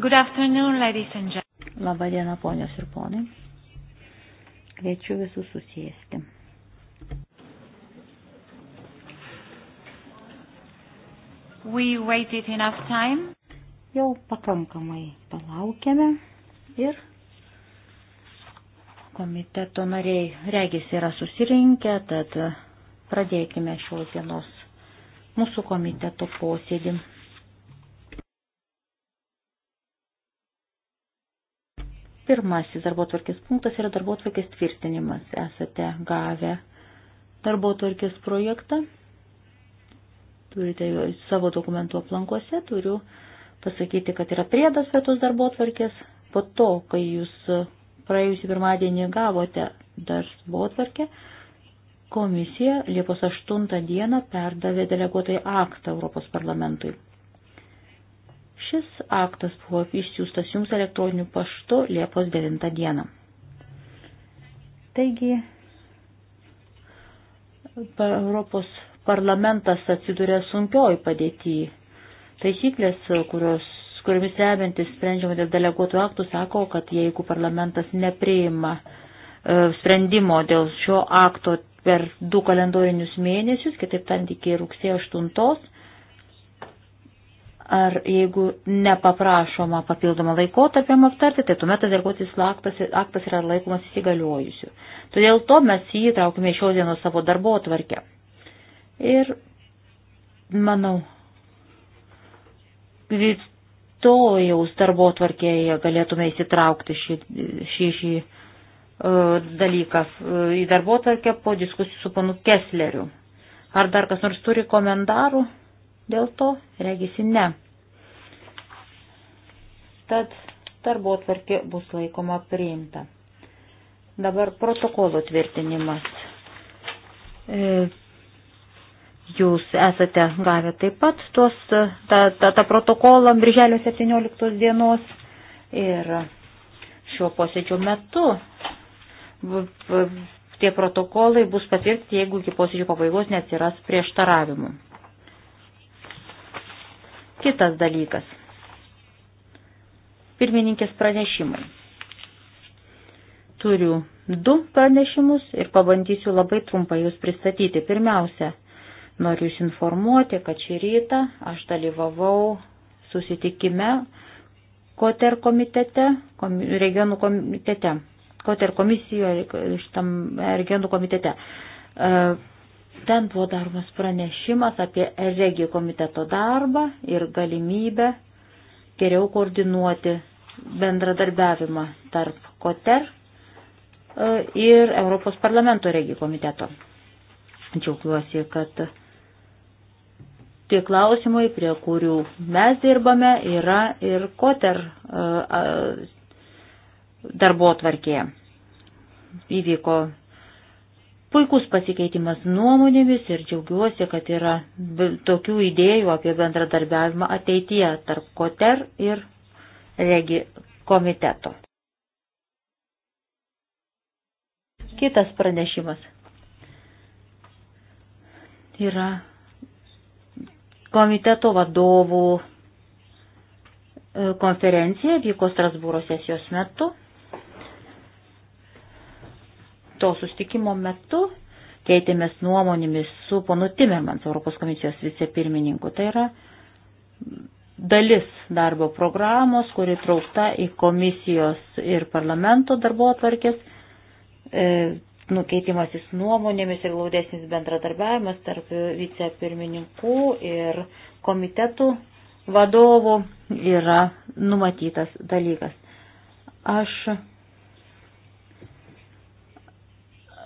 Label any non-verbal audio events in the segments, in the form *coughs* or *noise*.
Good afternoon, ladies and gentlemen. Labą dieną, ponios ir ponai. Kviečiu visus susėsti. We waited enough time. Jau pakankamai palaukėme ir komiteto nariai regis yra susirinkę, tad pradėkime šios dienos mūsų komiteto posėdį. Pirmasis darbo tvarkės punktas yra darbo tvarkės tvirtinimas. Esate gavę darbo tvarkės projektą, turite jo savo dokumentų aplankuose, turiu pasakyti, kad yra priedas prie tos darbo tvarkės. Po to, kai jūs praėjusį pirmadienį gavote darbo tvarkę, komisija Liepos 8 dieną perdavė deleguotojai aktą Europos parlamentui. Šis aktas buvo išsiųstas jums elektroniniu paštu Liepos 9 dieną. Taigi, Europos parlamentas atsiduria sunkioj padėtyje. Taisyklės, kurios, kuriomis remiantis sprendžiama dėl deleguotų aktų, sako, kad jeigu parlamentas nepriima e, sprendimo dėl šio akto per du kalendorinius mėnesius, kitaip tariant iki rugsėjo 8, ar jeigu nepaprašoma papildomą laikotarpiam aptarti, tai tuomet tas darbuotis aktas, aktas yra laikomas įsigaliojusiu. Todėl to mes jį traukime šios dienos savo darbo atvarkę. Ir manau, rytojaus darbo atvarkėje galėtume įsitraukti šį, šį, šį uh, dalyką uh, į darbo atvarkę po diskusijų su panu Kesleriu. Ar dar kas nors turi komentarų? Dėl to regisi ne. Tad darbo atvarkė bus laikoma priimta. Dabar protokolo tvirtinimas. E, jūs esate gavę taip pat tuos, tą, tą, tą protokolą birželio 17 dienos ir šio posėdžio metu tie protokolai bus patvirtinti, jeigu iki posėdžio pabaigos neatsiras prieštaravimų. Kitas dalykas. Pirmininkės pranešimai. Turiu du pranešimus ir pabandysiu labai trumpai jūs pristatyti. Pirmiausia, noriu jūs informuoti, kad šį rytą aš dalyvavau susitikime Koter komitete, kom, regionų komitete, Koter komisijoje, šitam regionų komitete. E, Ten buvo daromas pranešimas apie regijų komiteto darbą ir galimybę geriau koordinuoti bendradarbiavimą tarp KOTER e, ir Europos parlamento regijų komiteto. Džiaugiuosi, kad tie klausimai, prie kurių mes dirbame, yra ir KOTER e, darbo tvarkėje. Įvyko Puikus pasikeitimas nuomonėmis ir džiaugiuosi, kad yra tokių idėjų apie bendradarbiavimą ateityje tarp Koter ir Regi komiteto. Kitas pranešimas yra komiteto vadovų e, konferencija vyko Strasbūro sesijos metu to sustikimo metu keitėmės nuomonėmis su ponu Timermans, Europos komisijos vicepirmininku. Tai yra dalis darbo programos, kuri traukta į komisijos ir parlamento darbo atvarkės, e, nukeitimasis nuomonėmis ir glaudesnis bendradarbiavimas tarp vicepirmininkų ir komitetų vadovų yra numatytas dalykas. Aš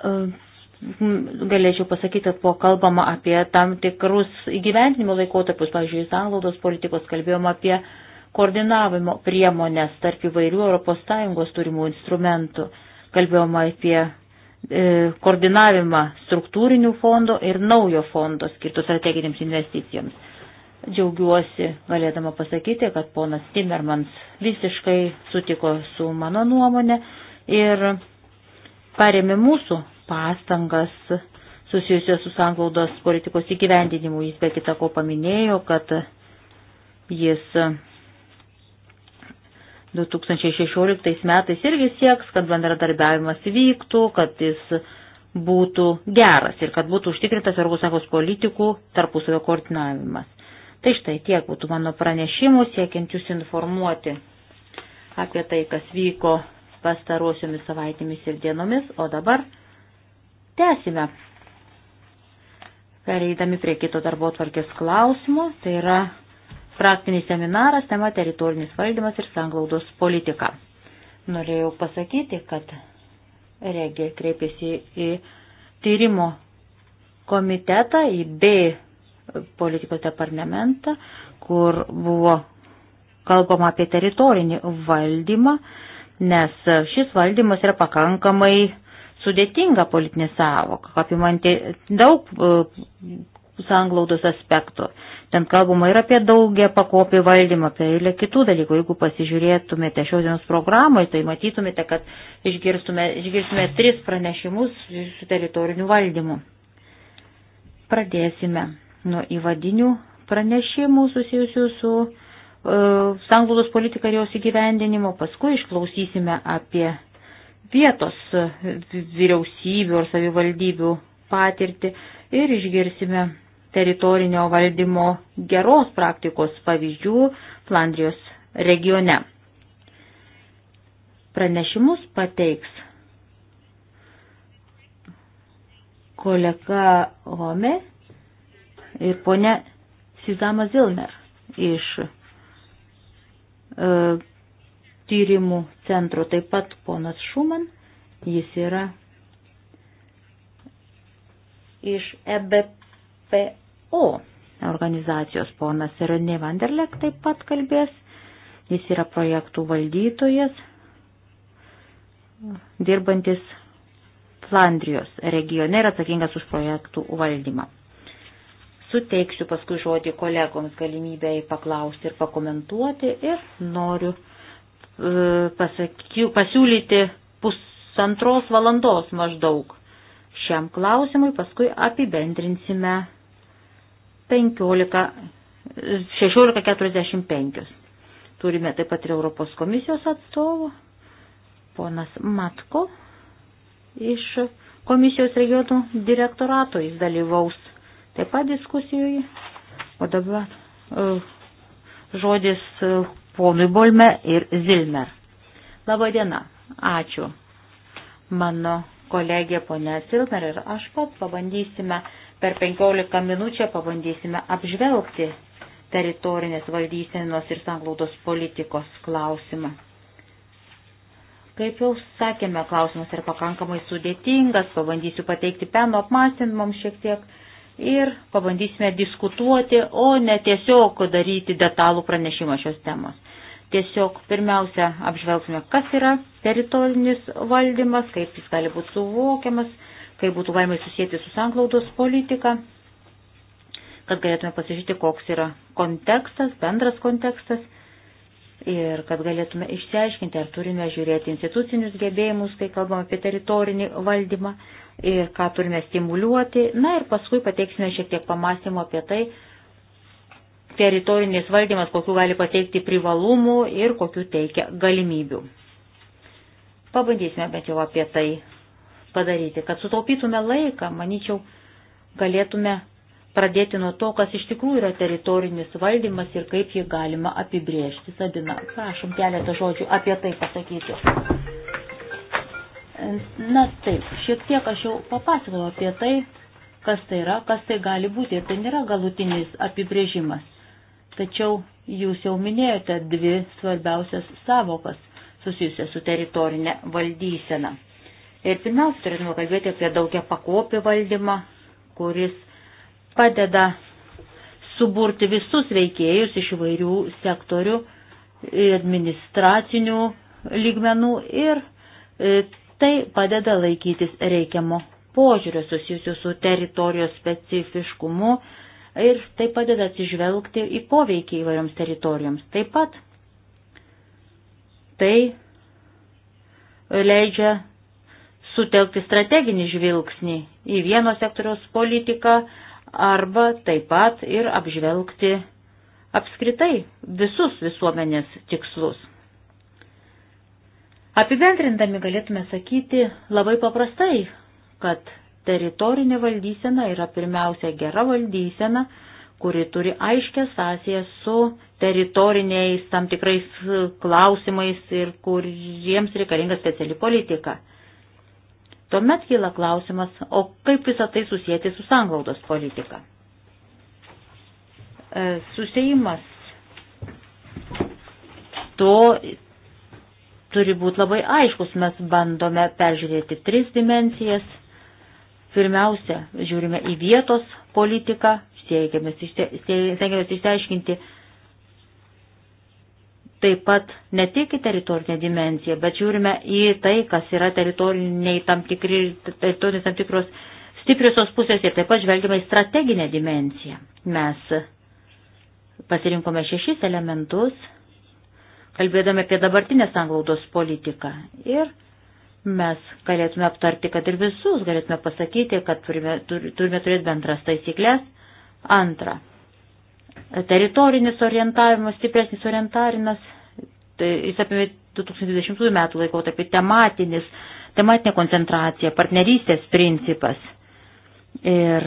Ehm, galėčiau pasakyti, kad buvo kalbama apie tam tikrus įgyventinimo laikotarpius, pavyzdžiui, sąnaudos politikos kalbėjom apie koordinavimo priemonės tarp įvairių ES turimų instrumentų, kalbėjom apie e, koordinavimą struktūrinių fondų ir naujo fondo skirtų strateginėms investicijoms. Džiaugiuosi galėdama pasakyti, kad ponas Timmermans visiškai sutiko su mano nuomonė ir paremė mūsų pastangas susijusios su sanglaudos politikos įgyvendinimu. Jis be kita ko paminėjo, kad jis 2016 e, metais irgi sieks, kad bendradarbiavimas vyktų, kad jis būtų geras ir kad būtų užtikrintas Europos Sąjungos politikų tarpusavio koordinavimas. Tai štai tiek būtų mano pranešimų, siekiant jūs informuoti apie tai, kas vyko pastarosiomis savaitėmis ir dienomis, o dabar Tęsime. Pereidami prie kito darbo tvarkės klausimo, tai yra praktinis seminaras, tema teritorinis valdymas ir sanglaudos politika. Norėjau pasakyti, kad Regė kreipėsi į tyrimo komitetą, į B politikos departamentą, kur buvo kalbama apie teritorinį valdymą, nes šis valdymas yra pakankamai sudėtinga politinė savoka, apimanti daug e, sanglaudos aspektų. Ten kalbama ir apie daugia pakopį valdymą, apie eilę kitų dalykų. Jeigu pasižiūrėtumėte šios dienos programai, tai matytumėte, kad išgirstume, išgirstume tris pranešimus su teritoriniu valdymu. Pradėsime nuo įvadinių pranešimų susijusių su uh, sanglaudos politika ir jos įgyvendinimo. Paskui išklausysime apie vietos vyriausybių ar savivaldybių patirtį ir išgirsime teritorinio valdymo geros praktikos pavyzdžių Flandrijos regione. Pranešimus pateiks kolega Home ir ponia Sizama Zilner iš e, tyrimų centro taip pat ponas Šuman, jis yra iš EBPO organizacijos ponas Renė Vanderlek taip pat kalbės, jis yra projektų valdytojas, dirbantis Flandrijos regione ir atsakingas už projektų valdymą. Suteiksiu paskui žodį kolegoms galimybę paklausti ir pakomentuoti ir noriu E, pasakiu, pasiūlyti pusantros valandos maždaug šiam klausimui, paskui apibendrinsime 16.45. Turime taip pat ir Europos komisijos atstovų, ponas Matko iš komisijos regionų direktorato, jis dalyvaus taip pat diskusijoje. O dabar e, žodis e, ponui Bolme ir Zilmer. Labą dieną, ačiū. Mano kolegė ponė Zilmer ir aš pat pabandysime per 15 minučių pabandysime apžvelgti teritorinės valdysenos ir sanglaudos politikos klausimą. Kaip jau sakėme, klausimas yra pakankamai sudėtingas, pabandysiu pateikti peno apmąstymams šiek tiek ir pabandysime diskutuoti, o ne tiesiog daryti detalų pranešimą šios temos. Tiesiog pirmiausia apžvelgsime, kas yra teritorinis valdymas, kaip jis gali būti suvokiamas, kaip būtų galima susijęti su sanklaudos politika, kad galėtume pasižiūrėti, koks yra kontekstas, bendras kontekstas ir kad galėtume išsiaiškinti, ar turime žiūrėti institucinius gebėjimus, kai kalbam apie teritorinį valdymą ir ką turime stimuliuoti. Na ir paskui pateiksime šiek tiek pamastymų apie tai, teritorinis valdymas, kokiu gali pateikti privalumų ir kokiu teikia galimybių. Pabandysime bent jau apie tai padaryti, kad sutaupytume laiką, manyčiau, galėtume pradėti nuo to, kas iš tikrųjų yra teritorinis valdymas ir kaip jį galima apibriežti. Sadina, prašom keletą žodžių apie tai pasakyti. Na taip, šiek tiek aš jau papasakojau apie tai, kas tai yra, kas tai gali būti ir tai nėra galutinis apibrėžimas. Tačiau jūs jau minėjote dvi svarbiausias savokas susijusias su teritorinė valdysena. Ir pirmiausia, turėtume kalbėti apie daugia pakopį valdymą, kuris padeda suburti visus veikėjus iš įvairių sektorių, administracinių lygmenų ir e, Tai padeda laikytis reikiamo požiūrio susijusiu su teritorijos specifiškumu ir tai padeda atsižvelgti į poveikį įvairioms teritorijoms. Taip pat tai leidžia sutelkti strateginį žvilgsnį į vieno sektoriaus politiką arba taip pat ir apžvelgti apskritai visus visuomenės tikslus. Apibendrindami galėtume sakyti labai paprastai, kad teritorinė valdysena yra pirmiausia gera valdysena, kuri turi aiškę sąsąją su teritoriniais tam tikrais e, klausimais ir kuriems reikalinga speciali politika. Tuomet kyla klausimas, o kaip visą tai susijęti su sanglaudos politika. E, susijimas to turi būti labai aiškus. Mes bandome peržiūrėti tris dimensijas. Pirmiausia, žiūrime į vietos politiką, stengiamės išsiaiškinti taip pat ne tik į teritorinę dimenciją, bet žiūrime į tai, kas yra teritoriniai tam, tikri, teritorinės tam tikros stipriosios pusės ir taip pat žvelgiame į strateginę dimenciją. Mes pasirinkome šešis elementus kalbėdami apie dabartinę sanglaudos politiką. Ir mes galėtume aptarti, kad ir visus galėtume pasakyti, kad turime, turime turėti bendras taisyklės. Antra, teritorinis orientavimas, stipresnis orientarinas, tai jis apie 2020 metų laikotarpį tematinis, tematinė koncentracija, partnerystės principas ir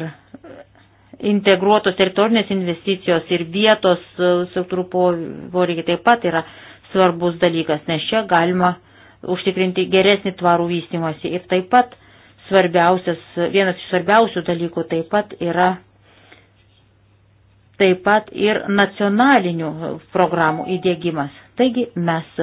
integruotos teritorinės investicijos ir vietos e, struktūrų poreikiai taip pat yra svarbus dalykas, nes čia galima užtikrinti geresnį tvarų vystimąsi. Ir taip pat svarbiausias, vienas iš svarbiausių dalykų taip pat yra taip pat ir nacionalinių programų įdėgymas. Taigi mes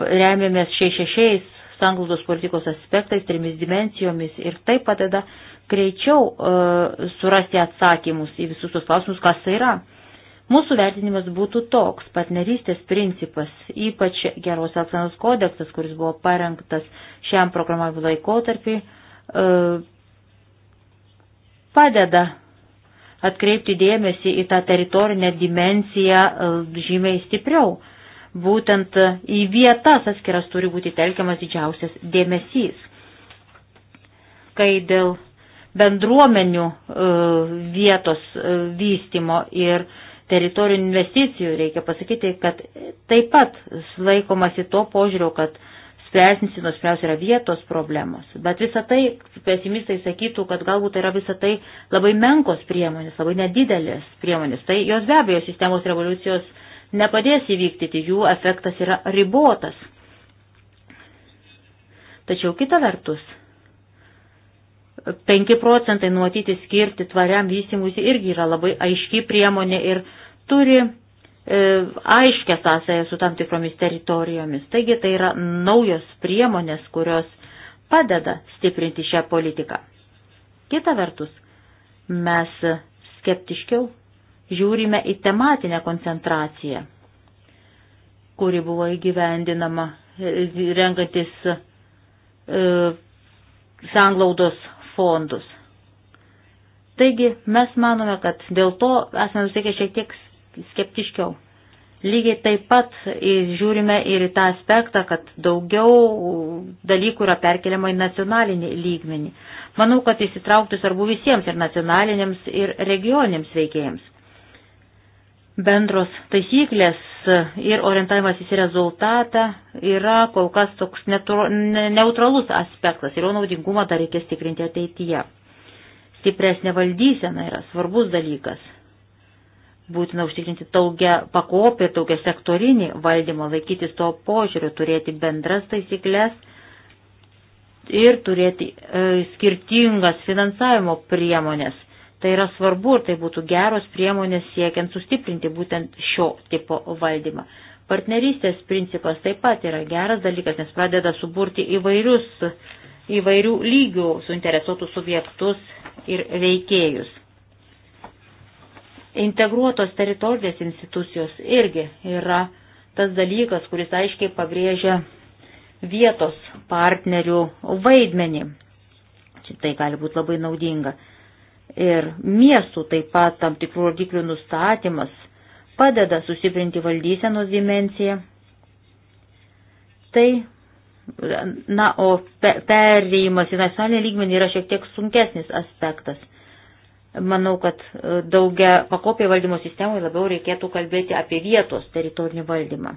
remiamės šiais šešiais sanglaudos politikos aspektais, trimis dimencijomis ir tai padeda greičiau uh, surasti atsakymus į visus tos klausimus, kas tai yra. Uh, Mūsų vertinimas būtų toks, partnerystės principas, ypač geros elgsenos kodeksas, kuris buvo parengtas šiam programavimo laikotarpį, e, padeda atkreipti dėmesį į tą teritorinę dimenciją e, žymiai stipriau. Būtent į vietas atskiras turi būti telkiamas didžiausias dėmesys. Kai dėl bendruomenių e, vietos vystimo ir teritorinių investicijų, reikia pasakyti, kad taip pat laikomasi to požiūrio, kad spręsinsinos pirmiausia yra vietos problemos. Bet visą tai, pesimistai sakytų, kad galbūt tai yra visą tai labai menkos priemonės, labai nedidelės priemonės. Tai jos be abejo sistemos revoliucijos nepadės įvykdyti, jų efektas yra ribotas. Tačiau kita vertus, 5 procentai nuotyti skirti tvariam vystimuisi irgi yra labai aiški priemonė ir turi e, aiškę sąsąją su tam tikromis teritorijomis. Taigi tai yra naujos priemonės, kurios padeda stiprinti šią politiką. Kita vertus, mes skeptiškiau žiūrime į tematinę koncentraciją, kuri buvo įgyvendinama e, renkantis e, sanglaudos fondus. Taigi mes manome, kad dėl to esame nusiteikę šiek tiek skeptiškiau. Lygiai taip pat žiūrime ir į tą aspektą, kad daugiau dalykų yra perkeliama į nacionalinį lygmenį. Manau, kad įsitraukti svarbu visiems ir nacionaliniams, ir regioniniams veikėjams bendros taisyklės ir orientavimas į rezultatą yra kol kas toks neutralus aspektas ir jo naudingumą dar reikės tikrinti ateityje. Stipresnė valdysena yra svarbus dalykas. Būtina užtikrinti taugia pakopį ir taugia sektorinį valdymą, laikytis to požiūriu, turėti bendras taisyklės ir turėti e, skirtingas finansavimo priemonės Tai yra svarbu ir tai būtų geros priemonės siekiant sustiprinti būtent šio tipo valdymą. Partnerystės principas taip pat yra geras dalykas, nes pradeda suburti įvairius, įvairių lygių suinteresuotų subjektus ir veikėjus. Integruotos teritorinės institucijos irgi yra tas dalykas, kuris aiškiai pabrėžia vietos partnerių vaidmenį. Tai gali būti labai naudinga ir miestų taip pat tam tikrų rodiklių nustatymas padeda sustiprinti valdysenos dimenciją. Tai, na, o pe, perėjimas į nacionalinį lygmenį yra šiek tiek sunkesnis aspektas. Manau, kad e, daugia pakopė valdymo sistemoje labiau reikėtų kalbėti apie vietos teritorinį valdymą.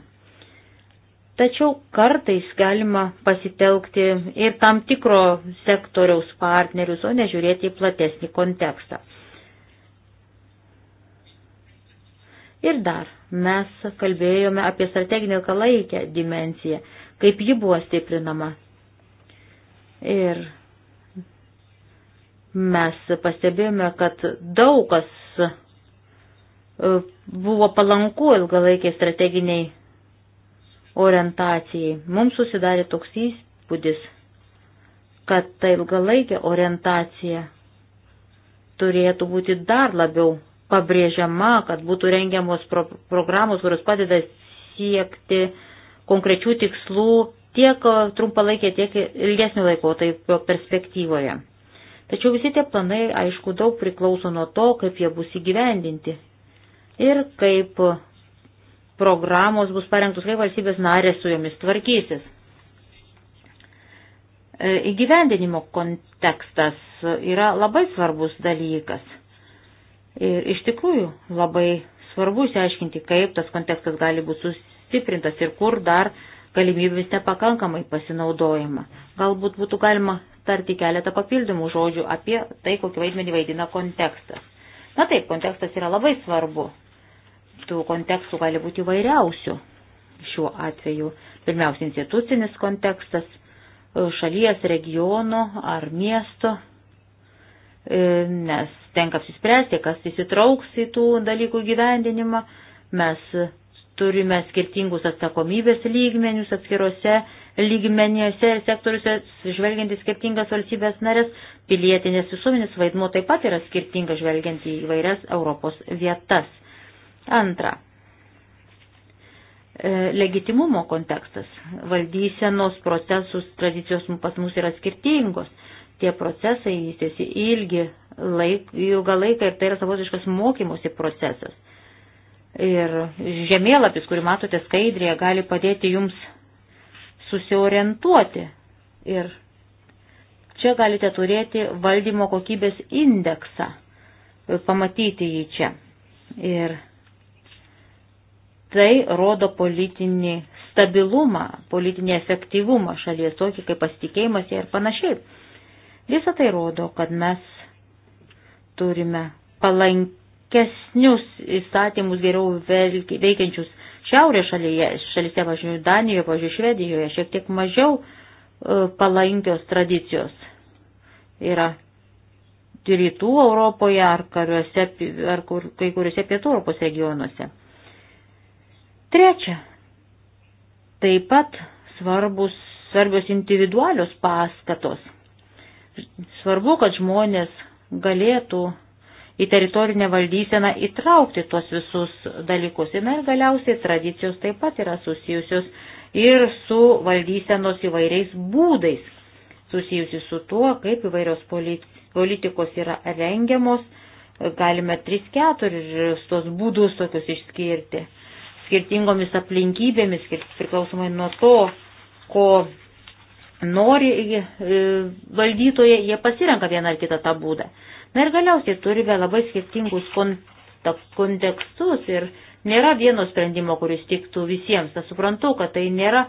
Tačiau kartais galima pasitelkti ir tam tikro sektoriaus partnerius, o nežiūrėti į platesnį kontekstą. Ir dar mes kalbėjome apie strateginį ilgalaikę dimenciją, kaip ji buvo stiprinama. Ir mes pastebėjome, kad daug kas e, buvo palanku ilgalaikiai strateginiai orientacijai. Mums susidarė toks įspūdis, kad ta ilgalaikė orientacija turėtų būti dar labiau pabrėžiama, kad būtų rengiamos pro programos, kurios padeda siekti konkrečių tikslų tiek trumpalaikė, tiek ilgesnio laiko taip perspektyvoje. Tačiau visi tie planai, aišku, daug priklauso nuo to, kaip jie bus įgyvendinti ir kaip programos bus parengtos, kaip valstybės narės su jomis tvarkysis. E, įgyvendinimo kontekstas yra labai svarbus dalykas. Ir iš tikrųjų labai svarbu išsiaiškinti, kaip tas kontekstas gali būti sustiprintas ir kur dar galimybėmis nepakankamai pasinaudojama. Galbūt būtų galima tarti keletą papildomų žodžių apie tai, kokį vaidmenį vaidina kontekstas. Na taip, kontekstas yra labai svarbu tų kontekstų gali būti įvairiausių šiuo atveju. Pirmiausia, institucinis kontekstas e, šalies, regiono ar miesto, e, nes tenka apsispręsti, kas įsitrauks į tų dalykų gyvendinimą. Mes turime skirtingus atsakomybės lygmenius atskiruose lygmenėse ir sektoriuose, žvelgiant į skirtingas valstybės narės, pilietinės visuomenės vaidmuo taip pat yra skirtingas žvelgiant į įvairias Europos vietas. Antra. E, legitimumo kontekstas. Valdysenos procesus tradicijos pas mus yra skirtingos. Tie procesai vystėsi ilgi, laik, ilgą laiką ir tai yra savotiškas mokymosi procesas. Ir žemėlapis, kurį matote skaidrėje, gali padėti jums susiorientuoti. Ir čia galite turėti valdymo kokybės indeksą, pamatyti jį čia. Ir tai rodo politinį stabilumą, politinį efektyvumą šalies, tokį kaip pasitikėjimas ir panašiai. Visą tai rodo, kad mes turime palankesnius įstatymus geriau veikiančius šiaurės šalyje, šalyse, važiuoju, Danijoje, važiuoju, Švedijoje, šiek tiek mažiau e, palankios tradicijos yra rytų Europoje ar, kariuose, ar kur, kai kuriuose pietų Europos regionuose. Trečia, taip pat svarbus, svarbios individualios paskatos. Svarbu, kad žmonės galėtų į teritorinę valdyseną įtraukti tuos visus dalykus. Na ir galiausiai tradicijos taip pat yra susijusios ir su valdysenos įvairiais būdais, susijusi su tuo, kaip įvairios politikos yra rengiamos, galime 3-4 tos būdus tokius išskirti skirtingomis aplinkybėmis, priklausomai nuo to, ko nori e, valdytojai, jie pasirenka vieną ar kitą tą būdą. Na ir galiausiai turime labai skirtingus kontekstus ir nėra vieno sprendimo, kuris tiktų visiems. Aš suprantu, kad tai nėra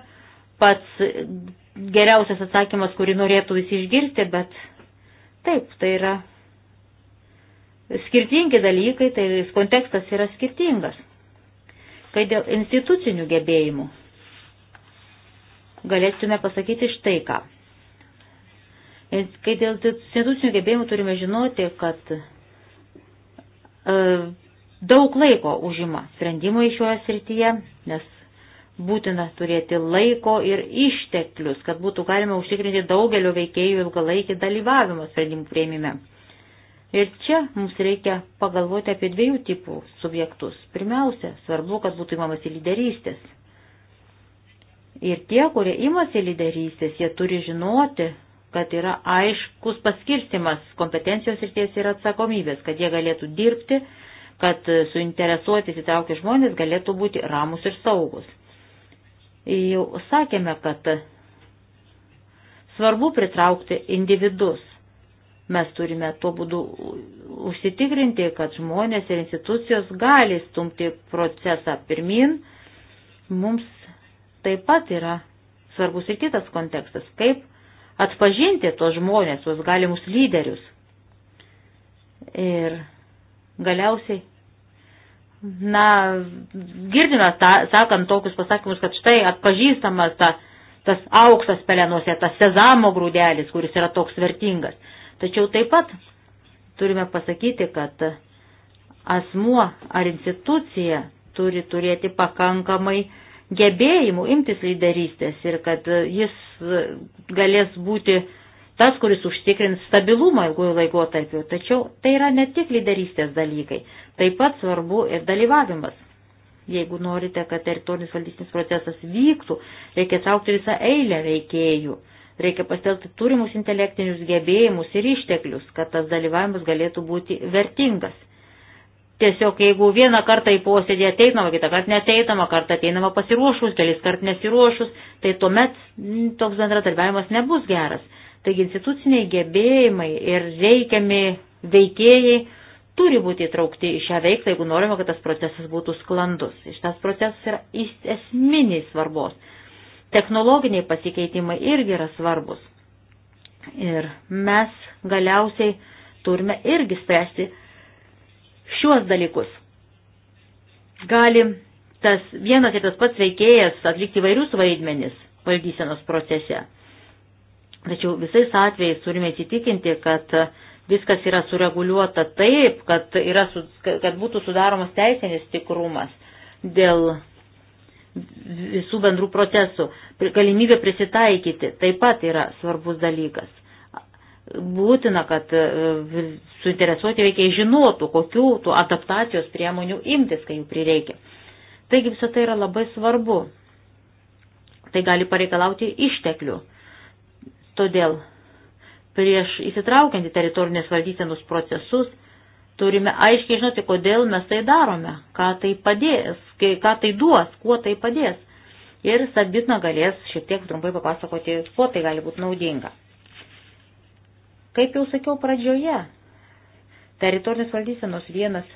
pats geriausias atsakymas, kurį norėtų visi išgirsti, bet taip, tai yra skirtingi dalykai, tai kontekstas yra skirtingas. Kai dėl institucinių gebėjimų galėtume pasakyti štai ką. Kai dėl institucinių gebėjimų turime žinoti, kad e, daug laiko užima sprendimai šioje srityje, nes būtina turėti laiko ir išteklius, kad būtų galima užtikrinti daugelio veikėjų ilgalaikį dalyvavimą sprendimų prieimime. Ir čia mums reikia pagalvoti apie dviejų tipų subjektus. Pirmiausia, svarbu, kad būtų įmamasi lyderystės. Ir tie, kurie imasi lyderystės, jie turi žinoti, kad yra aiškus paskirstimas kompetencijos ir ties ir atsakomybės, kad jie galėtų dirbti, kad suinteresuoti įsitraukę žmonės galėtų būti ramus ir saugus. Jau sakėme, kad svarbu pritraukti individus, Mes turime tuo būdu užsitikrinti, kad žmonės ir institucijos gali stumti procesą pirmin. Mums taip pat yra svarbus ir kitas kontekstas, kaip atpažinti tuos žmonės, tuos galimus lyderius. Ir galiausiai, na, girdime, ta, sakant tokius pasakymus, kad štai atpažįstamas ta, tas auksas pelenuose, tas sezamo grūdelis, kuris yra toks vertingas. Tačiau taip pat turime pasakyti, kad asmuo ar institucija turi turėti pakankamai gebėjimų imtis lyderystės ir kad jis galės būti tas, kuris užtikrins stabilumą ilgųjų laikotarpių. Tačiau tai yra ne tik lyderystės dalykai, taip pat svarbu ir dalyvavimas. Jeigu norite, kad teritorinis valdysinis procesas vyktų, reikia traukti visą eilę veikėjų Reikia pastelti turimus intelektinius gebėjimus ir išteklius, kad tas dalyvavimas galėtų būti vertingas. Tiesiog jeigu vieną kartą į posėdį ateinama, kitą kartą neteinama, kartą ateinama pasiruošus, kelis kart nesiruošus, tai tuomet mm, toks bendradarbiavimas nebus geras. Taigi instituciniai gebėjimai ir reikiami veikėjai turi būti įtraukti į šią veiklą, jeigu norime, kad tas procesas būtų sklandus. Iš tas procesas yra esminiai svarbos. Technologiniai pasikeitimai irgi yra svarbus. Ir mes galiausiai turime irgi spręsti šiuos dalykus. Gali tas vienas ir tas pats veikėjas atlikti vairius vaidmenis valdysenos procese. Tačiau visais atvejais turime įsitikinti, kad viskas yra sureguliuota taip, kad, yra, kad būtų sudaromas teisinis tikrumas dėl visų bendrų procesų. Galimybė prisitaikyti taip pat yra svarbus dalykas. Būtina, kad e, suinteresuoti veikiai žinotų, kokių tų adaptacijos priemonių imtis, kai jų prireikia. Taigi visą tai yra labai svarbu. Tai gali pareikalauti išteklių. Todėl prieš įsitraukiant į teritorinės valdysenos procesus Turime aiškiai žinoti, kodėl mes tai darome, ką tai padės, ką tai duos, kuo tai padės. Ir Sadbitna galės šiek tiek trumpai papasakoti, kuo tai gali būti naudinga. Kaip jau sakiau pradžioje, teritorinės valdysenos vienas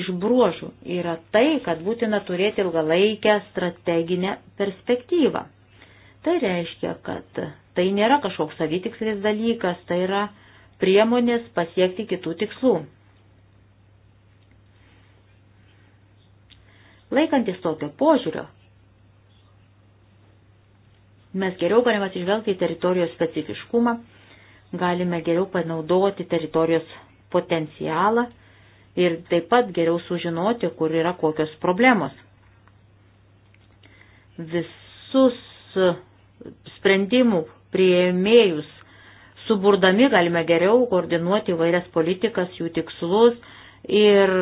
iš bruožų yra tai, kad būtina turėti ilgalaikę strateginę perspektyvą. Tai reiškia, kad tai nėra kažkoks savitikslis dalykas, tai yra priemonės pasiekti kitų tikslų. Laikantis tokio požiūrio, mes geriau galime atsižvelgti į teritorijos specifiškumą, galime geriau panaudoti teritorijos potencialą ir taip pat geriau sužinoti, kur yra kokios problemos. Visus sprendimų prieimėjus suburdami galime geriau koordinuoti įvairias politikas, jų tikslus ir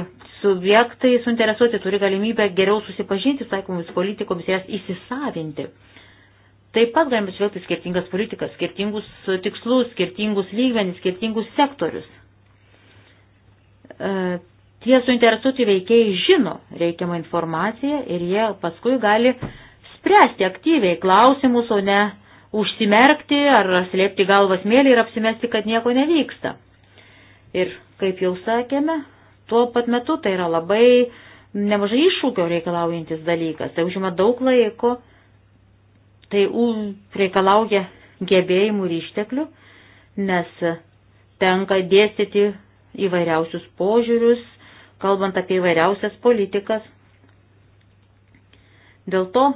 subjektai suinteresuoti turi galimybę geriau susipažinti su taikomomis politikomis ir jas įsisavinti. Taip pat galime žvelgti skirtingas politikas, skirtingus tikslus, skirtingus lygmenis, skirtingus sektorius. E, tie suinteresuoti veikėjai žino reikiamą informaciją ir jie paskui gali spręsti aktyviai klausimus, o ne užsimerkti ar slėpti galvą smėlį ir apsimesti, kad nieko nevyksta. Ir, kaip jau sakėme, tuo pat metu tai yra labai nemažai iššūkio reikalaujantis dalykas. Tai užima daug laiko, tai reikalauja gebėjimų ir išteklių, nes tenka dėstyti įvairiausius požiūrius, kalbant apie įvairiausias politikas. Dėl to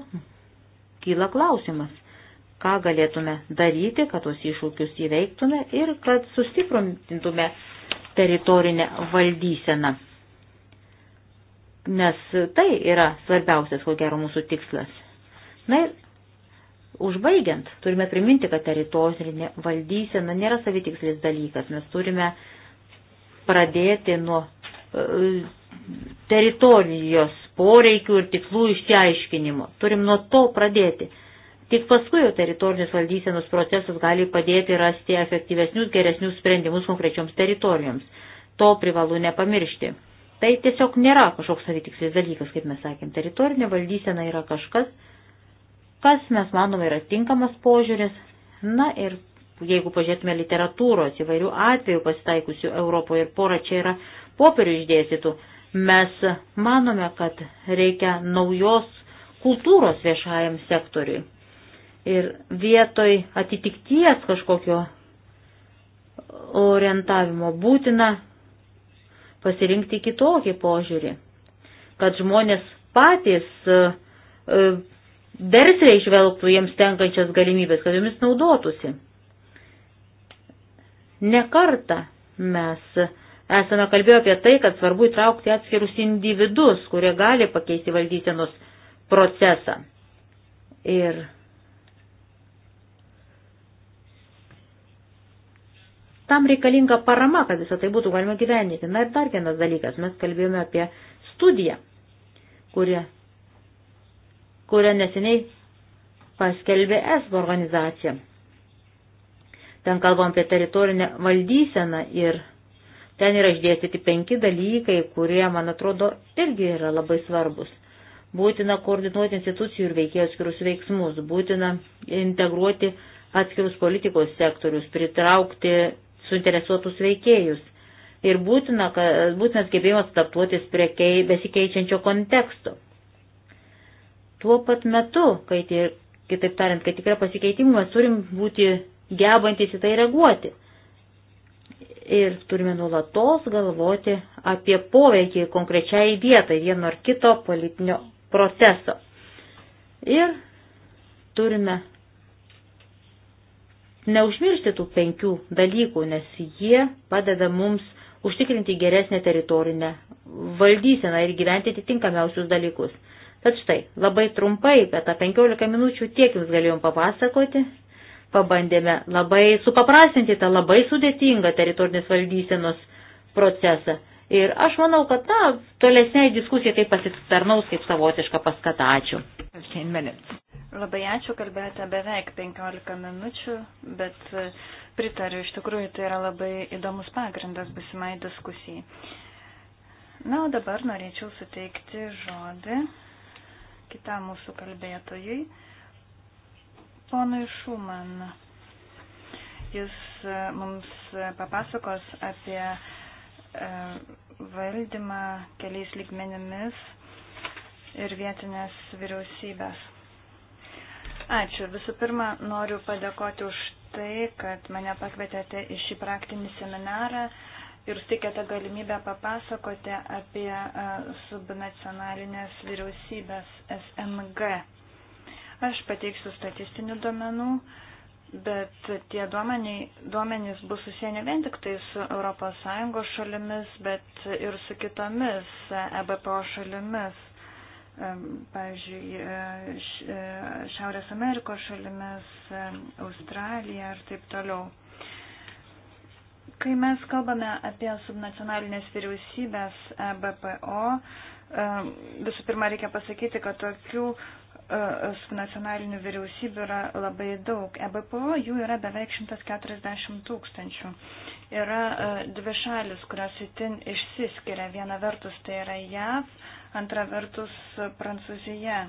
kyla klausimas ką galėtume daryti, kad tos iššūkius įveiktume ir kad sustiprintume teritorinę valdyseną. Nes tai yra svarbiausias, ko gero, mūsų tikslas. Na ir užbaigiant, turime priminti, kad teritorinė valdysena nėra savitikslis dalykas. Mes turime pradėti nuo e, teritorijos poreikių ir tikslų išsiaiškinimo. Turim nuo to pradėti. Tik paskui jau teritorinės valdysenos procesas gali padėti rasti efektyvesnius, geresnius sprendimus konkrečioms teritorijoms. To privalu nepamiršti. Tai tiesiog nėra kažkoks savitikslis dalykas, kaip mes sakėm. Teritorinė valdysena yra kažkas, kas mes manome yra tinkamas požiūris. Na ir jeigu pažiūrėtume literatūros įvairių atvejų pasitaikusių Europoje ir pora čia yra popierių išdėstytų, mes manome, kad reikia naujos kultūros viešajam sektoriui Ir vietoj atitikties kažkokio orientavimo būtina pasirinkti kitokį požiūrį, kad žmonės patys e, e, versliai išvelgtų jiems tenkančias galimybės, kad jomis naudotųsi. Nekarta mes esame kalbėję apie tai, kad svarbu įtraukti atskirus individus, kurie gali pakeisti valdysenos procesą. Ir Tam reikalinga parama, kad visą tai būtų galima gyveninti. Na ir dar vienas dalykas, mes kalbėjome apie studiją, kurią, kurią neseniai paskelbė ESB organizacija. Ten kalbam apie teritorinę valdyseną ir ten yra išdėstyti penki dalykai, kurie, man atrodo, irgi yra labai svarbus. Būtina koordinuoti institucijų ir veikėjų skirus veiksmus, būtina integruoti atskirus politikos sektorius, pritraukti suinteresuotus veikėjus. Ir būtina, kad, būtinas gebėjimas adaptuotis prie kei, besikeičiančio konteksto. Tuo pat metu, kai tie, kitaip tariant, kai tikrai pasikeitimų, mes turim būti gebantis į tai reaguoti. Ir turime nuolatos galvoti apie poveikį konkrečiai vietai vieno ar kito politinio proceso. Ir turime neužmiršti tų penkių dalykų, nes jie padeda mums užtikrinti geresnę teritorinę valdyseną ir gyventi atitinkamiausius dalykus. Tad štai, labai trumpai, per tą 15 minučių tiek jums galėjom papasakoti. Pabandėme labai supaprastinti tą labai sudėtingą teritorinės valdysenos procesą. Ir aš manau, kad ta tolesniai diskusija taip pasitarnaus kaip savotiška paskata. Ačiū. Labai ačiū, kalbėjote beveik 15 minučių, bet e, pritariu, iš tikrųjų tai yra labai įdomus pagrindas busimai diskusijai. Na, o dabar norėčiau suteikti žodį kitam mūsų kalbėtojui, ponui Šuman. Jis e, mums papasakos apie e, valdymą keliais lygmenimis ir vietinės vyriausybės. Ačiū. Visų pirma, noriu padėkoti už tai, kad mane pakvietėte į šį praktinį seminarą ir sutikėte galimybę papasakoti apie subnacionalinės vyriausybės SNG. Aš pateiksiu statistinių duomenų, bet tie duomeniai, duomenys bus susiję ne vien tik tai su ES šalimis, bet ir su kitomis EBPO šalimis pavyzdžiui, e, e, Šiaurės Amerikos šalimis, e, Australija ir taip toliau. Kai mes kalbame apie subnacionalinės vyriausybės BPO, visų pirma reikia pasakyti, kad tokių E, su nacionaliniu vyriausybiu yra labai daug. EBPO jų yra beveik 140 tūkstančių. Yra e, dvi šalis, kurios itin išsiskiria. Viena vertus tai yra JAV, antra vertus Prancūzija.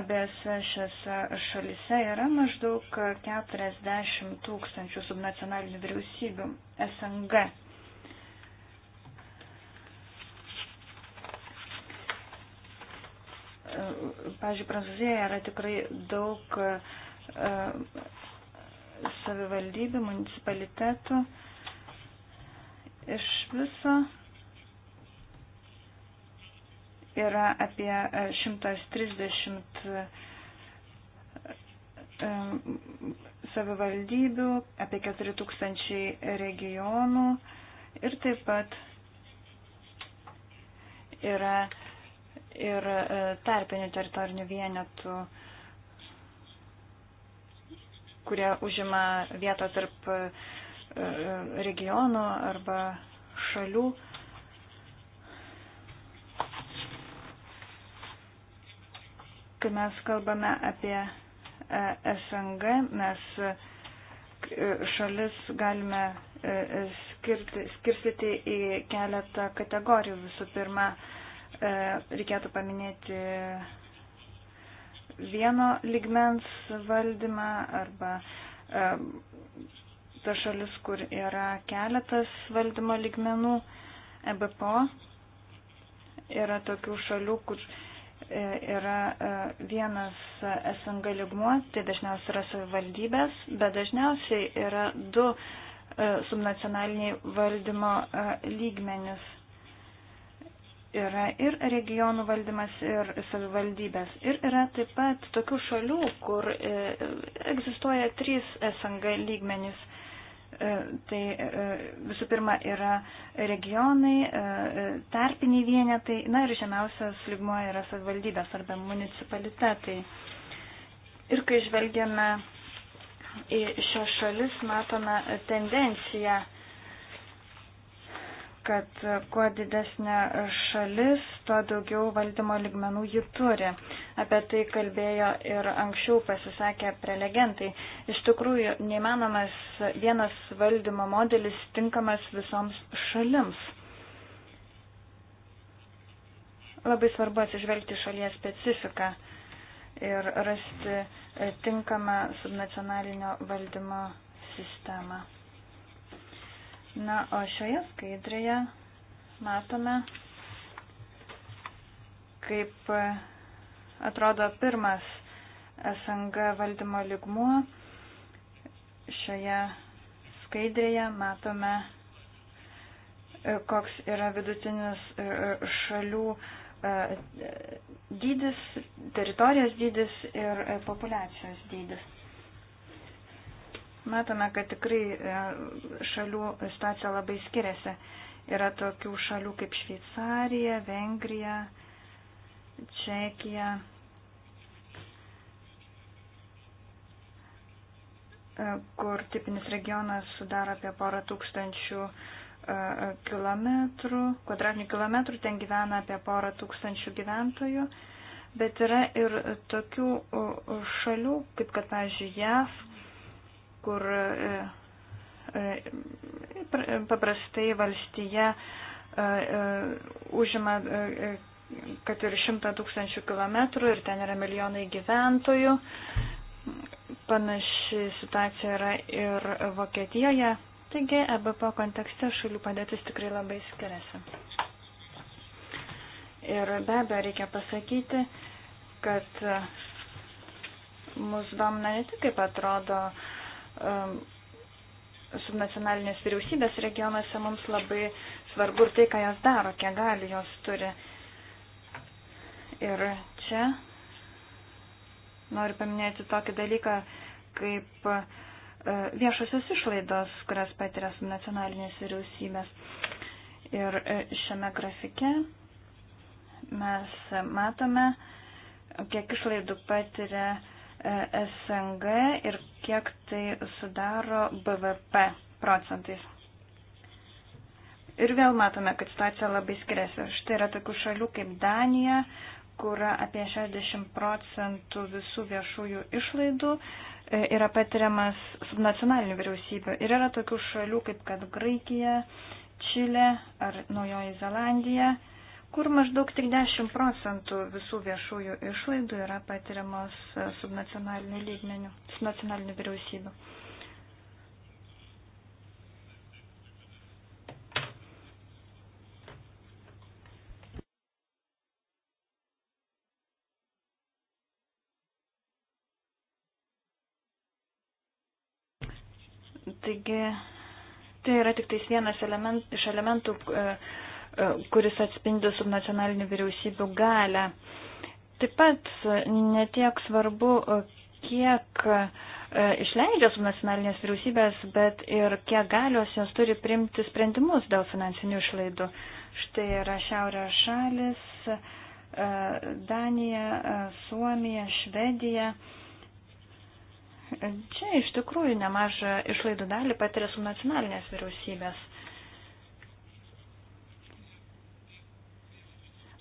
Abiejose šiose šalise yra maždaug 40 tūkstančių subnacionalinių vyriausybių SNG Pavyzdžiui, Prancūzijoje yra tikrai daug e, savivaldybių, municipalitetų. Iš viso yra apie 130 e, e, savivaldybių, apie 4000 regionų ir taip pat yra ir e, tarpinių teritorinių vienetų, kurie užima vietą tarp e, e, regionų arba šalių. Kai mes kalbame apie SNG, mes šalis galime skirti, skirstyti į keletą kategorijų. Visų pirma, E, reikėtų paminėti vieno ligmens valdymą arba e, ta šalis, kur yra keletas valdymo ligmenų EBPO. Yra tokių šalių, kur e, yra vienas SNG ligmuo, tai dažniausiai yra savivaldybės, bet dažniausiai yra du subnacionaliniai valdymo lygmenis yra ir regionų valdymas, ir savivaldybės. Ir yra taip pat tokių šalių, kur e, egzistuoja trys SNG lygmenys. E, tai e, visų pirma yra regionai, tarpiniai vienetai, na ir žemiausias lygmuo yra savivaldybės arba municipalitetai. Ir kai žvelgiame į šios šalis, matome tendenciją kad kuo didesnė šalis, tuo daugiau valdymo ligmenų ji turi. Apie tai kalbėjo ir anksčiau pasisakę prelegentai. Iš tikrųjų, neįmanomas vienas valdymo modelis tinkamas visoms šalims. Labai svarbu atsižvelgti šalies specifiką ir rasti tinkamą subnacionalinio valdymo sistemą. Na, o šioje skaidrėje matome, kaip e, atrodo pirmas SNG valdymo ligmuo. Šioje skaidrėje matome, e, koks yra vidutinis e, šalių dydis, teritorijos dydis ir populacijos dydis. Matome, kad tikrai e, šalių situacija labai skiriasi. Yra tokių šalių kaip Šveicarija, Vengrija, Čekija, e, kur tipinis regionas sudaro apie porą tūkstančių e, kilometrų, kvadratinių kilometrų, ten gyvena apie porą tūkstančių gyventojų, bet yra ir tokių šalių, kaip kad, pavyzdžiui, JAV, kur e, e, paprastai valstija e, užima kad ir šimtą tūkstančių kilometrų ir ten yra milijonai gyventojų. Panaši situacija yra ir Vokietijoje. Taigi, EBPO kontekste šalių padėtis tikrai labai skiriasi. Ir be abejo reikia pasakyti, kad mus domina ne tik kaip atrodo uh, subnacionalinės vyriausybės regionuose mums labai svarbu ir tai, ką jos daro, kiek gali jos turi. Ir čia noriu paminėti tokį dalyką, kaip e, viešosios išlaidos, kurias patiria nacionalinės vyriausybės. Ir e, šiame grafike mes matome, kiek išlaidų patiria SNG ir kiek tai sudaro BVP procentais. Ir vėl matome, kad situacija labai skiriasi. Štai yra tokių šalių kaip Danija, kur apie 60 procentų visų viešųjų išlaidų e, yra patiriamas subnacionalinių vyriausybių. Ir yra tokių šalių kaip kad Graikija, Čilė ar Naujoji Zelandija, kur maždaug tik 10 procentų visų viešųjų išlaidų yra patiriamos subnacionalinių lygmenių, subnacionalinių vyriausybių. Taigi, tai yra tik tais vienas element, iš elementų, e, kuris atspindi subnacionalinių vyriausybių galę. Taip pat netiek svarbu, kiek e, išleidžia subnacionalinės vyriausybės, bet ir kiek galios jos turi primti sprendimus dėl finansinių išlaidų. Štai yra Šiaurės šalis, e, Danija, e, Suomija, Švedija. Čia iš tikrųjų nemažą išlaidų dalį patiria subnacionalinės vyriausybės.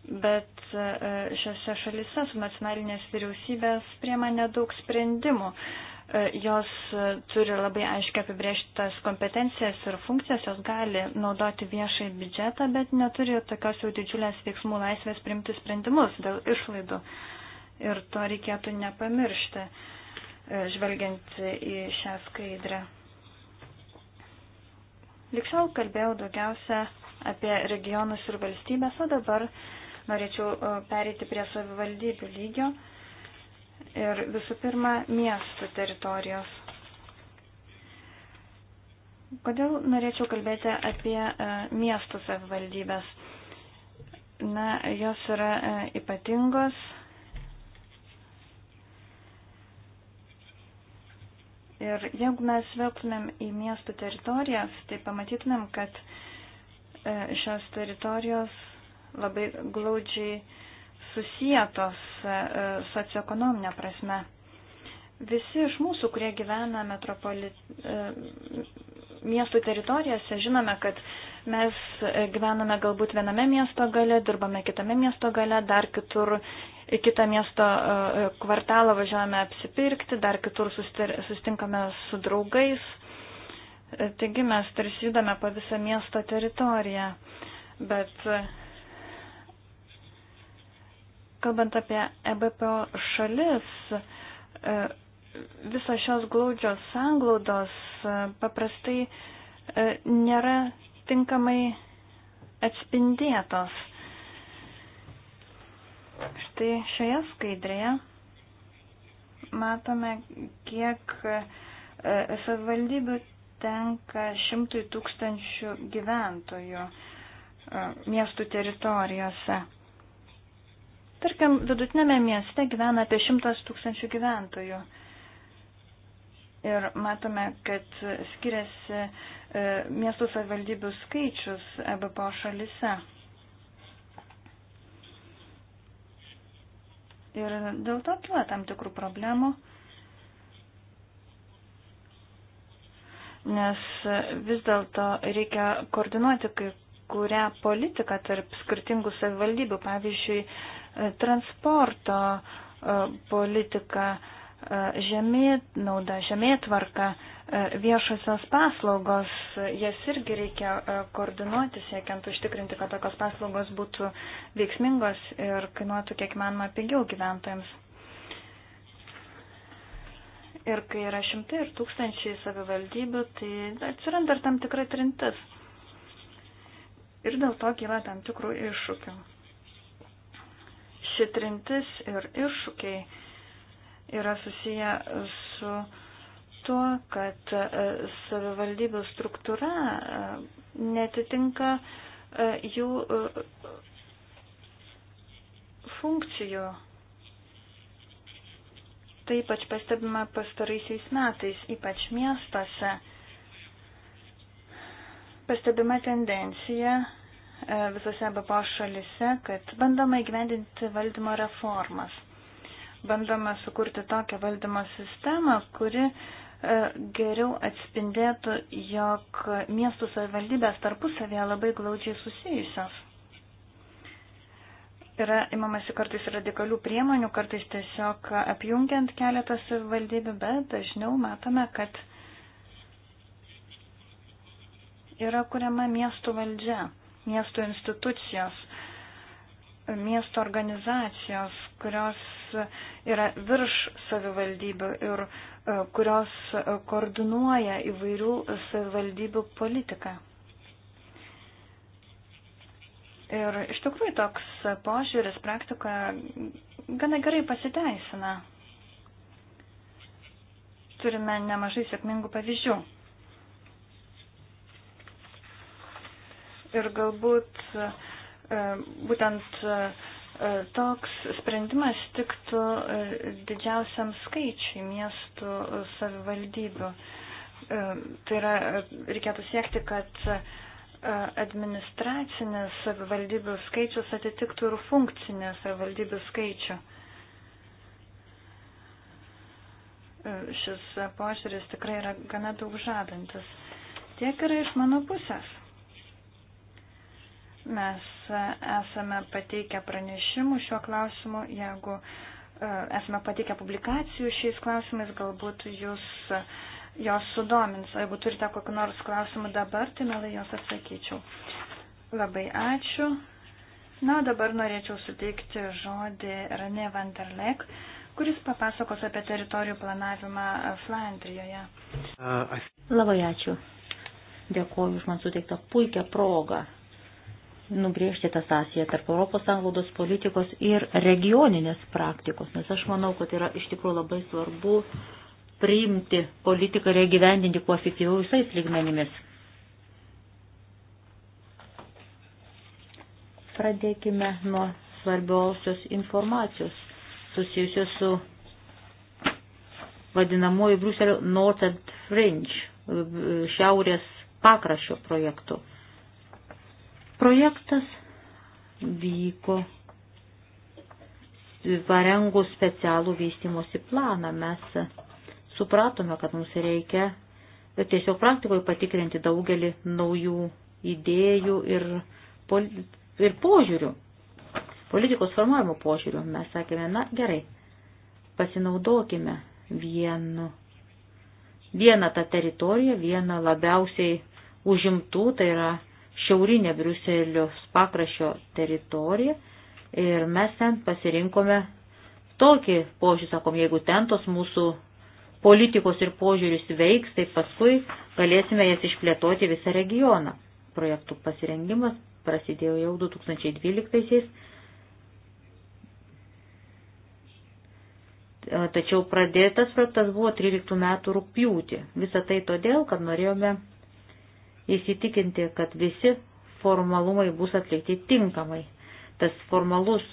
bet e, šiose šalise su nacionalinės vyriausybės priema nedaug sprendimų. E, jos e, turi labai aiškiai apibrėžtas kompetencijas ir funkcijas, jos gali naudoti viešai biudžetą, bet neturi tokios jau didžiulės veiksmų laisvės priimti sprendimus dėl išlaidų. Ir to reikėtų nepamiršti, žvelgiant į šią skaidrę. Likščiau kalbėjau daugiausia apie regionus ir valstybės, o dabar uh, Norėčiau e, perėti prie savivaldybių lygio ir visų pirma miestų teritorijos. Kodėl norėčiau kalbėti apie e, miestų savivaldybės? Na, jos yra e, ypatingos. Ir jeigu mes vėltumėm į miestų teritorijas, tai pamatytumėm, kad šios teritorijos labai glaudžiai susijėtos e, socioekonominė prasme. Visi iš mūsų, kurie gyvena metropoli... E, miestų teritorijose, žinome, kad mes gyvename galbūt viename miesto gale, dirbame kitame miesto gale, dar kitur į kitą miesto e, kvartalą važiuojame apsipirkti, dar kitur sustinkame su draugais. Taigi mes tarsi judame po visą miesto teritoriją. Bet Kalbant apie EBPO šalis, e, visos šios glaudžios sanglaudos e, paprastai e, nėra tinkamai atspindėtos. Štai šioje skaidrėje matome, kiek savivaldybių tenka šimtui tūkstančių gyventojų miestų teritorijose. Tarkim, vidutinėme mieste gyvena apie 100 tūkstančių gyventojų. Ir matome, kad skiriasi e, miestų savivaldybių skaičius EBPO šalise. Ir dėl to kyla tam tikrų problemų, nes vis dėlto reikia koordinuoti kai kurią politiką tarp skirtingų savivaldybių. Pavyzdžiui, transporto e, politiką, e, žemėtnaudą, žemėtvarką, e, viešosios paslaugos, jas irgi reikia koordinuoti, siekiant užtikrinti, kad tokios paslaugos būtų veiksmingos ir kainuotų kiek manoma pigiau gyventojams. Ir kai yra šimtai ir tūkstančiai savivaldybių, tai atsiranda ir tam tikra trintis. Ir dėl to kyla tam tikrų iššūkių ši trintis ir iššūkiai yra susiję su tuo, kad e, savivaldybių struktūra e, netitinka e, jų funkcijų. Tai ypač pastebima pastaraisiais metais, ypač miestuose. Pastebima tendencija E, visose BPO šalise, kad bandoma įgyvendinti valdymo reformas. Bandoma sukurti tokią valdymo sistemą, kuri e, geriau atspindėtų, jog miestų savivaldybės tarpusavėje labai glaudžiai susijusios. Yra imamasi kartais radikalių priemonių, kartais tiesiog apjungiant keletą savivaldybių, bet dažniau matome, kad yra kuriama miestų valdžia miesto institucijos, miesto organizacijos, kurios yra virš savivaldybių ir e, kurios koordinuoja įvairių savivaldybių politiką. Ir iš tikrųjų toks požiūris praktikoje gana gerai pasiteisina. Turime nemažai sėkmingų pavyzdžių. Ir galbūt e, būtent e, e, toks sprendimas tiktų didžiausiam skaičiui miestų savivaldybių. Tai yra, reikėtų siekti, kad administracinės savivaldybių skaičius atitiktų ir funkcinės savivaldybių skaičių. Šis požiūris tikrai yra gana daug žadantis. Tiek yra iš mano pusės. Mes e, esame pateikę pranešimų šiuo klausimu, jeigu e, esame pateikę publikacijų šiais klausimais, galbūt jūs e, jos sudomins. O jeigu turite kokiu nors klausimu dabar, tai melai jos atsakyčiau. Labai ačiū. Na, dabar norėčiau suteikti žodį Rane van der Lek, kuris papasakos apie teritorijų planavimą Flandrijoje. Uh, Labai ačiū. Dėkuoju už man suteiktą puikią progą nubriežti tą sąsiją tarp Europos sąnaudos politikos ir regioninės praktikos, nes aš manau, kad yra iš tikrųjų labai svarbu priimti politiką ir įgyvendinti kuo efektyviau visais lygmenimis. Pradėkime nuo svarbiausios informacijos susijusios su vadinamoju Bruselio North and Fringe šiaurės pakraščio projektu. Projektas vyko parengus specialų vystimosi planą. Mes supratome, kad mums reikia tiesiog praktikoje patikrinti daugelį naujų idėjų ir, poli ir požiūrių, politikos formavimo požiūrių. Mes sakėme, na gerai, pasinaudokime vienu, vieną tą teritoriją, vieną labiausiai užimtų, tai yra šiaurinė Briuselio pakrašio teritorija ir mes ten pasirinkome tokį požiūrį, sakom, jeigu ten tos mūsų politikos ir požiūris veiks, tai paskui galėsime jas išplėtoti visą regioną. Projektų pasirengimas prasidėjo jau 2012-aisiais, tačiau pradėtas projektas buvo 13 metų rūpjūtį. Visą tai todėl, kad norėjome įsitikinti, kad visi formalumai bus atlikti tinkamai. Tas formalus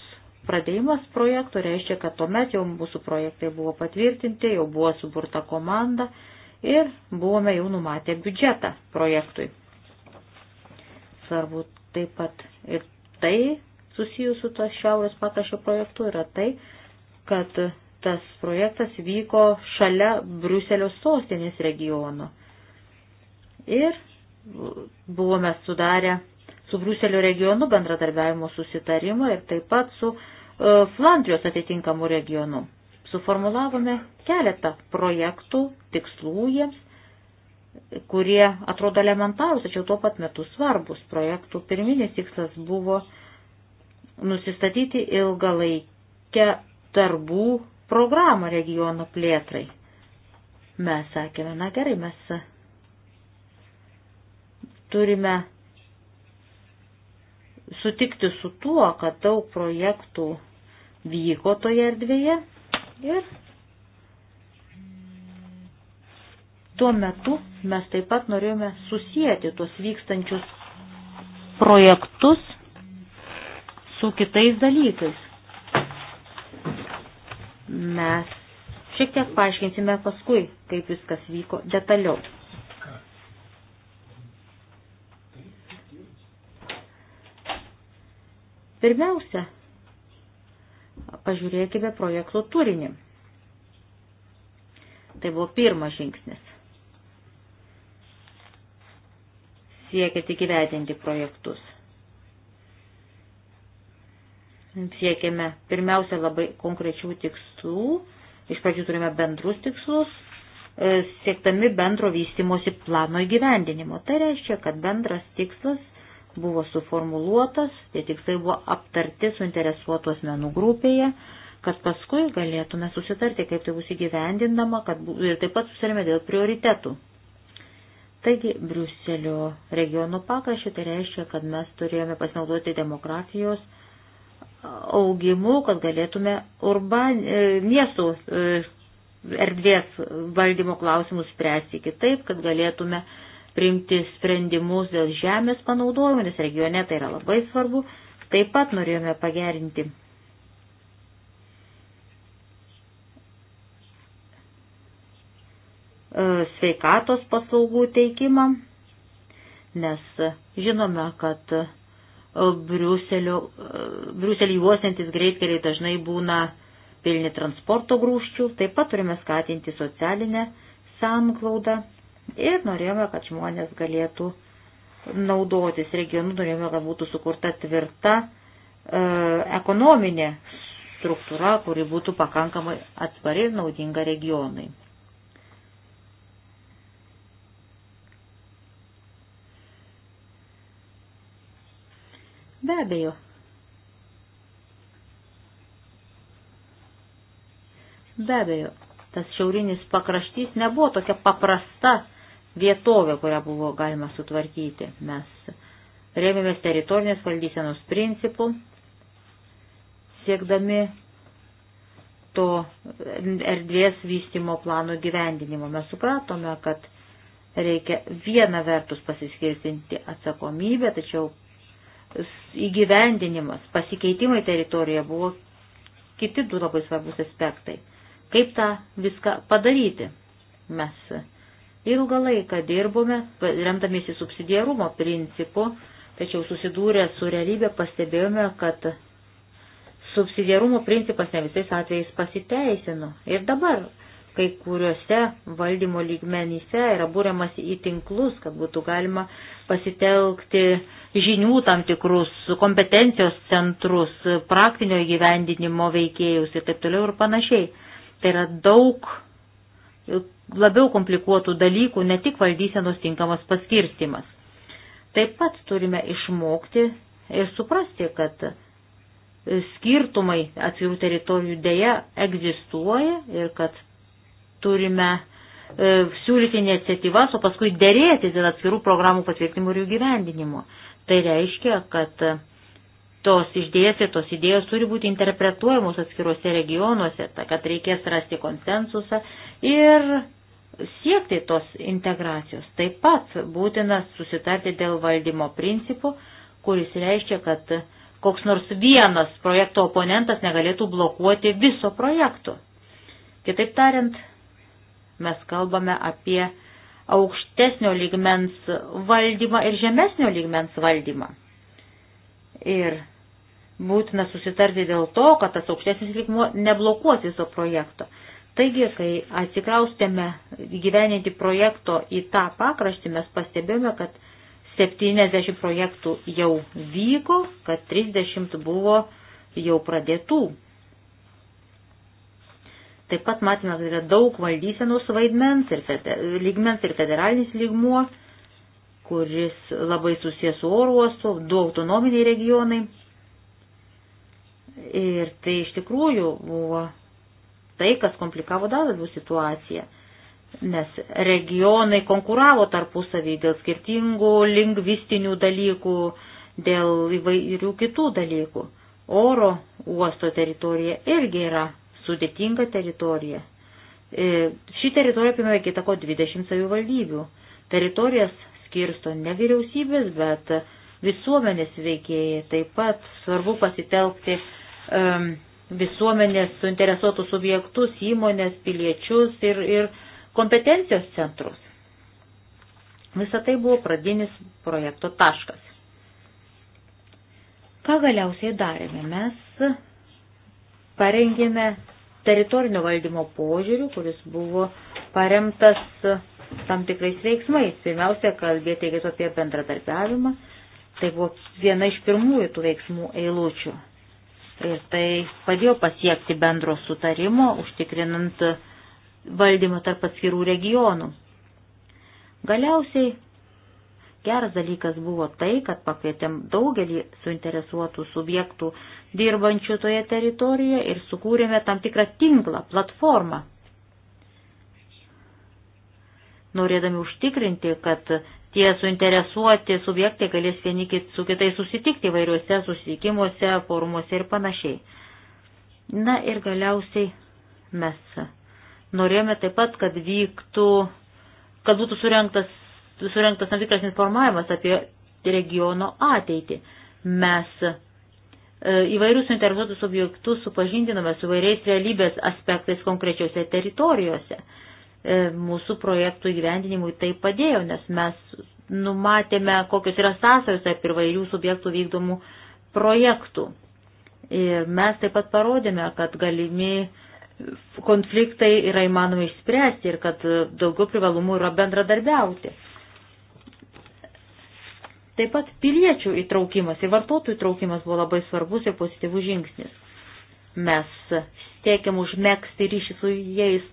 pradėjimas projekto reiškia, kad tuomet jau mūsų projektai buvo patvirtinti, jau buvo suburta komanda ir buvome jau numatę biudžetą projektui. Svarbu taip pat ir tai susijusiu tos šiaurės pakašio projektu yra tai, kad tas projektas vyko šalia Briuselio sostinės regiono. Ir buvome sudarę su Bruselio regionu bendradarbiavimo susitarimą ir taip pat su e, Flandrijos atitinkamu regionu. Suformulavome keletą projektų, tikslų jiems, kurie atrodo elementarūs, tačiau tuo pat metu svarbus. Projektų pirminis tikslas buvo nusistatyti ilgalaikę darbų programą regiono plėtrai. Mes sakėme, na gerai, mes turime sutikti su tuo, kad daug projektų vyko toje erdvėje ir tuo metu mes taip pat norėjome susijęti tuos vykstančius projektus su kitais dalykais. Mes šiek tiek paaiškinsime paskui, kaip viskas vyko detaliau. Pirmiausia, pažiūrėkime projekto turinį. Tai buvo pirmas žingsnis. Siekėt įgyvendinti projektus. Siekėme pirmiausia labai konkrečių tikslų. Iš pradžių turime bendrus tikslus, e, siektami bendro vystimosi plano įgyvendinimo. Tai reiškia, kad bendras tikslas buvo suformuluotas, tie tikslai buvo aptarti suinteresuotų asmenų grupėje, kad paskui galėtume susitarti, kaip tai bus įgyvendindama kad, ir taip pat susirėmė dėl prioritetų. Taigi, Briuselio regionų pakraščių tai reiškia, kad mes turėjome pasinaudoti demografijos augimu, kad galėtume urban, e, miestų e, erdvės valdymo klausimus spręsti kitaip, kad galėtume uh, priimti sprendimus dėl žemės panaudojimo, nes regione tai yra labai svarbu. Taip pat norėjome pagerinti e, sveikatos paslaugų teikimą, nes žinome, kad e, e, Briuselį juosiantis greitkeliai dažnai būna pilni transporto grūščių, taip pat turime skatinti socialinę samklaudą, ir norėjome, kad žmonės galėtų naudotis regionu, norėjome, kad būtų sukurta tvirta e, ekonominė struktūra, kuri būtų pakankamai atspari ir naudinga regionai. Be abejo. Be abejo, tas šiaurinis pakraštys nebuvo tokia paprasta vietovę, kurią buvo galima sutvarkyti. Mes rėmėmės teritorinės valdysenos principų, siekdami to erdvės vystimo plano gyvendinimo. Mes supratome, kad reikia viena vertus pasiskirstinti atsakomybę, tačiau įgyvendinimas, pasikeitimai teritorijoje buvo kiti du labai svarbus aspektai. Kaip tą viską padaryti? Mes Ilgą laiką dirbome, remdamiesi subsidiarumo principu, tačiau susidūrę su realybė pastebėjome, kad subsidiarumo principas ne visais atvejais pasiteisino. Ir dabar kai kuriuose valdymo lygmenyse yra būriamas į tinklus, kad būtų galima pasitelkti žinių tam tikrus, kompetencijos centrus, praktinio įgyvendinimo veikėjus ir taip toliau ir panašiai. Tai yra daug labiau komplikuotų dalykų, ne tik valdysenos tinkamas paskirstimas. Taip pat turime išmokti ir suprasti, kad skirtumai atskirų teritorijų dėja egzistuoja ir kad turime e, siūlyti iniciatyvas, o paskui dėrėti dėl atskirų programų patvirtinimo ir jų gyvendinimo. Tai reiškia, kad tos išdėstytos idėjos turi būti interpretuojamos atskiruose regionuose, ta, kad reikės rasti konsensusą ir siekti tos integracijos. Taip pat būtina susitarti dėl valdymo principų, kuris reiškia, kad koks nors vienas projekto oponentas negalėtų blokuoti viso projekto. Kitaip tariant, mes kalbame apie aukštesnio lygmens valdymą ir žemesnio lygmens valdymą. Ir būtina susitarti dėl to, kad tas aukštesnis lygmuo neblokuos viso projekto. Taigi, kai atsikraustėme gyveninti projekto į tą pakraštį, mes pastebėjome, kad 70 projektų jau vyko, kad 30 buvo jau pradėtų. Taip pat matėme, kad yra daug valdysenos vaidmens ir lygmens ir federalinis lygmuo, kuris labai susijęs su oro uostu, du autonominiai regionai Ir tai iš tikrųjų buvo tai, kas komplikavo dar labiau situaciją, nes regionai konkuravo tarpusavį dėl skirtingų lingvistinių dalykų, dėl įvairių kitų dalykų. Oro uosto teritorija irgi yra sudėtinga teritorija. E, ši teritorija apima kitą ko 20 savivaldybių. Teritorijas skirsto ne vyriausybės, bet visuomenės veikėjai. Taip pat svarbu pasitelkti Um, visuomenės suinteresuotus subjektus, įmonės, piliečius ir, ir kompetencijos centrus. Visą tai buvo pradinis projekto taškas. Ką galiausiai darėme? Mes parengėme teritorinio valdymo požiūrių, kuris buvo paremtas tam tikrais veiksmais. Pirmiausia, kalbėti reikėtų apie bendradarbiavimą. Tai buvo viena iš pirmųjų tų veiksmų eilučių. Ir tai padėjo pasiekti bendro sutarimo, užtikrinant valdymą tarp atskirų regionų. Galiausiai geras dalykas buvo tai, kad pakvietėm daugelį suinteresuotų subjektų dirbančių toje teritorijoje ir sukūrėme tam tikrą tinklą, platformą. Norėdami užtikrinti, kad tie suinteresuoti subjektai galės vieni kit, su kitais susitikti įvairiuose susitikimuose, forumuose ir panašiai. Na ir galiausiai mes norėjome taip pat, kad vyktų, kad būtų surinktas, surinktas tam tikras informavimas apie regiono ateitį. Mes e, įvairius interesuotus objektus supažindiname su vairiais realybės aspektais konkrečiose teritorijose. E, mūsų projektų įgyvendinimui tai padėjo, nes mes numatėme, kokios yra sąsajos tarp įvairių subjektų vykdomų projektų. Ir mes taip pat parodėme, kad galimi konfliktai yra įmanomi išspręsti ir kad daugiau privalumų yra bendradarbiauti. Taip pat piliečių įtraukimas ir vartotojų įtraukimas buvo labai svarbus ir pozityvus žingsnis. Mes siekiam užmėgsti ryšį su jais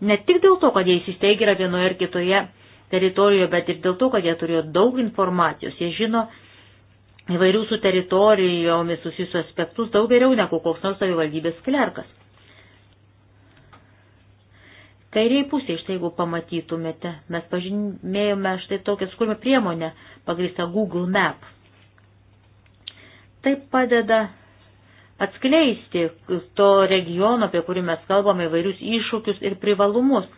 Ne tik dėl to, kad jie įsisteigė yra vienoje ar kitoje teritorijoje, bet ir dėl to, kad jie turėjo daug informacijos. Jie žino įvairių su teritorijomis susijusius aspektus daug geriau negu koks nors savivaldybės klerkas. Kairiai pusė, štai jeigu pamatytumėte, mes pažymėjome štai tokią skurmę priemonę pagrįstą Google Map. Tai padeda atskleisti to regiono, apie kurį mes kalbame, įvairius iššūkius ir privalumus.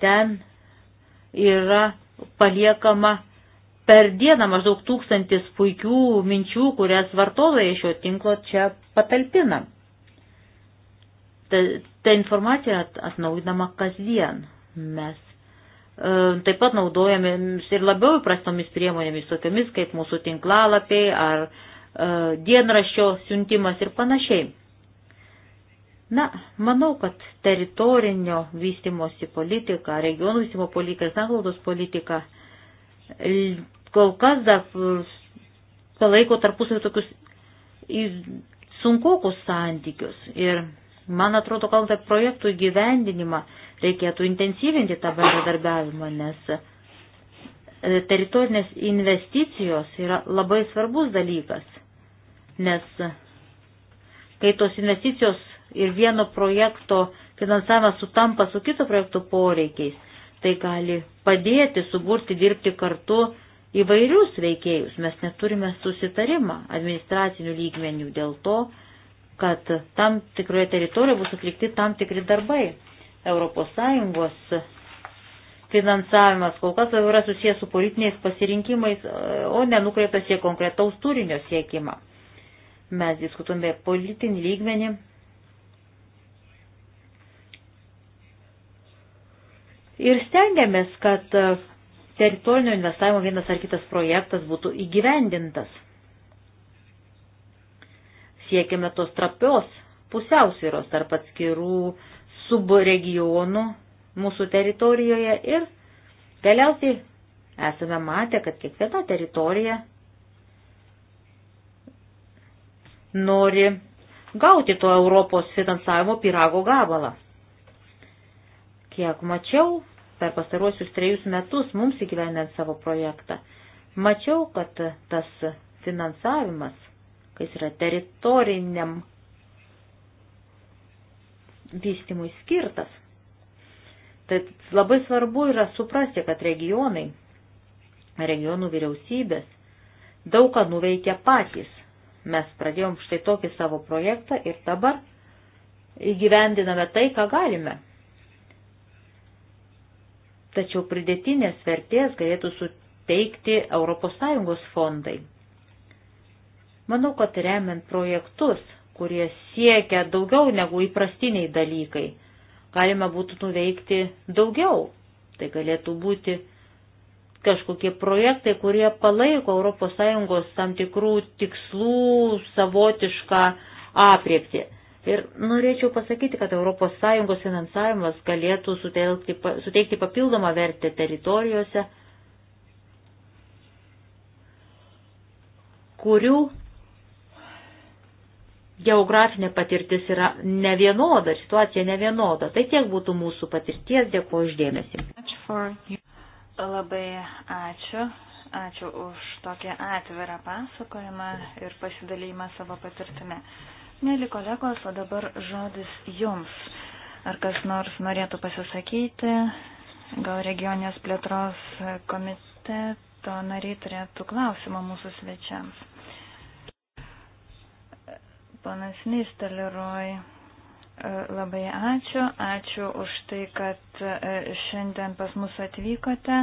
Ten yra paliekama per dieną maždaug tūkstantis puikių minčių, kurias vartotojai šio tinklo čia patalpina. Ta, ta informacija atnaujinama kasdien. Mes e, taip pat naudojame ir labiau įprastomis priemonėmis, tokiamis kaip mūsų tinklalapiai ar e, E, dienraščio siuntimas ir panašiai. Na, manau, kad teritorinio vystimosi politika, regionų vystimo politika ir sanglaudos politika kol kas dar palaiko tarpusavį tokius sunkokus santykius. Ir man atrodo, kalbant apie projektų gyvendinimą, reikėtų intensyvinti tą bendradarbiavimą, nes e, teritorinės investicijos yra labai svarbus dalykas nes kai tos investicijos ir vieno projekto finansavimas sutampa su kito projekto poreikiais, tai gali padėti suburti dirbti kartu įvairius veikėjus. Mes neturime susitarimą administracinių lygmenių dėl to, kad tam tikroje teritorijoje bus atlikti tam tikri darbai. ES finansavimas kol kas yra susijęs su politiniais pasirinkimais, o nenukreiptas į konkretaus turinio siekimą. Mes diskutuojame politinį lygmenį. Ir stengiamės, kad teritorinio investavimo vienas ar kitas projektas būtų įgyvendintas. Siekiame tos trapios pusiausvyros tarp atskirų subregionų mūsų teritorijoje ir galiausiai esame matę, kad kiekviena teritorija nori gauti to Europos finansavimo pirago gabalą. Kiek mačiau, per pastaruosius trejus metus mums įgyvendant savo projektą, mačiau, kad tas finansavimas, kai jis yra teritoriniam vystimui skirtas, tai labai svarbu yra suprasti, kad regionai, regionų vyriausybės daug ką nuveikia patys Mes pradėjom štai tokį savo projektą ir dabar įgyvendiname tai, ką galime. Tačiau pridėtinės vertės galėtų suteikti ES fondai. Manau, kad remiant projektus, kurie siekia daugiau negu įprastiniai dalykai, galima būtų nuveikti daugiau. Tai galėtų būti kažkokie projektai, kurie palaiko ES tam tikrų tikslų savotišką apriepti. Ir norėčiau pasakyti, kad ES finansavimas galėtų sutelkti, suteikti papildomą vertę teritorijose, kurių geografinė patirtis yra nevienoda, situacija nevienoda. Tai tiek būtų mūsų patirties, dėkuoju uždėmesi. Labai ačiū. Ačiū už tokį atvirą pasakojimą ir pasidalymą savo patirtime. Mėly kolegos, o dabar žodis jums. Ar kas nors norėtų pasisakyti? Gal regionės plėtros komiteto nariai turėtų klausimą mūsų svečiams? Panas Nisteleroj. E, labai ačiū. Ačiū už tai, kad e, šiandien pas mus atvykote.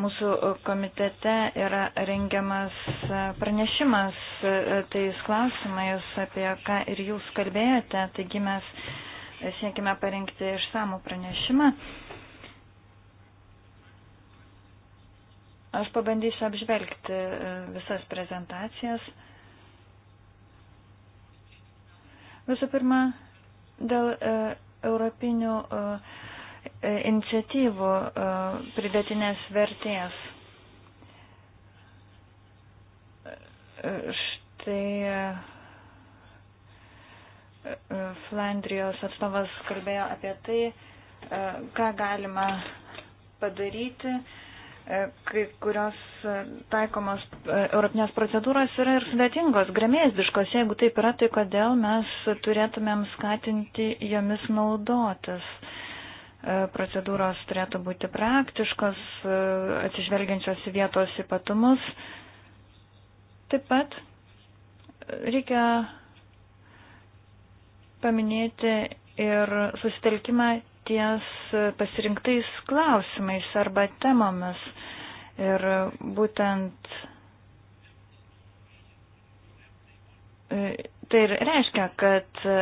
Mūsų komitete yra rengiamas e, pranešimas tais klausimais, apie ką ir jūs kalbėjote. Taigi mes siekime parinkti išsamų pranešimą. Aš pabandysiu apžvelgti visas prezentacijas. Visų pirma, Dėl e, europinių e, e, iniciatyvų e, pridėtinės vertės. E, štai e, e, Flandrijos atstovas kalbėjo apie tai, e, ką galima padaryti. E, E, kai kurios e, taikomos e, europinės procedūros yra ir sudėtingos, gremėzdiškos. Jeigu taip yra, tai kodėl mes turėtumėm skatinti jomis naudotis? Procedūros turėtų būti praktiškos, atsižvelgiančios į vietos ypatumus. Taip pat reikia paminėti ir susitelkimą ties pasirinktais klausimais arba temomis. Ir būtent e, tai ir reiškia, kad e,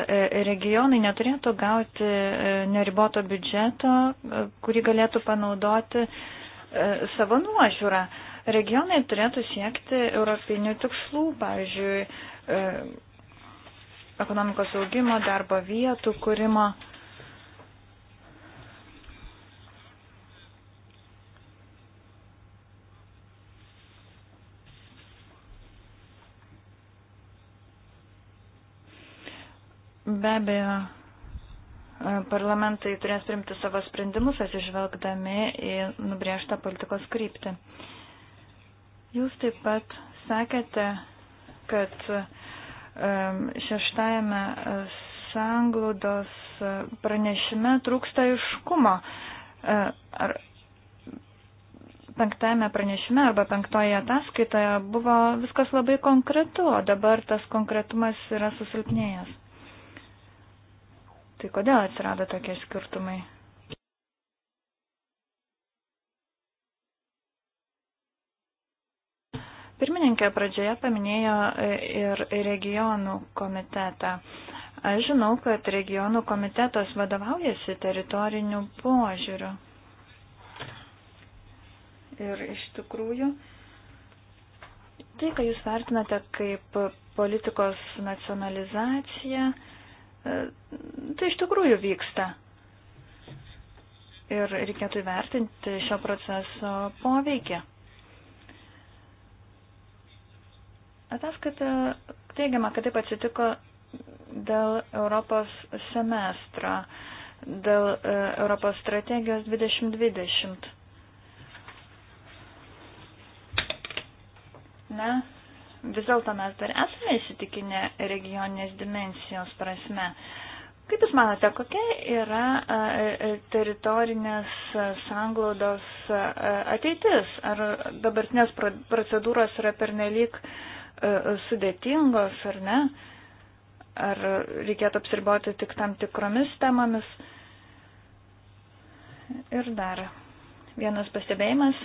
regionai neturėtų gauti e, neriboto biudžeto, kurį galėtų panaudoti savo nuožiūrą. Regionai turėtų siekti europinių tikslų, pavyzdžiui, ekonomikos augimo, darbo vietų kūrimo. Kurimo Be abejo, e, parlamentai turės primti savo sprendimus, atsižvelgdami į nubriežtą politikos kryptį. Jūs taip pat sakėte, kad e, šeštajame sanglaudos pranešime trūksta iškumo. E, ar penktame pranešime arba penktoje ataskaitoje buvo viskas labai konkretu, o dabar tas konkretumas yra susilpnėjęs. Tai kodėl atsirado tokie skirtumai? Pirmininkė pradžioje paminėjo e, ir regionų komitetą. Aš žinau, kad regionų komitetas vadovaujasi teritoriniu požiūriu. Ir iš tikrųjų, tai, ką jūs vertinate kaip politikos nacionalizacija, E, tai iš tikrųjų vyksta. Ir reikėtų įvertinti šio proceso poveikį. Ataskaita teigiama, kad taip atsitiko dėl Europos semestro, dėl e, Europos strategijos 2020. Ne? vis dėlto mes dar esame įsitikinę regioninės dimensijos prasme. Kaip Jūs manote, kokia yra e, teritorinės sanglaudos e, ateitis? Ar dabartinės procedūros yra pernelyg e, sudėtingos ar ne? Ar reikėtų apsiriboti tik tam tikromis temomis? Ir dar vienas pastebėjimas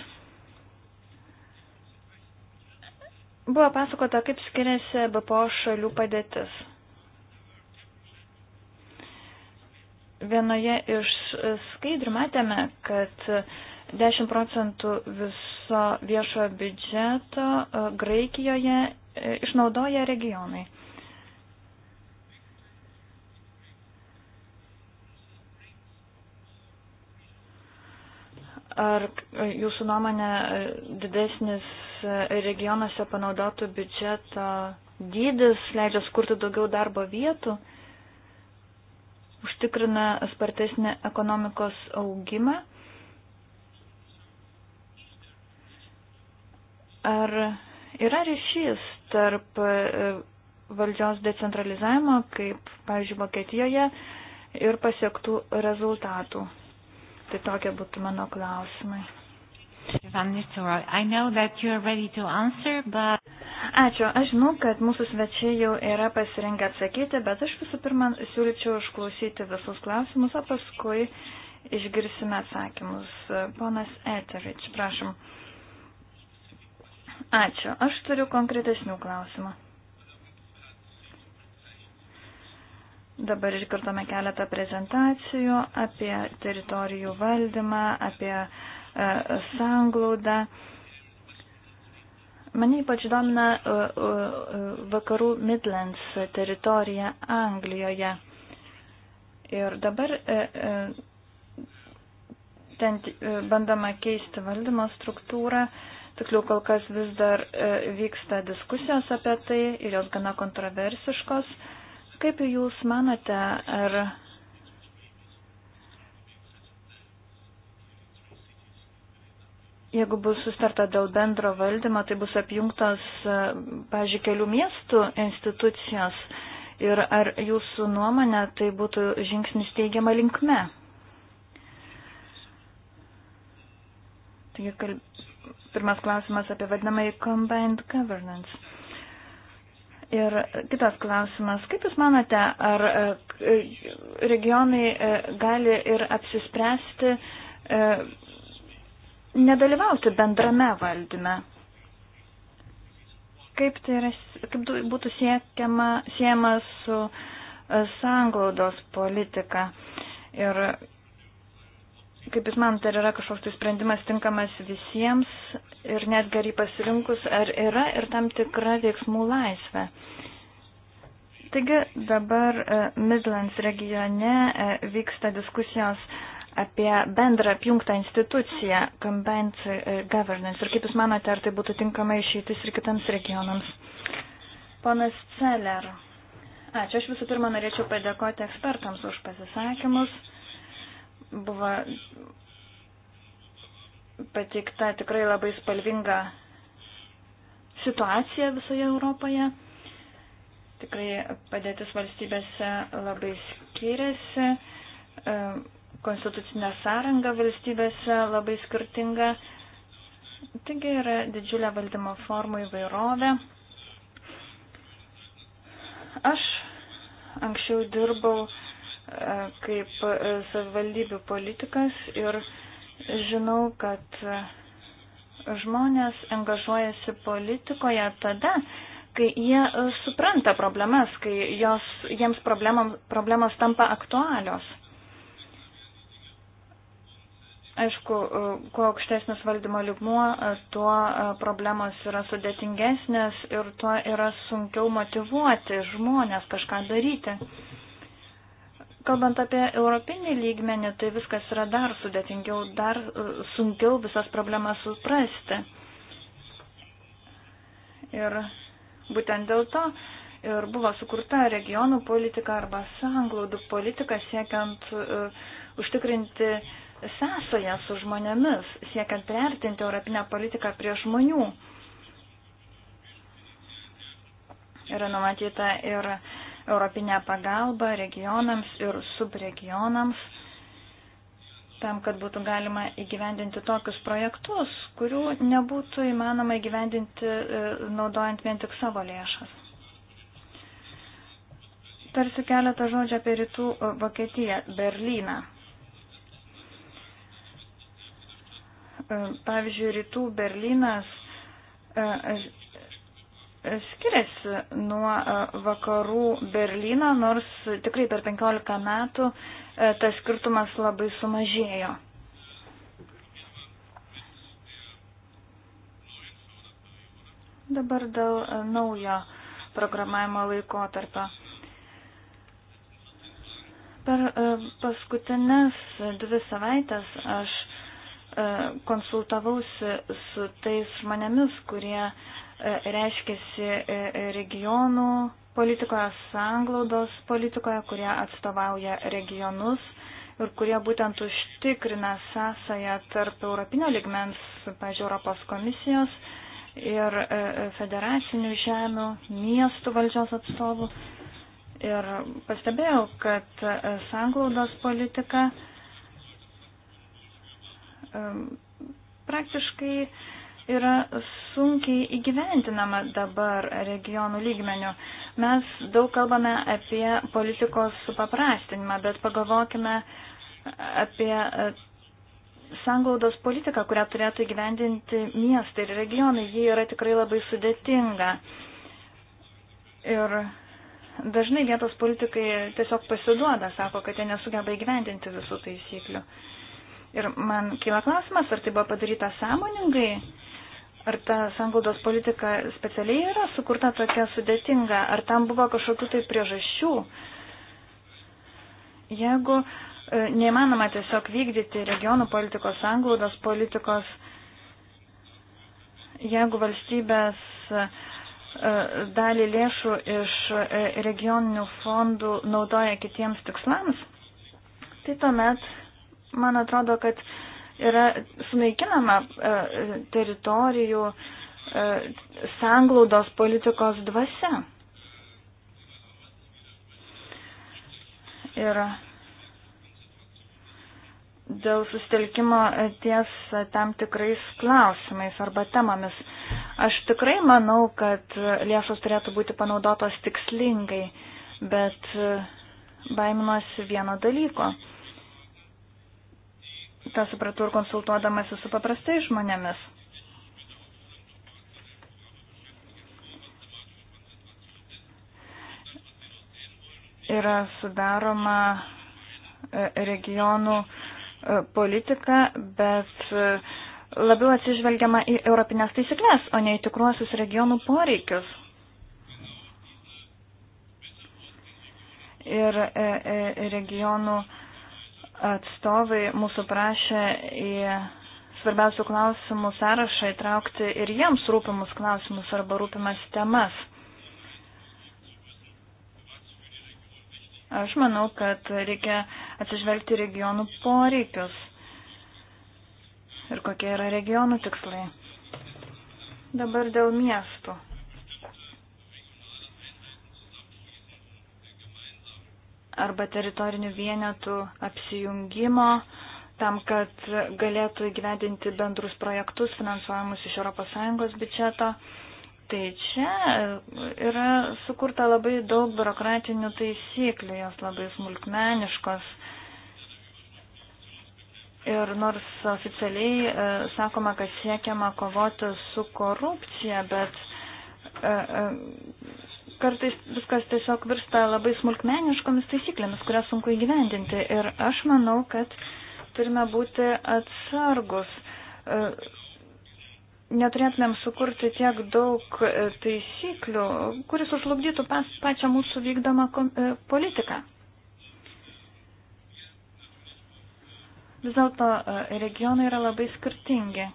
Buvo pasakota, kaip skiriasi BPO šalių padėtis. Vienoje iš skaidrių matėme, kad 10 procentų viso viešojo biudžeto e, Graikijoje e, išnaudoja regionai. Ar e, jūsų nuomonė didesnis regionuose panaudotų biudžeto dydis leidžia skurti daugiau darbo vietų, užtikrina spartesnį ekonomikos augimą. Ar yra ryšys tarp e, valdžios decentralizavimo, kaip, pavyzdžiui, Vokietijoje, ir pasiektų rezultatų? Tai tokie būtų mano klausimai. Ačiū. Aš žinau, kad mūsų svečiai jau yra pasirengę atsakyti, bet aš visų pirma siūlyčiau išklausyti visus klausimus, o paskui išgirsime atsakymus. Ponas Eterič, prašom. Ačiū. Aš turiu konkretesnių klausimų. Dabar išgirdome keletą prezentacijų apie teritorijų valdymą, apie uh, E, sanglaudą. Mane ypač domina e, e, vakarų Midlands teritorija Anglijoje. Ir dabar ten bandoma keisti valdymo struktūrą. Tikliau kol kas vis dar vyksta diskusijos apie tai ir jos gana kontroversiškos. Kaip Jūs manote, ar Jeigu bus sustarta dėl bendro valdymo, tai bus apjungtos, e, pažiūrėjau, kelių miestų institucijos. Ir ar jūsų nuomonė tai būtų žingsnis teigiama linkme? Taigi, kalb... pirmas klausimas apie vadinamąjį combined governance. Ir kitas klausimas, kaip Jūs manote, ar e, e, regionai gali ir apsispręsti nedalyvauti bendrame valdyme. Kaip tai yra, kaip būtų siekiama, siejama su e, sanglaudos politika ir kaip jūs manote, ar yra kažkoks tai sprendimas tinkamas visiems ir net gerai pasirinkus, ar yra ir tam tikra veiksmų laisvė. Taigi dabar e, Midlands regione e, vyksta diskusijos apie bendrą apjungtą instituciją Combined Governance ir kaip Jūs manote, ar tai būtų tinkama išeitis ir kitams regionams. Ponas Celer, ačiū. Aš visų pirma norėčiau padėkoti ekspertams už pasisakymus. Buvo pateikta tikrai labai spalvinga situacija visoje Europoje. Tikrai padėtis valstybėse labai skiriasi e, konstitucinė sąranga valstybėse labai skirtinga. Taigi yra didžiulė valdymo formų įvairovė. Aš anksčiau dirbau e, kaip e, savivaldybių politikas ir žinau, kad žmonės angažuojasi politikoje tada, kai jie e, supranta problemas, kai jos, jiems problemas tampa aktualios. Aišku, kuo aukštesnis valdymo lygmuo, tuo e, problemos yra sudėtingesnės ir tuo yra sunkiau motivuoti žmonės kažką daryti. Kalbant apie europinį lygmenį, tai viskas yra dar sudėtingiau, dar e, sunkiau visas problemas suprasti. Ir būtent dėl to ir buvo sukurta regionų politika arba sanglaudu politika siekiant uh, užtikrinti uh, sąsają su žmonėmis, siekiant priartinti europinę politiką prie žmonių. Yra numatyta ir europinė pagalba regionams ir subregionams, tam, kad būtų galima įgyvendinti tokius projektus, kurių nebūtų įmanoma įgyvendinti e, naudojant vien tik savo lėšas. Tarsi keletą žodžių apie rytų e, Vokietiją, Berlyną. E, pavyzdžiui, rytų Berlynas e, e, skiriasi nuo vakarų Berlyno, nors tikrai per 15 metų tas skirtumas labai sumažėjo. Dabar dėl naujo programavimo laikotarpio. Per paskutinės dvi savaitės aš E, konsultavausi su tais žmonėmis, kurie e, reiškėsi e, regionų politikoje, sanglaudos politikoje, kurie atstovauja regionus ir kurie būtent užtikrina sąsąją tarp europinio ligmens, pažiūrėjau, Europos komisijos ir federacinių žemių, miestų valdžios atstovų. Ir pastebėjau, kad sanglaudos politika praktiškai yra sunkiai įgyventinama dabar regionų lygmenių. Mes daug kalbame apie politikos supaprastinimą, bet pagalvokime apie e, sanglaudos politiką, kurią turėtų įgyvendinti miestai ir regionai. Ji yra tikrai labai sudėtinga. Ir dažnai vietos politikai tiesiog pasiduoda, sako, kad jie nesugeba įgyvendinti visų taisyklių. Uh, Ir man kyla klausimas, ar tai buvo padaryta sąmoningai, ar ta sanglaudos politika specialiai yra sukurta tokia sudėtinga, ar tam buvo kažkokių tai priežasčių. Jeigu e, neįmanoma tiesiog vykdyti regionų politikos, sanglaudos politikos, jeigu valstybės e, dalį lėšų iš e, regioninių fondų naudoja kitiems tikslams, tai tuomet Man atrodo, kad yra sunaikinama e, teritorijų e, sanglaudos politikos dvasia. Ir dėl sustelkimo ties tam tikrais klausimais arba temomis. Aš tikrai manau, kad lėšos turėtų būti panaudotos tikslingai, bet baiminuosi vieno dalyko tą supratau ir konsultuodamasi su paprastai žmonėmis. Yra sudaroma e, regionų e, politika, bet e, labiau atsižvelgiama į europinės taisyklės, o ne į tikruosius regionų poreikius. Ir regionų e, atstovai mūsų prašė į svarbiausių klausimų sąrašą įtraukti ir jiems rūpimus klausimus arba rūpimas temas. Aš manau, kad reikia atsižvelgti regionų poreikius ir kokie yra regionų tikslai. Dabar dėl miestų. arba teritorinių vienetų apsijungimo tam, kad galėtų įgyvendinti bendrus projektus finansuojamus iš ES biudžeto. Tai čia yra sukurta labai daug biurokratinių taisyklių, jos labai smulkmeniškos. Ir nors oficialiai e, sakoma, kad siekiama kovoti su korupcija, bet e, e, kartais viskas tiesiog virsta labai smulkmeniškomis taisyklėmis, kurias sunku įgyvendinti. Ir aš manau, kad turime būti atsargus. E, neturėtumėm sukurti tiek daug e, taisyklių, kuris užlugdytų pačią mūsų vykdomą e, politiką. Vis dėlto regionai yra labai skirtingi.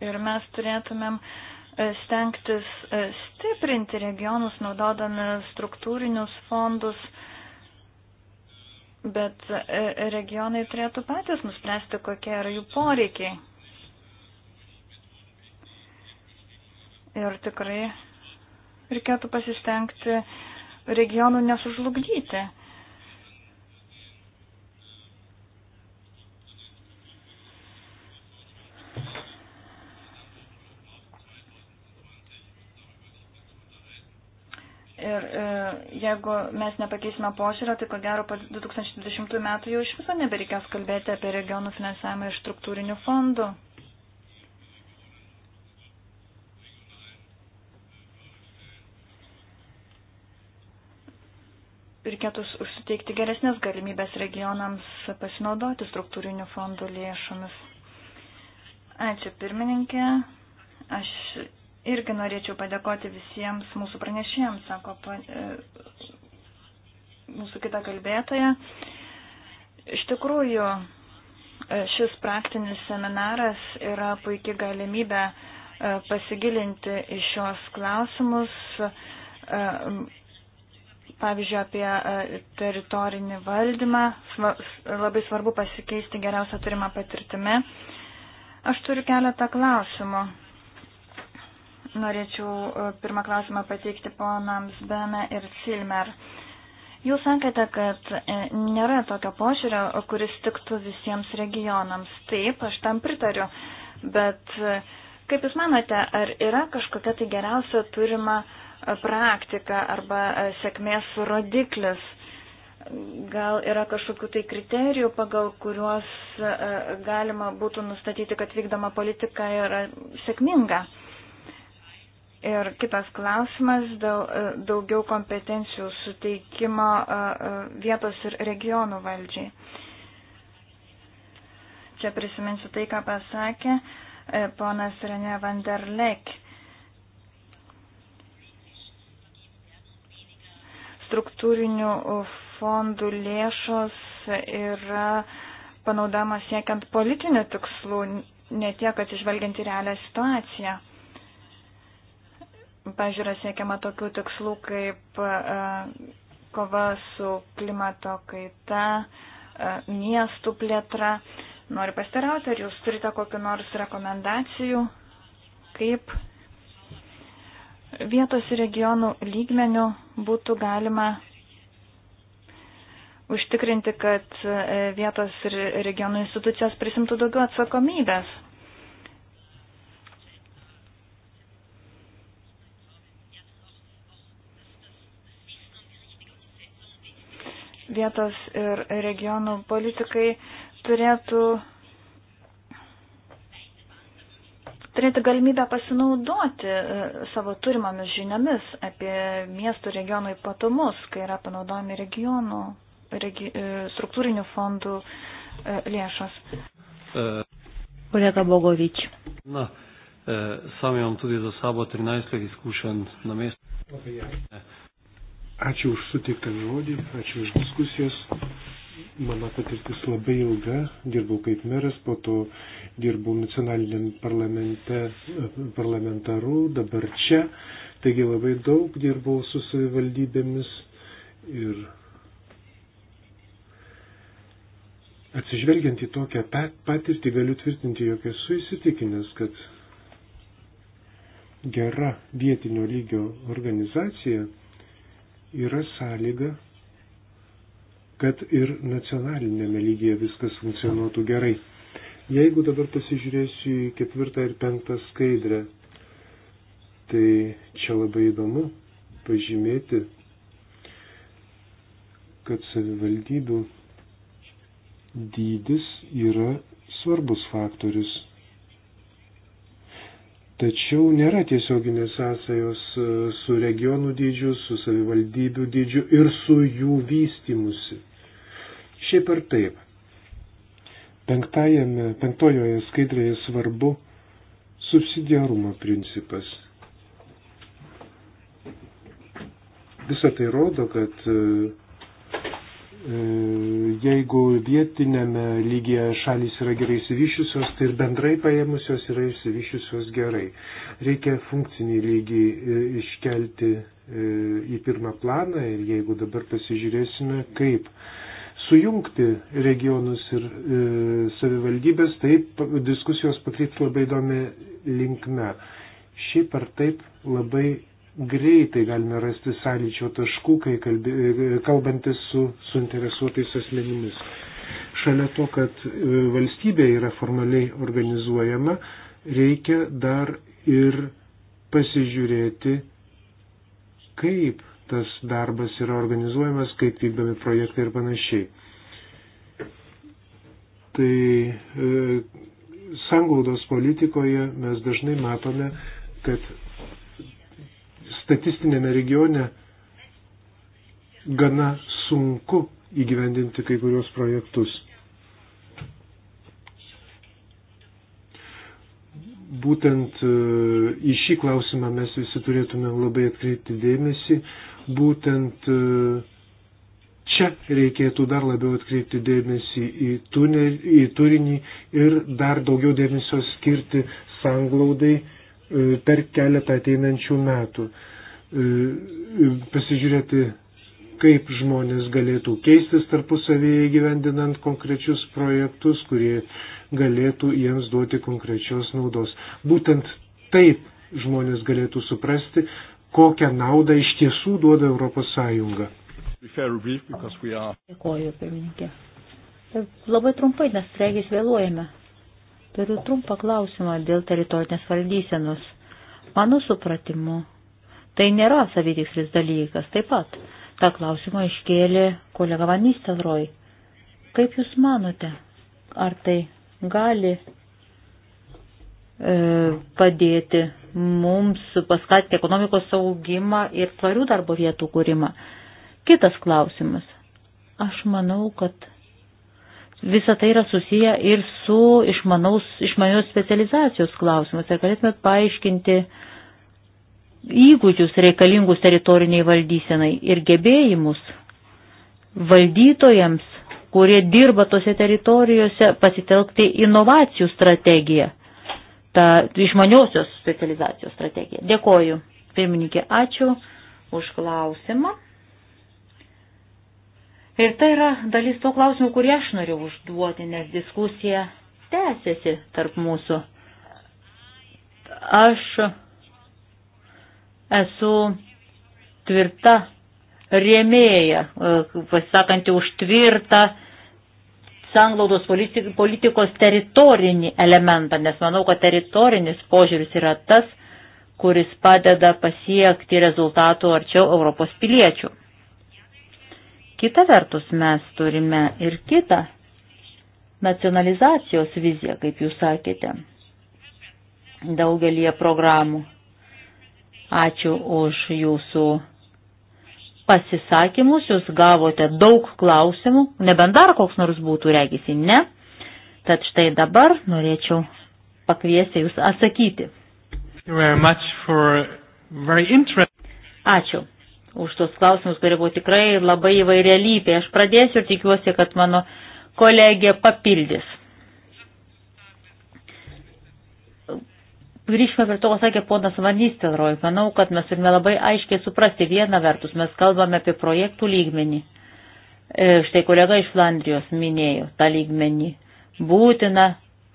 Ir mes turėtumėm uh, E, stengtis e, stiprinti regionus, naudodami struktūrinius fondus, bet e, regionai turėtų patys nuspręsti, kokie yra jų poreikiai. Ir tikrai reikėtų pasistengti regionų nesužlugdyti. Ir e, jeigu mes nepakeisime požiūrio, tai ko gero po 2020 metų jau iš viso nebereikės kalbėti apie regionų finansavimą iš struktūrinių fondų. Reikėtų suteikti geresnės galimybės regionams pasinaudoti struktūrinių fondų lėšomis. Ačiū pirmininkė. Aš irgi norėčiau padėkoti visiems mūsų pranešėjams, sako pa, e, mūsų kita kalbėtoja. Iš tikrųjų, e, šis praktinis seminaras yra puikia galimybė e, pasigilinti į šios klausimus, pavyzdžiui, apie teritorinį valdymą. Labai svarbu pasikeisti geriausią turimą patirtimį. Aš turiu keletą klausimų. Norėčiau e, pirmą klausimą pateikti ponams Bene ir Silmer. Jūs sakėte, kad e, nėra tokio požiūrio, kuris tiktų visiems regionams. Taip, aš tam pritariu, bet e, kaip Jūs manote, ar yra kažkokia tai geriausia turima praktika arba sėkmės rodiklis? Gal yra kažkokių tai kriterijų, pagal kuriuos galima būtų nustatyti, kad vykdoma politika yra sėkminga? Ir kitas klausimas dėl e, daugiau kompetencijų suteikimo e, e, vietos ir regionų valdžiai. Čia prisiminsiu tai, ką pasakė ponas Renė van der Lek. Struktūrinių fondų lėšos yra panaudama siekiant politinių tikslų, ne tiek atsižvelgiant į realią situaciją pažiūrė siekiama tokių tikslų kaip e, kova su klimato kaita, e, miestų plėtra. Noriu pastarauti, ar jūs turite kokiu nors rekomendacijų, kaip vietos ir regionų lygmenių būtų galima užtikrinti, kad e, vietos ir regionų institucijos prisimtų daugiau atsakomybės vietos ir regionų politikai turėtų turėti galimybę pasinaudoti e, savo turimomis žiniomis apie miestų regionų ypatumus, kai yra panaudojami regionų regi, e, struktūrinių fondų e, lėšos. Kolega Bogovič. Na, sam imam tudi za sabo 13 izkušenj na mestu. Ačiū už sutiktą žodį, ačiū už diskusijas. Mano patirtis labai ilga, dirbau kaip meras, po to dirbau nacionaliniam parlamente, parlamentaru, dabar čia. Taigi labai daug dirbau su savivaldybėmis ir atsižvelgiant į tokią patirtį galiu tvirtinti, jog esu įsitikinęs, kad gera vietinio lygio organizacija yra sąlyga, kad ir nacionalinėme lygyje viskas funkcionuotų gerai. Jeigu dabar pasižiūrėsiu į ketvirtą ir penktą skaidrę, tai čia labai įdomu pažymėti, kad savivaldybių dydis yra svarbus faktorius Tačiau nėra tiesioginės sąsajos e, su regionų dydžiu, su savivaldybių dydžiu ir su jų vystimusi. Šiaip ar taip. Penktajame, penktojoje skaidrėje svarbu subsidiarumo principas. Visą tai rodo, kad e, E, jeigu vietinėme lygyje šalis yra gerai įsivyšiusios, tai ir bendrai paėmusios yra įsivyšiusios gerai. Reikia funkcinį lygį e, iškelti e, į pirmą planą ir jeigu dabar pasižiūrėsime, kaip sujungti regionus ir savivaldybės, taip diskusijos pakryps labai įdomi linkme. Šiaip ar taip labai greitai galime rasti sąlyčio taškų, kai kalbė, kalbantis su suinteresuotais asmenimis. Šalia to, kad e, valstybė yra formaliai organizuojama, reikia dar ir pasižiūrėti, kaip tas darbas yra organizuojamas, kaip vykdomi projektai ir panašiai. Tai e, sanglaudos politikoje mes dažnai matome, kad statistinėme regione gana sunku įgyvendinti kai kurios projektus. Būtent e, į šį klausimą mes visi turėtume labai atkreipti dėmesį. Būtent e, čia reikėtų dar labiau atkreipti dėmesį į, tunel, į turinį ir dar daugiau dėmesio skirti sanglaudai e, per keletą ateinančių metų. E, pasižiūrėti, kaip žmonės galėtų keistis tarpusavėje gyvendinant konkrečius projektus, kurie galėtų jiems duoti konkrečios naudos. Būtent taip žmonės galėtų suprasti, kokią naudą iš tiesų duoda Europos Sąjunga. Dėkoju, pirmininkė. Labai trumpai, nes regis vėluojame. Turiu trumpą klausimą dėl teritorinės valdysenos. Mano supratimu, Tai nėra savitikslis dalykas taip pat. Ta klausimą iškėlė kolega Vanystas Roj. Kaip Jūs manote, ar tai gali e, padėti mums paskatinti ekonomikos saugimą ir tvarių darbo vietų kūrimą? Kitas klausimas. Aš manau, kad visa tai yra susiję ir su išmanaus, išmanios specializacijos klausimas. Ar galėtumėt paaiškinti, e, įgūdžius reikalingus teritoriniai valdysenai ir gebėjimus valdytojams, kurie dirba tose teritorijose, pasitelkti inovacijų strategiją, tą išmaniosios specializacijos strategiją. Dėkoju, pirmininkė, ačiū už klausimą. Ir tai yra dalis to klausimų, kurį aš noriu užduoti, nes diskusija tęsiasi tarp mūsų. Aš Esu tvirta rėmėja, e, pasisakanti už tvirtą sanglaudos politikos teritorinį elementą, nes manau, kad teritorinis požiūris yra tas, kuris padeda pasiekti rezultatų arčiau Europos piliečių. Kita vertus mes turime ir kitą nacionalizacijos viziją, kaip jūs sakėte, daugelie programų Ačiū už jūsų pasisakymus, jūs gavote daug klausimų, nebent dar koks nors būtų regisi, ne. Tad štai dabar norėčiau pakviesti jūs atsakyti. Ačiū už tos klausimus, kurie buvo tikrai labai įvairialypiai. Aš pradėsiu ir tikiuosi, kad mano kolegė papildys. grįžkime prie to, ką sakė ponas Vanys Telroj. Manau, kad mes turime labai aiškiai suprasti vieną vertus, mes kalbame apie projektų lygmenį. E, štai kolega iš Flandrijos minėjo tą lygmenį. Būtina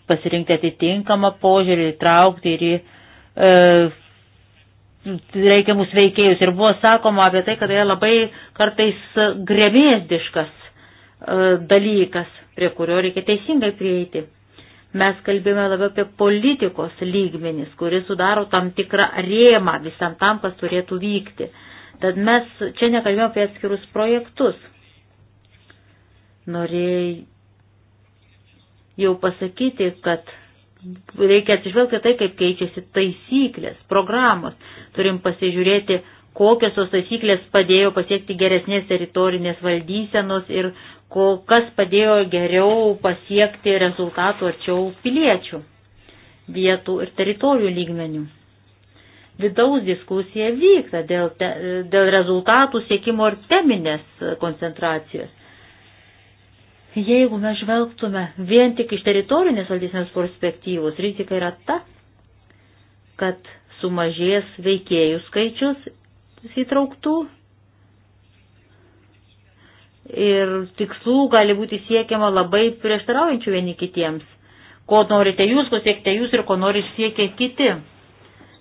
pasirinkti atitinkamą požiūrį, traukti ir į e, reikiamus veikėjus. Ir buvo sakoma apie tai, kad tai yra labai kartais grėmėsdiškas e, dalykas, prie kurio reikia teisingai prieiti. Mes kalbėjome labiau apie politikos lygmenis, kuris sudaro tam tikrą rėmą visam tam, kas turėtų vykti. Tad mes čia nekalbėjome apie atskirus projektus. Norėjau pasakyti, kad reikia atsižvelgti tai, kaip keičiasi taisyklės, programos. Turim pasižiūrėti, kokios tos taisyklės padėjo pasiekti geresnės teritorinės valdysenos ir kas padėjo geriau pasiekti rezultatų arčiau piliečių vietų ir teritorijų lygmenių. Vidaus diskusija vyksta dėl, te, dėl rezultatų siekimo ir teminės koncentracijos. Jeigu mes žvelgtume vien tik iš teritorinės valdysenės perspektyvos, rizika yra ta, kad sumažės veikėjų skaičius įtrauktų ir tikslų gali būti siekiama labai prieštaraujančių vieni kitiems. Ko norite jūs, ko siekite jūs ir ko nori siekia kiti.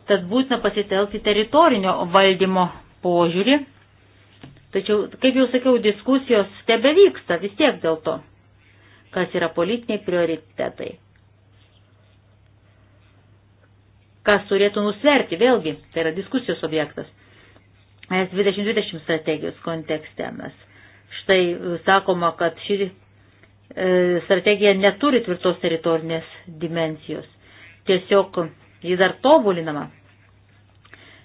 Tad būtina pasitelkti teritorinio valdymo požiūrį. Tačiau, kaip jau sakiau, diskusijos tebe vyksta vis tiek dėl to, kas yra politiniai prioritetai. Kas turėtų nusverti, vėlgi, tai yra diskusijos objektas. S2020 strategijos kontekste mes Štai e, sakoma, kad ši e, strategija neturi tvirtos teritorinės dimensijos. Tiesiog ji dar tobulinama.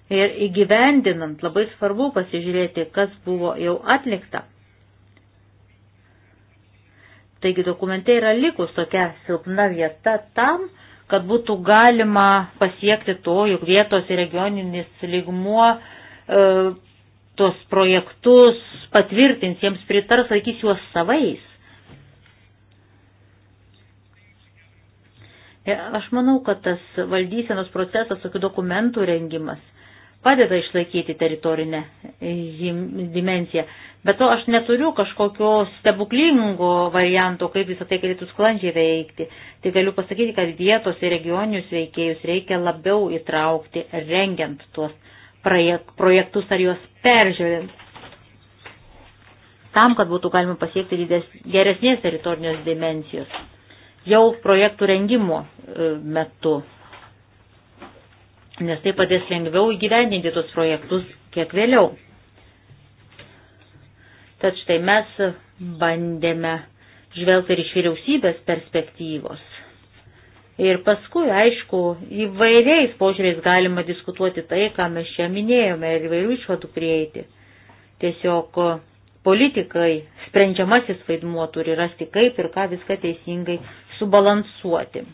Ir įgyvendinant labai svarbu pasižiūrėti, kas buvo jau atlikta. Taigi dokumente yra likus tokia silpna vieta tam, kad būtų galima pasiekti to, jog vietos ir regioninis lygmuo e, tos projektus patvirtins, jiems pritars, laikys juos savais. E, aš manau, kad tas valdysenos procesas, tokių dokumentų rengimas padeda išlaikyti teritorinę dimenciją. Bet to aš neturiu kažkokio stebuklingo varianto, kaip visą tai galėtų sklandžiai veikti. Tai galiu pasakyti, kad vietos ir regioninius veikėjus reikia labiau įtraukti, rengiant tuos projektus ar juos peržiūrint. Tam, kad būtų galima pasiekti didės, geresnės teritorinės dimensijos jau projektų rengimo e, metu, nes tai padės lengviau įgyvendinti tos projektus kiek vėliau. Tad štai mes bandėme žvelgti ir iš vyriausybės perspektyvos. Ir paskui, aišku, įvairiais požiūriais galima diskutuoti tai, ką mes čia minėjome ir įvairių išvadų prieiti. Tiesiog e, politikai sprendžiamasis vaidmuo turi rasti, kaip ir ką viską teisingai subalansuoti.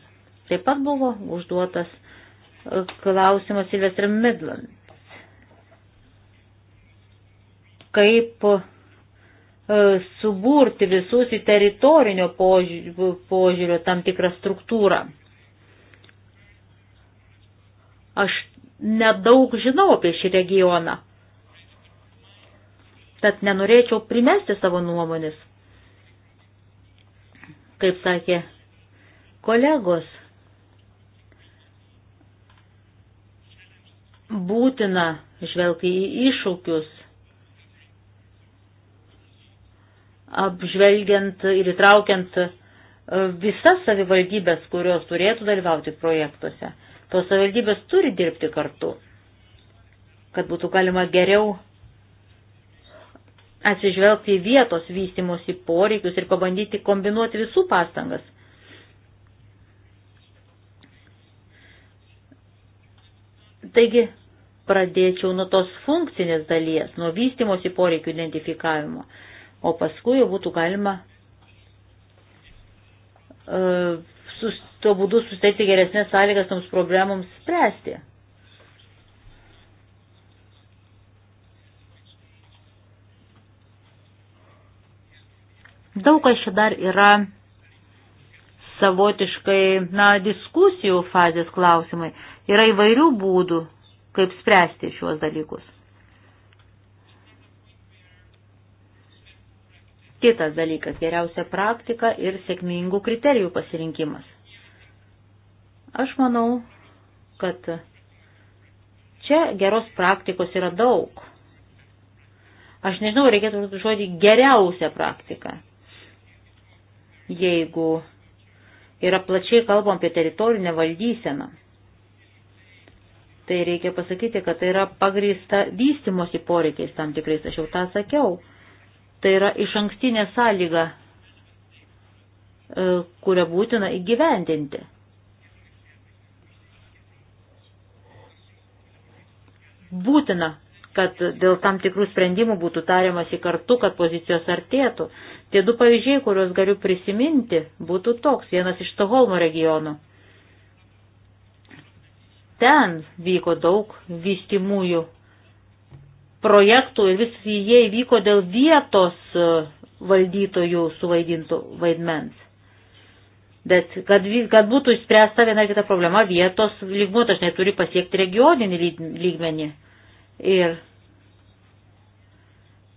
Taip pat buvo užduotas e, klausimas Silvestr Midland. Kaip e, suburti visus į teritorinio požiūrio tam tikrą struktūrą. Aš nedaug žinau apie šį regioną. Tad nenorėčiau primesti savo nuomonės. Kaip sakė kolegos, būtina žvelgti į iššūkius, apžvelgiant ir įtraukiant visas savivaldybės, kurios turėtų dalyvauti projektuose tos savivaldybės turi dirbti kartu, kad būtų galima geriau atsižvelgti į vietos vystimosi poreikius ir pabandyti kombinuoti visų pastangas. Taigi, pradėčiau nuo tos funkcinės dalies, nuo vystimosi poreikių identifikavimo, o paskui jau būtų galima uh, e, tuo būdu susteikti geresnės sąlygas toms problemoms spręsti. Daug kas čia dar yra savotiškai, na, diskusijų fazės klausimai. Yra įvairių būdų, kaip spręsti šiuos dalykus. Kitas dalykas - geriausia praktika ir sėkmingų kriterijų pasirinkimas. Aš manau, kad čia geros praktikos yra daug. Aš nežinau, reikėtų žodį geriausią praktiką. Jeigu yra plačiai kalbam apie teritorinę valdyseną, tai reikia pasakyti, kad tai yra pagrįsta vystimosi poreikiais tam tikrais, aš jau tą sakiau. Tai yra iš ankstinė sąlyga, e, kurią būtina įgyvendinti. būtina, kad dėl tam tikrų sprendimų būtų tariamasi kartu, kad pozicijos artėtų. Tie du pavyzdžiai, kuriuos galiu prisiminti, būtų toks, vienas iš Stoholmo regionų. Ten vyko daug vystimųjų projektų ir vis jie įvyko dėl vietos e, valdytojų suvaidintų vaidmens. Bet kad, kad būtų išspręsta viena kita problema, vietos lygmuo dažnai turi pasiekti regioninį lygmenį. Ir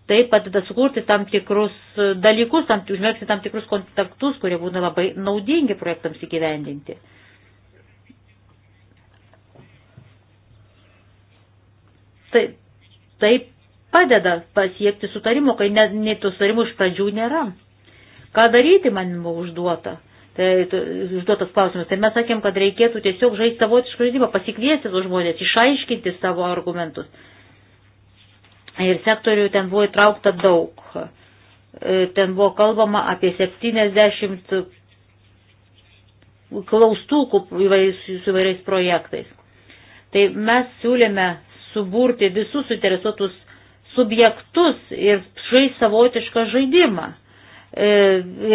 tai padeda sukurti tam tikrus dalykus, tam, užmėgti tam tikrus kontaktus, kurie būna labai naudingi projektams įgyvendinti. Tai, tai padeda pasiekti sutarimo, kai net, net to sutarimo iš pradžių nėra. Ką daryti man buvo užduota? Tai užduotas klausimas. Ir tai mes sakėm, kad reikėtų tiesiog žaisti savotišką žaidimą, pasikviesti tos žmonės, išaiškinti savo argumentus. Ir sektorių ten buvo įtraukta daug. E, ten buvo kalbama apie 70 klaustukų su įvairiais projektais. Tai mes siūlėme suburti visus suinteresuotus subjektus ir žaisti savotišką žaidimą E,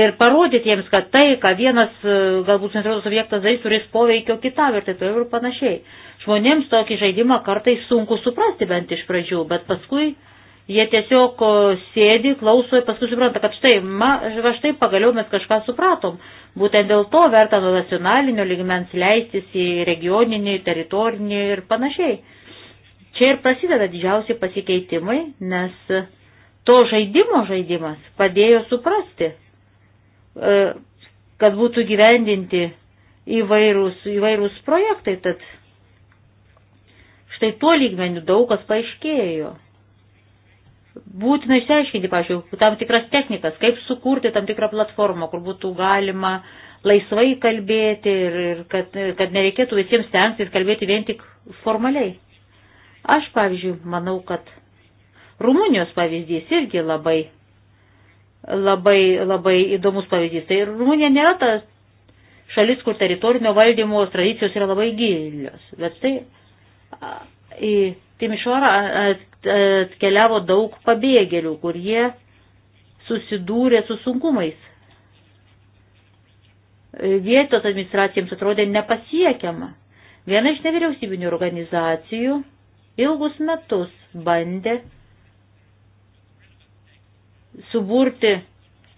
ir parodyti jiems, kad tai, ką vienas e, galbūt centruotas objektas darys, turės poveikio kitam ir taip toliau ir panašiai. Žmonėms tokį žaidimą kartais sunku suprasti bent iš pradžių, bet paskui jie tiesiog sėdi, klauso ir paskui supranta, kad štai, ma, va štai pagaliau mes kažką supratom. Būtent dėl to verta nuo nacionalinio ligmens leistis į regioninį, teritorinį ir panašiai. Čia ir prasideda didžiausi pasikeitimai, nes to žaidimo žaidimas padėjo suprasti, e, kad būtų gyvendinti įvairūs, įvairūs projektai, tad štai tuo lygmeniu daug kas paaiškėjo. Būtina išsiaiškinti, pažiūrėjau, tam tikras technikas, kaip sukurti tam tikrą platformą, kur būtų galima laisvai kalbėti ir, ir kad, kad nereikėtų visiems stengtis kalbėti vien tik formaliai. Aš, pavyzdžiui, manau, kad Rumunijos pavyzdys irgi labai, labai, labai įdomus pavyzdys. Tai Rumunija nėra ta šalis, kur teritorinio valdymo tradicijos yra labai gilios. Bet tai į Timišvarą atkeliavo daug pabėgėlių, kur jie susidūrė su sunkumais. Vietos administracijams atrodė nepasiekiama. Viena iš nevyriausybinių organizacijų ilgus metus bandė suburti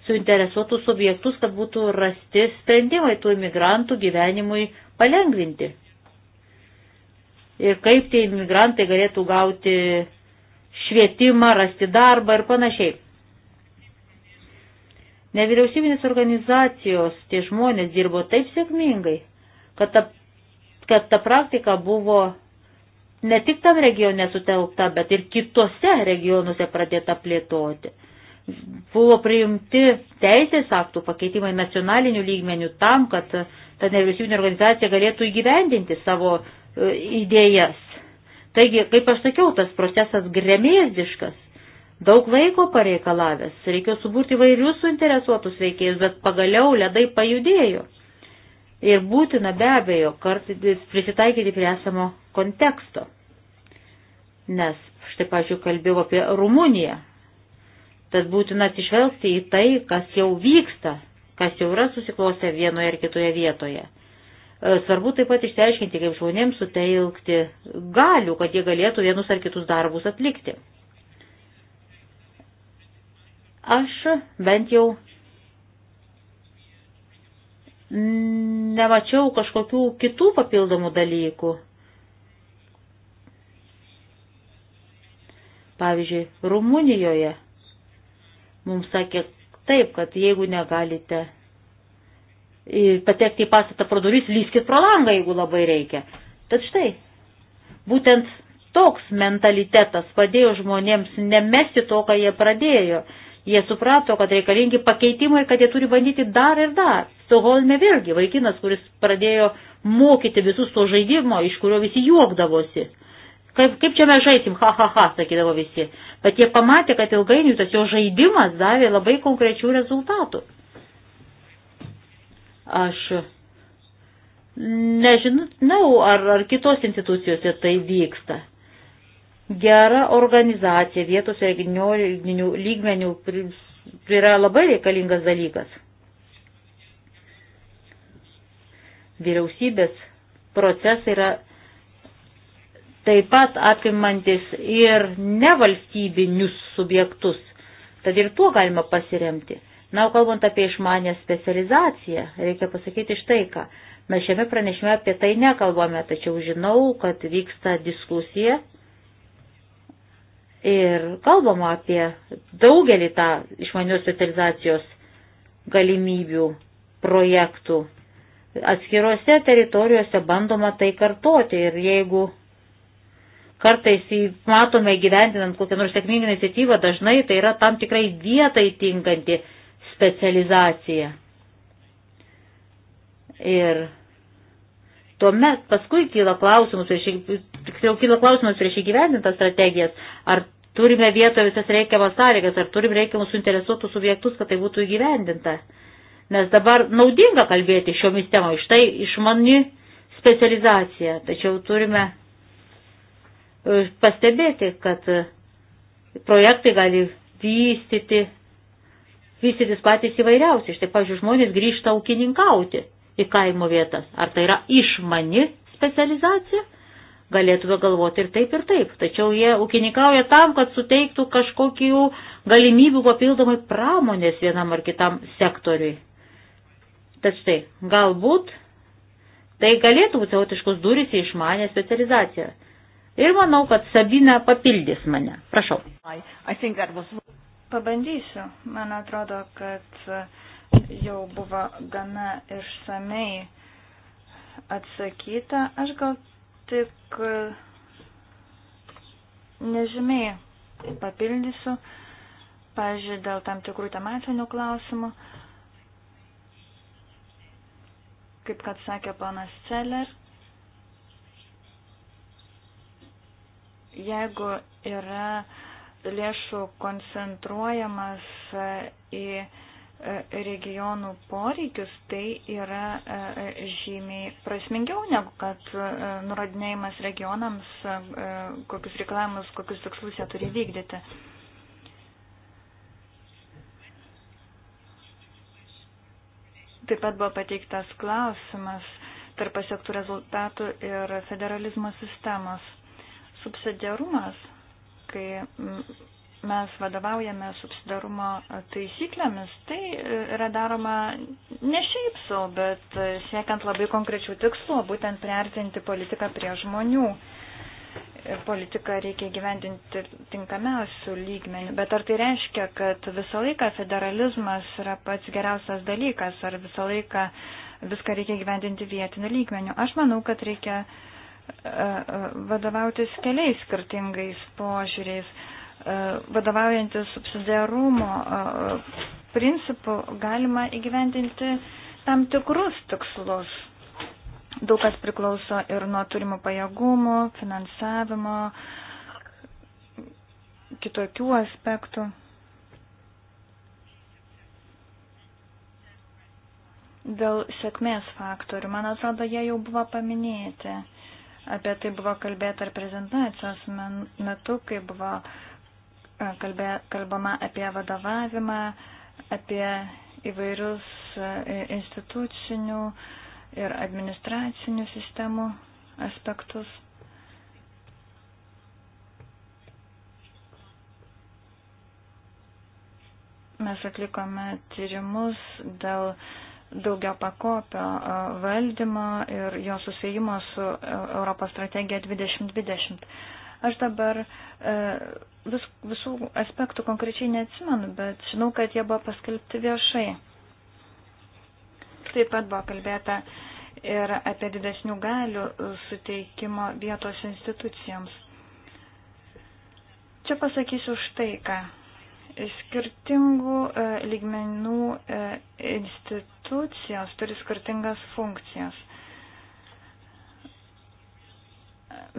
suinteresuotus subjektus, kad būtų rasti sprendimai tų imigrantų gyvenimui palengvinti. Ir kaip tie imigrantai galėtų gauti švietimą, rasti darbą ir panašiai. Nevyriausybinės organizacijos tie žmonės dirbo taip sėkmingai, kad ta, kad ta praktika buvo ne tik tam regione sutelkta, bet ir kitose regionuose pradėta plėtoti. Buvo priimti teisės aktų pakeitimai nacionalinių lygmenių tam, kad ta nevyriausybinė organizacija galėtų įgyvendinti savo e, idėjas. Taigi, kaip aš sakiau, tas procesas gremėzdiškas, daug laiko pareikalavęs, reikėjo suburti vairius suinteresuotus veikėjus, bet pagaliau ledai pajudėjo. Ir būtina be abejo kartais prisitaikyti prie esamo konteksto. Nes štai, pažiūrėjau, kalbėjau apie Rumuniją. Tad būtina atsižvelgti į tai, kas jau vyksta, kas jau yra susiklostę vienoje ar kitoje vietoje. E, svarbu taip pat išsiaiškinti, kaip žmonėms suteikti galių, kad jie galėtų vienus ar kitus darbus atlikti. Aš bent jau nemačiau kažkokių kitų papildomų dalykų. Pavyzdžiui, Rumunijoje mums sakė taip, kad jeigu negalite patekti į pastatą pro duris, lyskit pro langą, jeigu labai reikia. Tad štai, būtent toks mentalitetas padėjo žmonėms nemesti to, ką jie pradėjo. Jie suprato, kad reikalingi pakeitimai, kad jie turi bandyti dar ir dar. Stoholme vėlgi vaikinas, kuris pradėjo mokyti visus to žaidimo, iš kurio visi juokdavosi. Kaip, kaip čia mes žaisim, ha, ha, ha, sakydavo visi. Bet jie pamatė, kad ilgainiui tas jo žaidimas davė labai konkrečių rezultatų. Aš nežinau, ar, ar kitos institucijose tai vyksta. Gera organizacija vietos regioninių lygmenių yra labai reikalingas dalykas. Vyriausybės procesai yra taip pat apimantis ir nevalstybinius subjektus. Tad ir tuo galima pasiremti. Na, o kalbant apie išmanę specializaciją, reikia pasakyti štai ką. Mes šiame pranešime apie tai nekalbame, tačiau žinau, kad vyksta diskusija ir kalbama apie daugelį tą išmanios specializacijos galimybių projektų. Atskiruose teritorijuose bandoma tai kartoti ir jeigu kartais matome gyvendinant kokią nors sėkmingą iniciatyvą, dažnai tai yra tam tikrai vietai tinkanti specializacija. Ir tuomet paskui kyla klausimus, tiksliau kyla klausimus prieš įgyvendintas strategijas, ar turime vietoje visas reikiamas sąlygas, ar turim reikiamus suinteresuotus subjektus, kad tai būtų įgyvendinta. Nes dabar naudinga kalbėti šiomis temomis, štai išmani specializacija, tačiau turime pastebėti, kad projektai gali vystyti, vystytis patys įvairiausi. Štai, pavyzdžiui, žmonės grįžta ūkininkauti į kaimo vietas. Ar tai yra išmani specializacija? Galėtume galvoti ir taip, ir taip. Tačiau jie ūkininkauja tam, kad suteiktų kažkokių galimybių papildomai pramonės vienam ar kitam sektoriui. Tad štai, galbūt tai galėtų būti savotiškos durys į išmanę specializaciją. Ir manau, kad Sabina papildys mane. Prašau. Was... Pabandysiu. Man atrodo, kad jau buvo gana išsamei atsakyta. Aš gal tik e, nežymiai papildysiu, pažiūrėjau, dėl tam tikrų tematinių klausimų. Kaip kad sakė panas Celler, Jeigu yra lėšų koncentruojamas e, į e, regionų poreikius, tai yra e, žymiai prasmingiau negu kad nurodinėjimas regionams, kokius reikalavimus, kokius tikslus jie turi vykdyti. Taip pat buvo pateiktas klausimas tarp pasiektų rezultatų ir federalizmo sistemos. Subsidiarumas, kai mes vadovaujame subsidarumo taisyklėmis, tai yra daroma ne šiaip savo, bet siekiant labai konkrečių tikslų, būtent priartinti politiką prie žmonių. Ir politiką reikia gyvendinti tinkamiausių lygmenių. Bet ar tai reiškia, kad visą laiką federalizmas yra pats geriausias dalykas, ar visą laiką viską reikia gyvendinti vietiniu lygmeniu? Aš manau, kad reikia uh, vadovautis keliais skirtingais požiūriais. E, vadovaujantis subsidiarumo e, principu galima įgyvendinti tam tikrus tikslus. Daug kas priklauso ir nuo turimų pajėgumų, finansavimo, kitokių aspektų. Dėl sėkmės faktorių, man atrodo, jie jau buvo paminėti. Apie tai buvo kalbėta ir prezentacijos metu, kai buvo e, kalbė, kalbama apie vadovavimą, apie įvairius e, institucinių ir administracinių sistemų aspektus. Mes atlikome tyrimus dėl uh, daugia pakopio valdymo ir jo susijimo su e, Europos strategija 2020. Aš dabar e, vis, visų aspektų konkrečiai neatsimenu, bet žinau, kad jie buvo paskelbti viešai. Taip pat buvo kalbėta ir apie didesnių galių suteikimo vietos institucijoms. Čia pasakysiu štai ką. Skirtingų e, lygmenų e, institucijos turi skirtingas funkcijas.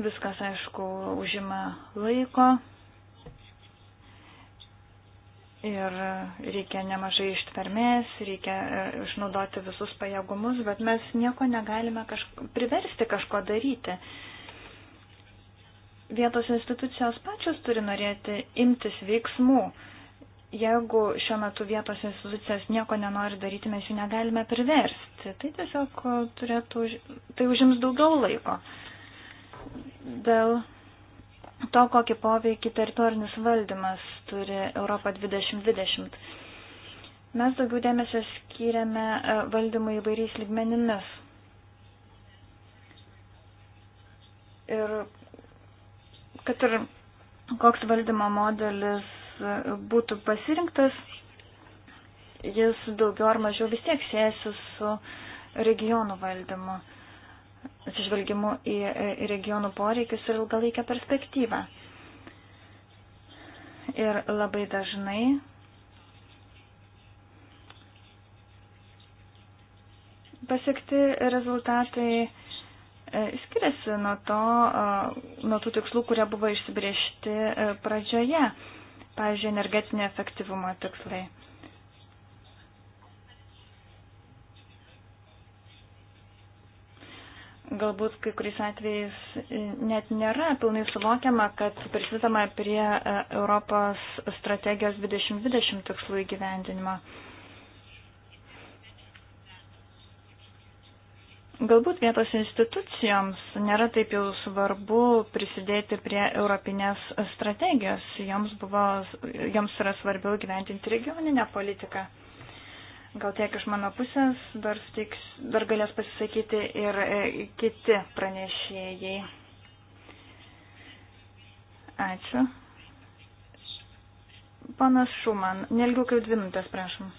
Viskas, aišku, užima laiko ir reikia nemažai ištvermės, reikia e, išnaudoti visus pajėgumus, bet mes nieko negalime kažko, priversti kažko daryti. Vietos institucijos pačios turi norėti imtis veiksmų jeigu šiuo metu vietos institucijos nieko nenori daryti, mes jų negalime priversti. Tai tiesiog turėtų, tai užims daugiau laiko. Dėl to, kokį poveikį teritorinis valdymas turi Europą 2020. Mes daugiau dėmesio skiriame e, valdymui įvairiais lygmenimis. Ir kad ir koks valdymo modelis būtų pasirinktas, jis daugiau ar mažiau vis tiek siejasi su regionų valdymu, atsižvelgimu į, į regionų poreikius ir ilgalaikę perspektyvą. Ir labai dažnai pasiekti rezultatai e, skiriasi nuo, to, e, nuo tų tikslų, kurie buvo išsibriežti e, pradžioje pavyzdžiui, energetinio efektyvumo tikslai. galbūt kai kuriais atvejais net nėra pilnai suvokiama, kad prisidama prie e, Europos strategijos 2020 tikslų įgyvendinimo. Galbūt vietos institucijoms nėra taip jau svarbu prisidėti prie europinės strategijos, joms, buvo, joms yra svarbiau gyventinti regioninę politiką. Gal tiek iš mano pusės dar, stiks, dar galės pasisakyti ir e, kiti pranešėjai. Ačiū. Panas Šuman, nelgiau kaip dvi minutės, prašom.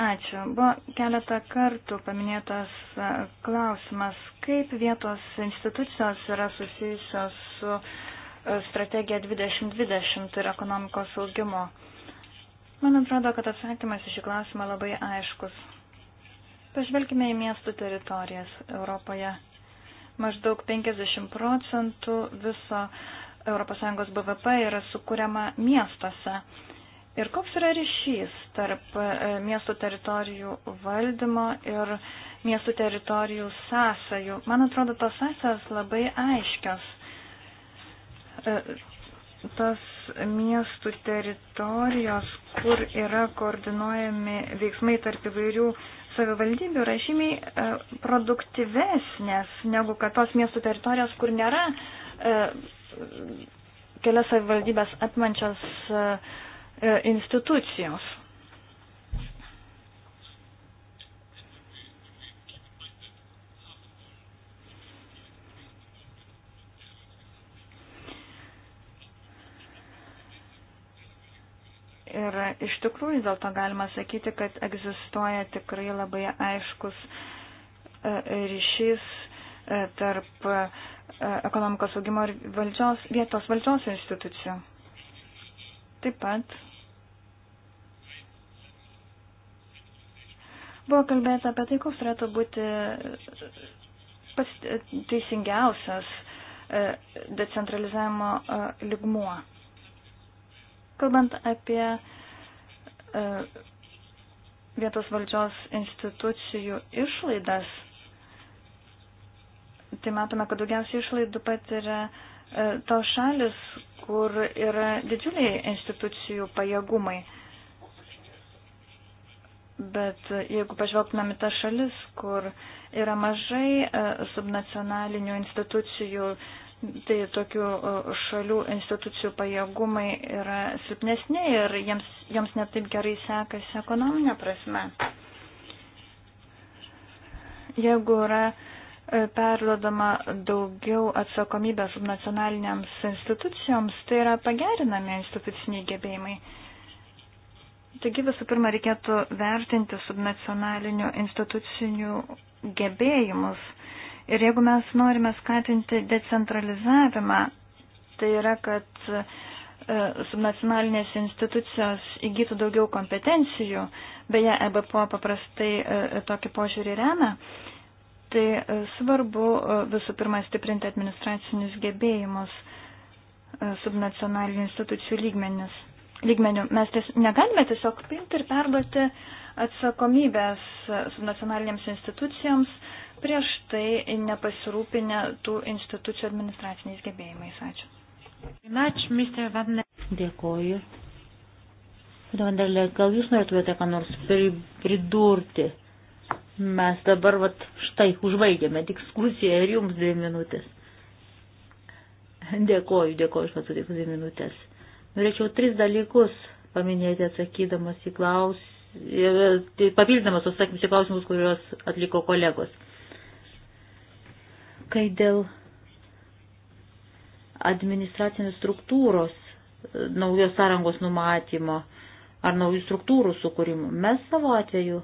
Ačiū. Buvo keletą kartų paminėtas e, klausimas, kaip vietos institucijos yra susijusios su e, strategija 2020 ir ekonomikos augimo. Man atrodo, kad atsakymas į šį klausimą labai aiškus. Pažvelkime į miestų teritorijas Europoje. Maždaug 50 procentų viso ES BVP yra sukūriama miestuose. Ir koks yra ryšys tarp e, miestų teritorijų valdymo ir miestų teritorijų sąsajų? Man atrodo, tos sąsajos labai aiškios. E, tos miestų teritorijos, kur yra koordinuojami veiksmai tarp įvairių savivaldybių, yra žymiai e, produktyvesnės negu kad tos miestų teritorijos, kur nėra kelias savivaldybės apmančios uh, E, institucijoms. Ir iš tikrųjų dėl to galima sakyti, kad egzistuoja tikrai labai aiškus e, ryšys e, tarp ekonomikos augimo ir valdžios, vietos valdžios institucijų. Taip pat Buvo kalbėta apie tai, koks turėtų būti e, pats e, teisingiausias e, decentralizavimo ligmuo. Kalbant apie vietos valdžios institucijų išlaidas, tai matome, kad daugiausiai išlaidų patiria tos šalis, kur yra didžiuliai institucijų pajėgumai. Bet jeigu pažvelgtumėm į tas šalis, kur yra mažai e, subnacionalinių institucijų, tai tokių e, šalių institucijų pajėgumai yra silpnesni ir jiems, joms netaip gerai sekasi ekonominė prasme. Jeigu yra e, perduodama daugiau atsakomybės subnacionaliniams institucijoms, tai yra pagerinami instituciniai gebėjimai. Taigi visų pirma reikėtų vertinti subnacionalinių institucinių gebėjimus. Ir jeigu mes norime skatinti decentralizavimą, tai yra, kad e, subnacionalinės institucijos įgytų daugiau kompetencijų, beje, EBPO paprastai e, e, tokį požiūrį remia, tai svarbu visų pirma stiprinti administracinius gebėjimus subnacionalinių institucijų lygmenis lygmenių. Mes ties, negalime tiesiog paimti ir perduoti atsakomybės su nacionalinėms institucijoms prieš tai nepasirūpinę tų institucijų administraciniais gebėjimais. Ačiū. Dėkoju. Vandelė, gal jūs norėtumėte ką nors pridurti? Mes dabar vat, štai užbaigėme diskusiją ir jums dvi minutės. Dėkoju, dėkoju, aš pats dvi minutės. Norėčiau tris dalykus paminėti atsakydamas į klausimus, e, tai papildamas atsakymus į klausimus, kuriuos atliko kolegos. Kai dėl administracinės struktūros e, naujos sąrangos numatymo ar naujų struktūrų sukūrimo, mes savo atveju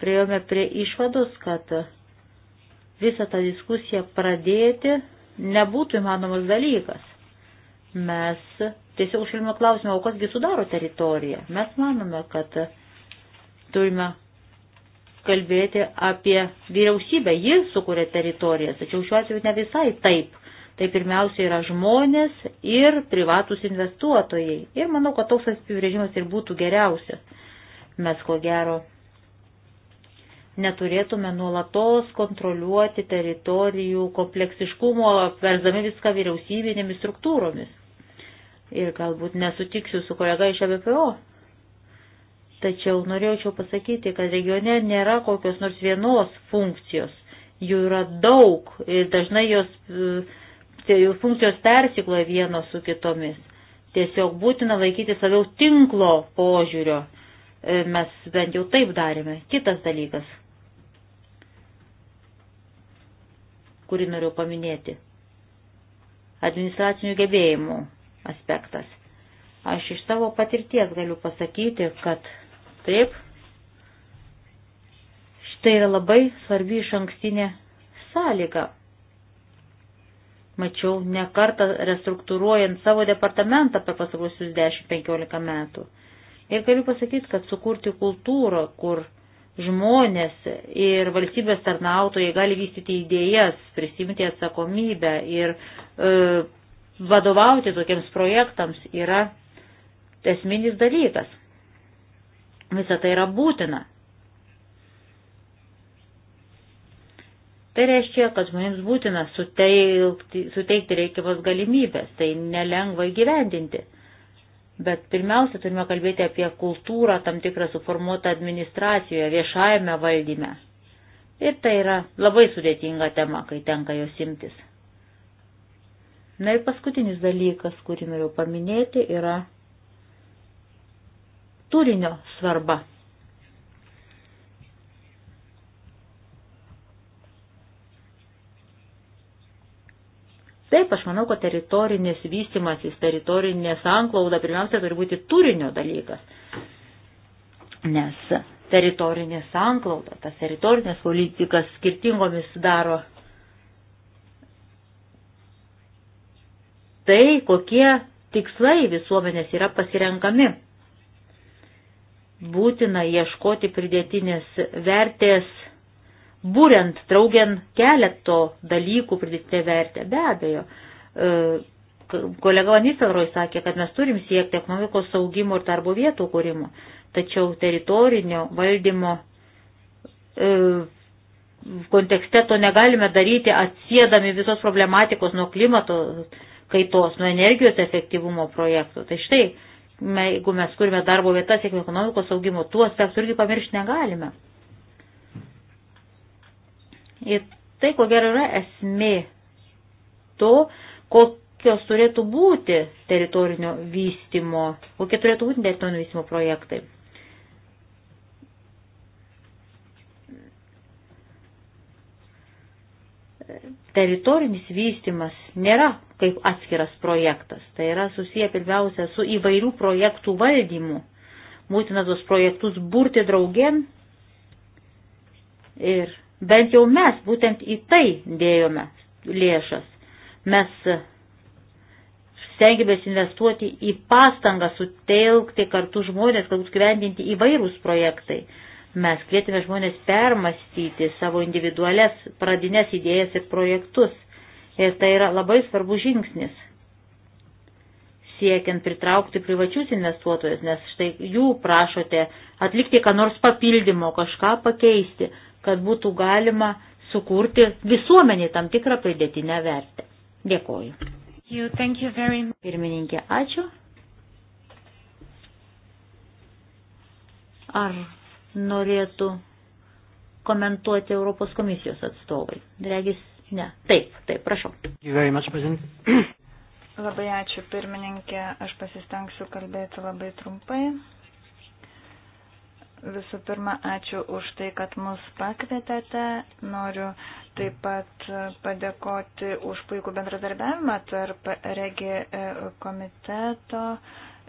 priejome prie išvados, kad visą tą diskusiją pradėti nebūtų įmanomas dalykas mes tiesiog užkilime klausimą, o kasgi sudaro teritoriją. Mes manome, kad turime kalbėti apie vyriausybę, ji sukuria teritorijas, tačiau šiuo atveju ne visai taip. Tai pirmiausia yra žmonės ir privatus investuotojai. Ir manau, kad toks apibrėžimas ir būtų geriausias. Mes ko gero neturėtume nuolatos kontroliuoti teritorijų kompleksiškumo, versdami viską vyriausybinėmis struktūromis ir galbūt nesutiksiu su kolega iš ABPO. Tačiau norėčiau pasakyti, kad regione nėra kokios nors vienos funkcijos. Jų yra daug ir dažnai jos, e, jų funkcijos persikloja vienos su kitomis. Tiesiog būtina laikytis labiau tinklo požiūrio. E, mes bent jau taip darėme. Kitas dalykas, kurį noriu paminėti. Administracinių gebėjimų aspektas. Aš iš savo patirties galiu pasakyti, kad taip, štai yra labai svarbi iš ankstinė sąlyga. Mačiau ne kartą restruktūruojant savo departamentą per pasarusius 10-15 metų. Ir galiu pasakyti, kad sukurti kultūrą, kur žmonės ir valstybės tarnautojai gali vystyti idėjas, prisimti atsakomybę ir e, vadovauti tokiems projektams yra esminis dalykas. Visą tai yra būtina. Tai reiškia, kad žmonėms būtina suteikti, suteikti reikiamas galimybės, tai nelengva įgyvendinti. Bet pirmiausia, turime kalbėti apie kultūrą tam tikrą suformuotą administracijoje, viešajame valdyme. Ir tai yra labai sudėtinga tema, kai tenka jos imtis. Na ir paskutinis dalykas, kurį norėjau paminėti, yra turinio svarba. Taip, aš manau, kad teritorinės vystimasis, teritorinė sanklauda pirmiausia turi būti turinio dalykas. Nes teritorinė sanklauda, tas teritorinės politikas skirtingomis daro tai, kokie tikslai visuomenės yra pasirenkami. Būtina ieškoti pridėtinės vertės, būrent, traugiant keleto dalykų pridėtinę vertę. Be abejo, e, kolega Vanisalroj sakė, kad mes turim siekti ekonomikos saugimo ir darbo vietų kūrimo, tačiau teritorinio valdymo e, kontekste to negalime daryti atsiedami visos problematikos nuo klimato kaitos, nuo energijos efektyvumo projektų. Tai štai, jeigu mes kurime darbo vietas, siekiame ekonomikos augimo, tuo aspektu irgi pamiršti negalime. Ir tai, ko gero, yra esmė to, kokios turėtų būti teritorinio vystimo, kokie turėtų būti teritorinio vystimo projektai teritorinis vystimas nėra kaip atskiras projektas. Tai yra susiję pirmiausia su įvairių projektų valdymu. Būtina tos projektus būrti draugėm ir bent jau mes būtent į tai dėjome lėšas. Mes stengiamės investuoti į pastangą sutelkti kartu žmonės, kad būtų gyvendinti įvairūs projektai. Mes kvietėme žmonės permastyti savo individualias pradinės idėjas ir projektus. Ir tai yra labai svarbus žingsnis siekiant pritraukti privačius investuotojus, nes štai jų prašote atlikti ką nors papildymo, kažką pakeisti, kad būtų galima sukurti visuomenį tam tikrą pridėtinę vertę. Dėkoju. You, thank you very... Pirmininkė, ačiū. Ar norėtų komentuoti Europos komisijos atstovai. Regis, ne. Taip, taip, prašau. *clears throat* Labai ačiū, pirmininkė. Aš pasistengsiu kalbėti labai trumpai. Visų pirma, ačiū už tai, kad mus pakvietėte. Noriu taip pat padėkoti už puikų bendradarbiavimą tarp regi e, komiteto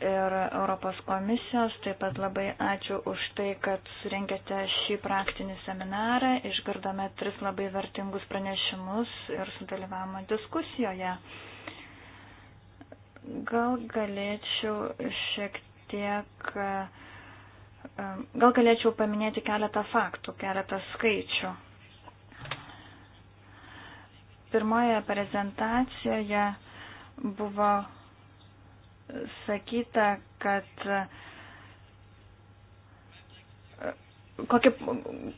ir Europos komisijos. Taip pat labai ačiū už tai, kad surinkėte šį praktinį seminarą, išgirdome tris labai vertingus pranešimus ir sudalyvavome diskusijoje. Gal galėčiau šiek tiek, gal galėčiau paminėti keletą faktų, keletą skaičių. Pirmoje prezentacijoje buvo sakyta, kad kokį,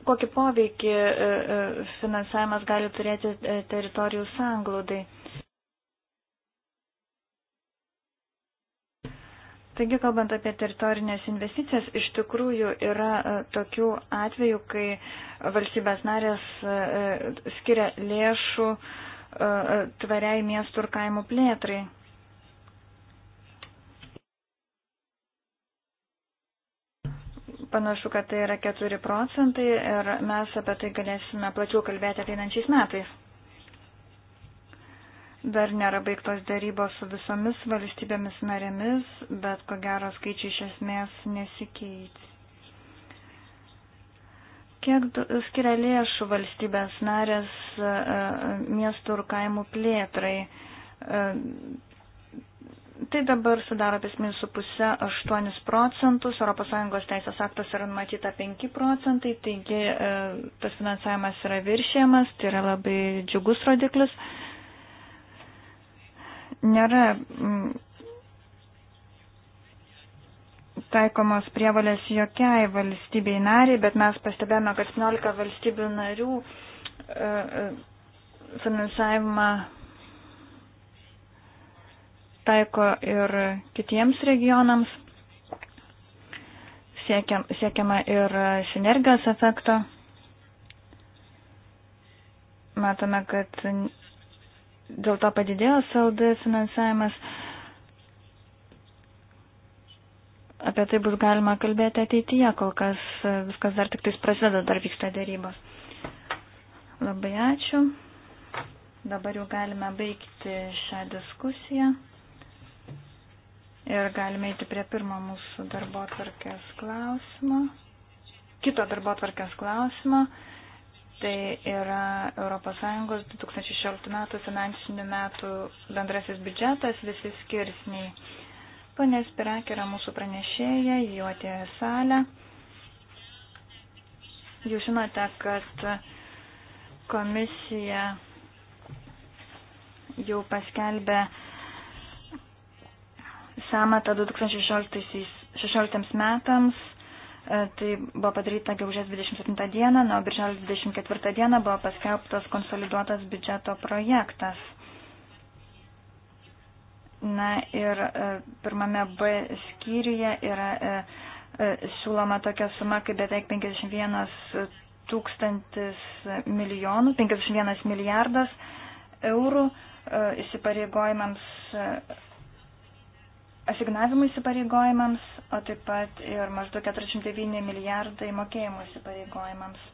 kokį poveikį e, e, finansavimas gali turėti e, teritorijų sanglaudai. Taigi, kalbant apie teritorinės investicijas, iš tikrųjų yra tokių atvejų, kai valstybės narės skiria lėšų tvariai miestų ir kaimų plėtrai. Panašu, kad tai yra 4 procentai ir mes apie tai galėsime plačiau kalbėti ateinančiais metais. Dar nėra baigtos darybos su visomis valstybėmis narėmis, bet ko gero skaičiai iš esmės nesikeitė. Kiek skiria lėšų valstybės narės e, e, miestų ir kaimų plėtrai? E, Tai dabar sudaro apie 7,5-8 procentus, ES teisės aktas yra numatyta 5 procentai, taigi e, tas finansavimas yra viršėjamas, tai yra labai džiugus rodiklis. Nėra mm, taikomos prievalės jokiai valstybei nariai, bet mes pastebėjome, kad 17 valstybių narių e, e, finansavimą taiko ir kitiems regionams. Siekiam, siekiama ir sinergijos efekto. Matome, kad dėl to padidėjo SLD finansavimas. Apie tai bus galima kalbėti ateityje, kol kas viskas dar tik tais prasideda, dar vyksta dėrybos. Labai ačiū. Dabar jau galime baigti šią diskusiją. Ir galime eiti prie pirmo mūsų darbo atvarkės klausimo. Kito darbo atvarkės klausimo. Tai yra ES 2016 metų finansinių metų bendrasis biudžetas visi skirsniai. Pane Spirak yra mūsų pranešėja, jį atėjo salę. Jūs žinote, kad komisija jau paskelbė samatą 2016 metams. E, tai buvo padaryta gegužės 27 dieną, nuo birželio 24 dieną buvo paskelbtas konsoliduotas biudžeto projektas. Na ir e, pirmame B skyriuje yra e, siūloma tokia suma kaip beveik 51 tūkstantis milijonų, 51 milijardas eurų įsipareigojimams asignavimų įsipareigojimams, o taip pat ir maždaug 409 milijardai mokėjimų įsipareigojimams.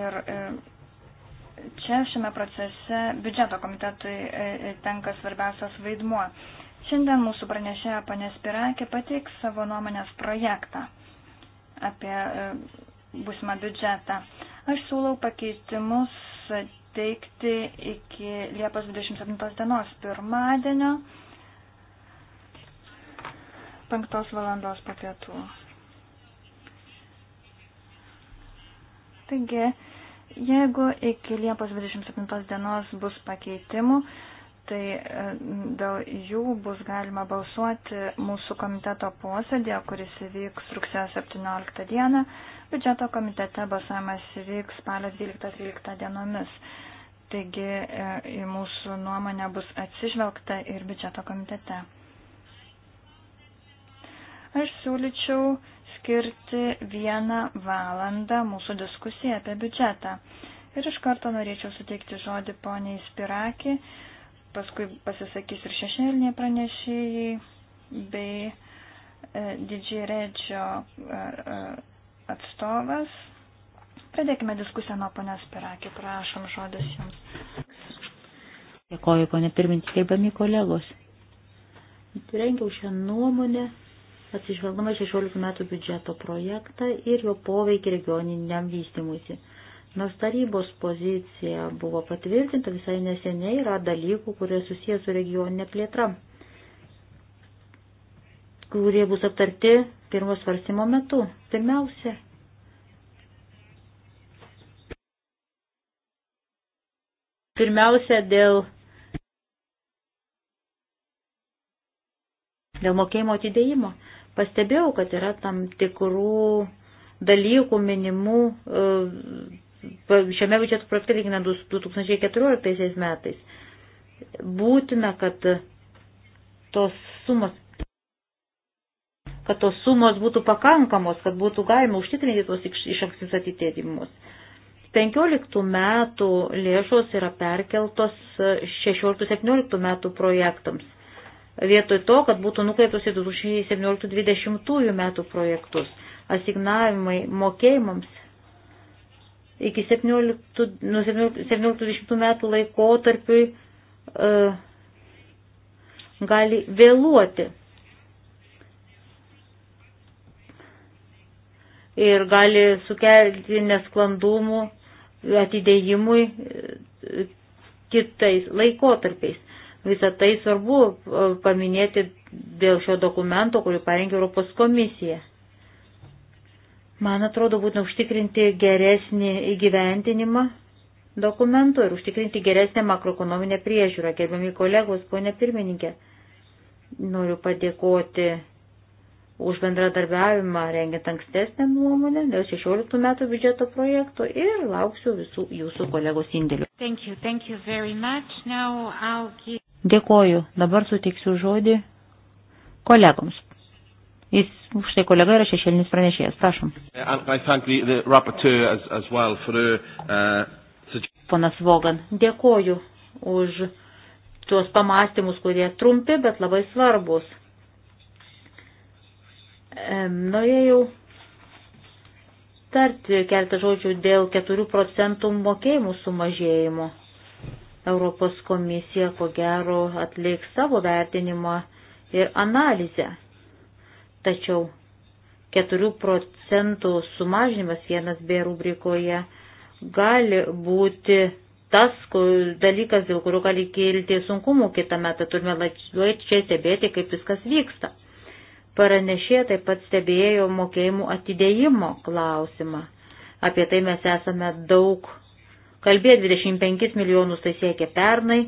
Ir e, čia šiame procese biudžeto komitetui e, e, tenka svarbiausias vaidmuo. Šiandien mūsų pranešėja panė Spirakė pateiks savo nuomonės projektą apie būsimą biudžetą. Aš siūlau pakeitimus teikti iki Liepos 27 dienos pirmadienio. 5 valandos po pietų. Taigi, jeigu iki Liepos 27 dienos bus pakeitimų, tai e, dėl jų bus galima balsuoti mūsų komiteto posėdėje, kuris įvyks rugsėjo 17 dieną. Biudžeto komitete balsavimas įvyks spalio 12-13 dienomis. Taigi e, į mūsų nuomonę bus atsižvelgta ir biudžeto komitete. Aš siūlyčiau skirti vieną valandą mūsų diskusiją apie biudžetą. Ir iš karto norėčiau suteikti žodį poniai Spiraki, paskui pasisakys ir šešėlinė pranešėjai bei e, didžiai redžio e, e, atstovas. Pradėkime diskusiją nuo ponios Spiraki, prašom žodis jums. Dėkoju, ponė pirmininkė, gerbiami kolegos. Rengiau šią nuomonę atsižvelgdama 16 metų biudžeto projektą ir jo poveikį regioniniam vystimuisi. Nors tarybos pozicija buvo patvirtinta visai neseniai, yra dalykų, kurie susijęs su regioninė plėtra, kurie bus aptarti pirmo svarstymo metu. Pirmiausia, pirmiausia dėl, dėl mokėjimo atidėjimo. Pastebėjau, kad yra tam tikrų dalykų minimų e, šiame biudžeto projekte lyginant 2014 metais. Būtina, kad tos sumos kad tos sumos būtų pakankamos, kad būtų galima užtikrinti tuos iš ankstinius atitėdimus. 15 metų lėšos yra perkeltos 16-17 metų projektams vietoj to, kad būtų nukreiptos į 2017-2020 metų projektus. Asignavimai mokėjimams iki 17, nuo 17-20 metų laikotarpiui e, gali vėluoti. Ir gali sukelti nesklandumų atidėjimui e, kitais laikotarpiais Visą tai svarbu e, paminėti dėl šio dokumento, kurį parengė Europos komisija. Man atrodo, būtina užtikrinti geresnį įgyventinimą dokumentų ir užtikrinti geresnę makroekonominę priežiūrą. Gerbiami kolegos, ponė pirmininkė, noriu padėkoti už bendradarbiavimą rengiant ankstesnę nuomonę dėl 16 metų biudžeto projekto ir lauksiu visų jūsų kolegos indėlių. Thank you, thank you very much. Now I'll give... Dėkoju. Dabar suteiksiu žodį kolegoms. Jis, štai kolega yra šešėlinis pranešėjas. Prašom. Well her, uh... Ponas Vogan, dėkoju už tuos pamastymus, kurie trumpi, bet labai svarbus. Norėjau tarti keletą žodžių dėl 4 procentų mokėjimų sumažėjimo. Europos komisija ko gero atliks savo vertinimą ir analizę. Tačiau 4 procentų sumažinimas vienas B rubrikoje gali būti tas kur, dalykas, dėl kurio gali kilti sunkumų kitą metą. Turime laidžiai stebėti, kaip viskas vyksta. Paranešė taip pat stebėjo mokėjimų atidėjimo klausimą. Apie tai mes esame daug kalbėjo, 25 milijonus tai siekia pernai,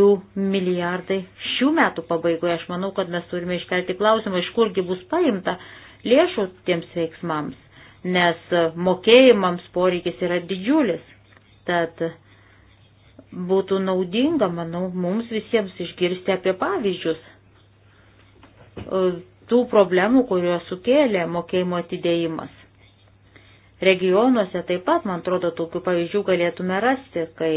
2 milijardai šių metų pabaigoje. Aš manau, kad mes turime iškelti klausimą, iš kurgi bus paimta lėšų tiems veiksmams, nes mokėjimams poreikis yra didžiulis. Tad būtų naudinga, manau, mums visiems išgirsti apie pavyzdžius e, tų problemų, kuriuos sukėlė mokėjimo atidėjimas. Regionuose taip pat, man atrodo, tokių pavyzdžių galėtume rasti, kai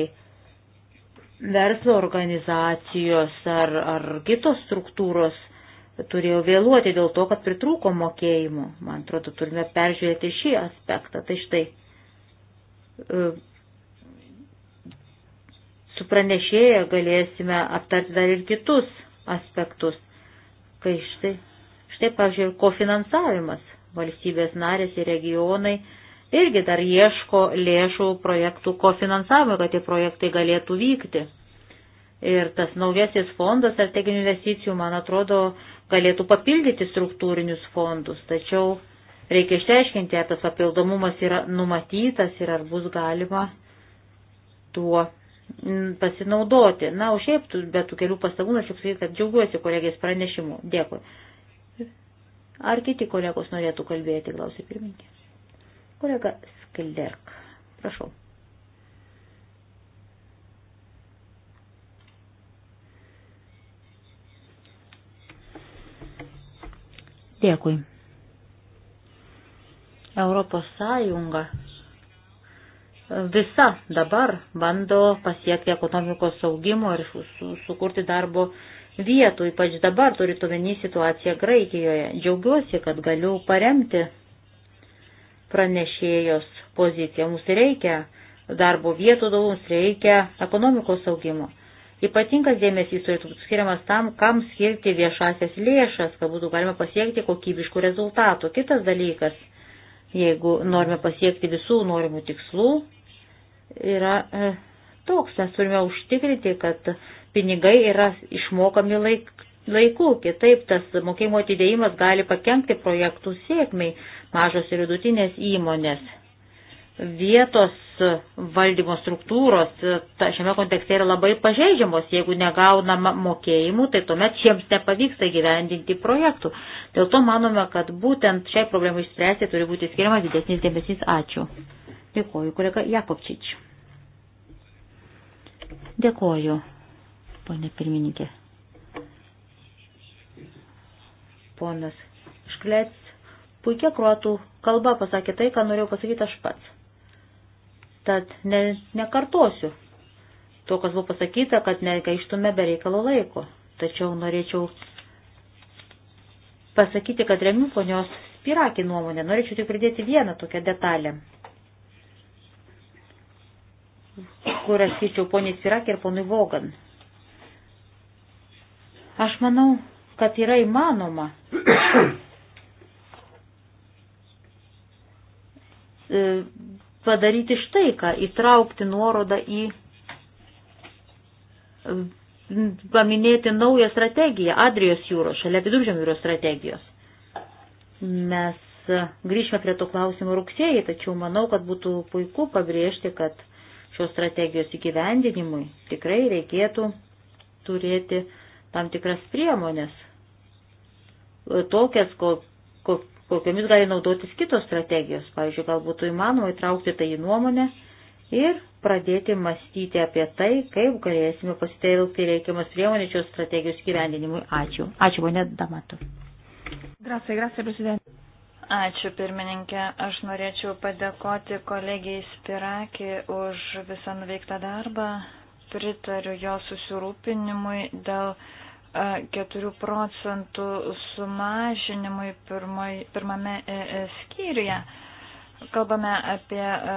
verslo organizacijos ar, ar kitos struktūros turėjo vėluoti dėl to, kad pritrūko mokėjimų. Man atrodo, turime peržiūrėti šį aspektą. Tai štai e, su pranešėja galėsime aptarti dar ir kitus aspektus. Kai štai, štai pavyzdžiui, kofinansavimas valstybės narės ir regionai irgi dar ieško lėšų projektų kofinansavimo, kad tie projektai galėtų vykti. Ir tas naujasis fondas strateginių investicijų, man atrodo, galėtų papildyti struktūrinius fondus, tačiau reikia išsiaiškinti, ar tas papildomumas yra numatytas ir ar bus galima tuo mm, pasinaudoti. Na, o šiaip, bet tų kelių pastangų, aš jau sakyti, kad džiaugiuosi kolegės pranešimu. Dėkui. Ar kiti kolegos norėtų kalbėti, klausė pirmininkė? Kolega Skilderk, prašau. Dėkui. Europos Sąjunga visa dabar bando pasiekti ekonomikos saugimo ir su, su, sukurti darbo vietų, ypač dabar turi tuomenį situaciją Graikijoje. Džiaugiuosi, kad galiu paremti pranešėjos poziciją. Mums reikia darbo vietų, mums reikia ekonomikos augimo. Ypatingas dėmesys turėtų būti skiriamas tam, kam skirti viešasias lėšas, kad būtų galima pasiekti kokybiškų rezultatų. Kitas dalykas, jeigu norime pasiekti visų norimų tikslų, yra e, toks, mes turime užtikrinti, kad pinigai yra išmokami laik, laiku, kitaip tas mokėjimo atidėjimas gali pakengti projektų sėkmiai, mažos ir vidutinės įmonės. Vietos valdymo struktūros e, ta, šiame kontekste yra labai pažeidžiamos. Jeigu negaunama mokėjimų, tai tuomet šiems nepavyksta gyvendinti projektų. Dėl to manome, kad būtent šiai problemai išspręsti turi būti skiriamas didesnis dėmesys. Ačiū. Dėkoju, kolega Jakovčič. Dėkoju, ponė pirmininkė. Ponas Šklets puikia kruotų kalba pasakė tai, ką norėjau pasakyti aš pats. Tad ne, nekartosiu to, kas buvo pasakyta, kad negaištume be reikalo laiko. Tačiau norėčiau pasakyti, kad remiu ponios Spirakį nuomonę. Norėčiau tik pridėti vieną tokią detalę, kur aš skaičiau poniai Spirakį ir ponui Vogan. Aš manau, kad yra įmanoma *coughs* E, padaryti štai ką, įtraukti nuorodą į e, paminėti naują strategiją Adrijos jūros, šalia viduržėm jūros strategijos. Mes e, grįžime prie to klausimo rugsėjai, tačiau manau, kad būtų puiku pabrėžti, kad šios strategijos įgyvendinimui tikrai reikėtų turėti tam tikras priemonės, tokias, ko, ko, kokiamis gali naudotis kitos strategijos. Pavyzdžiui, gal būtų įmanoma įtraukti tai į nuomonę ir pradėti mąstyti apie tai, kaip galėsime pasitelkti reikiamas priemonės šios strategijos gyvendinimui. Ačiū. Ačiū, ponė Damatu. Grazie, grazie, prezidentė. Ačiū pirmininkė. Aš norėčiau padėkoti kolegijai Spiraki už visą nuveiktą darbą. Pritariu jo susirūpinimui dėl 4 procentų sumažinimui pirmoj, pirmame e, e, skyriuje. Kalbame apie e,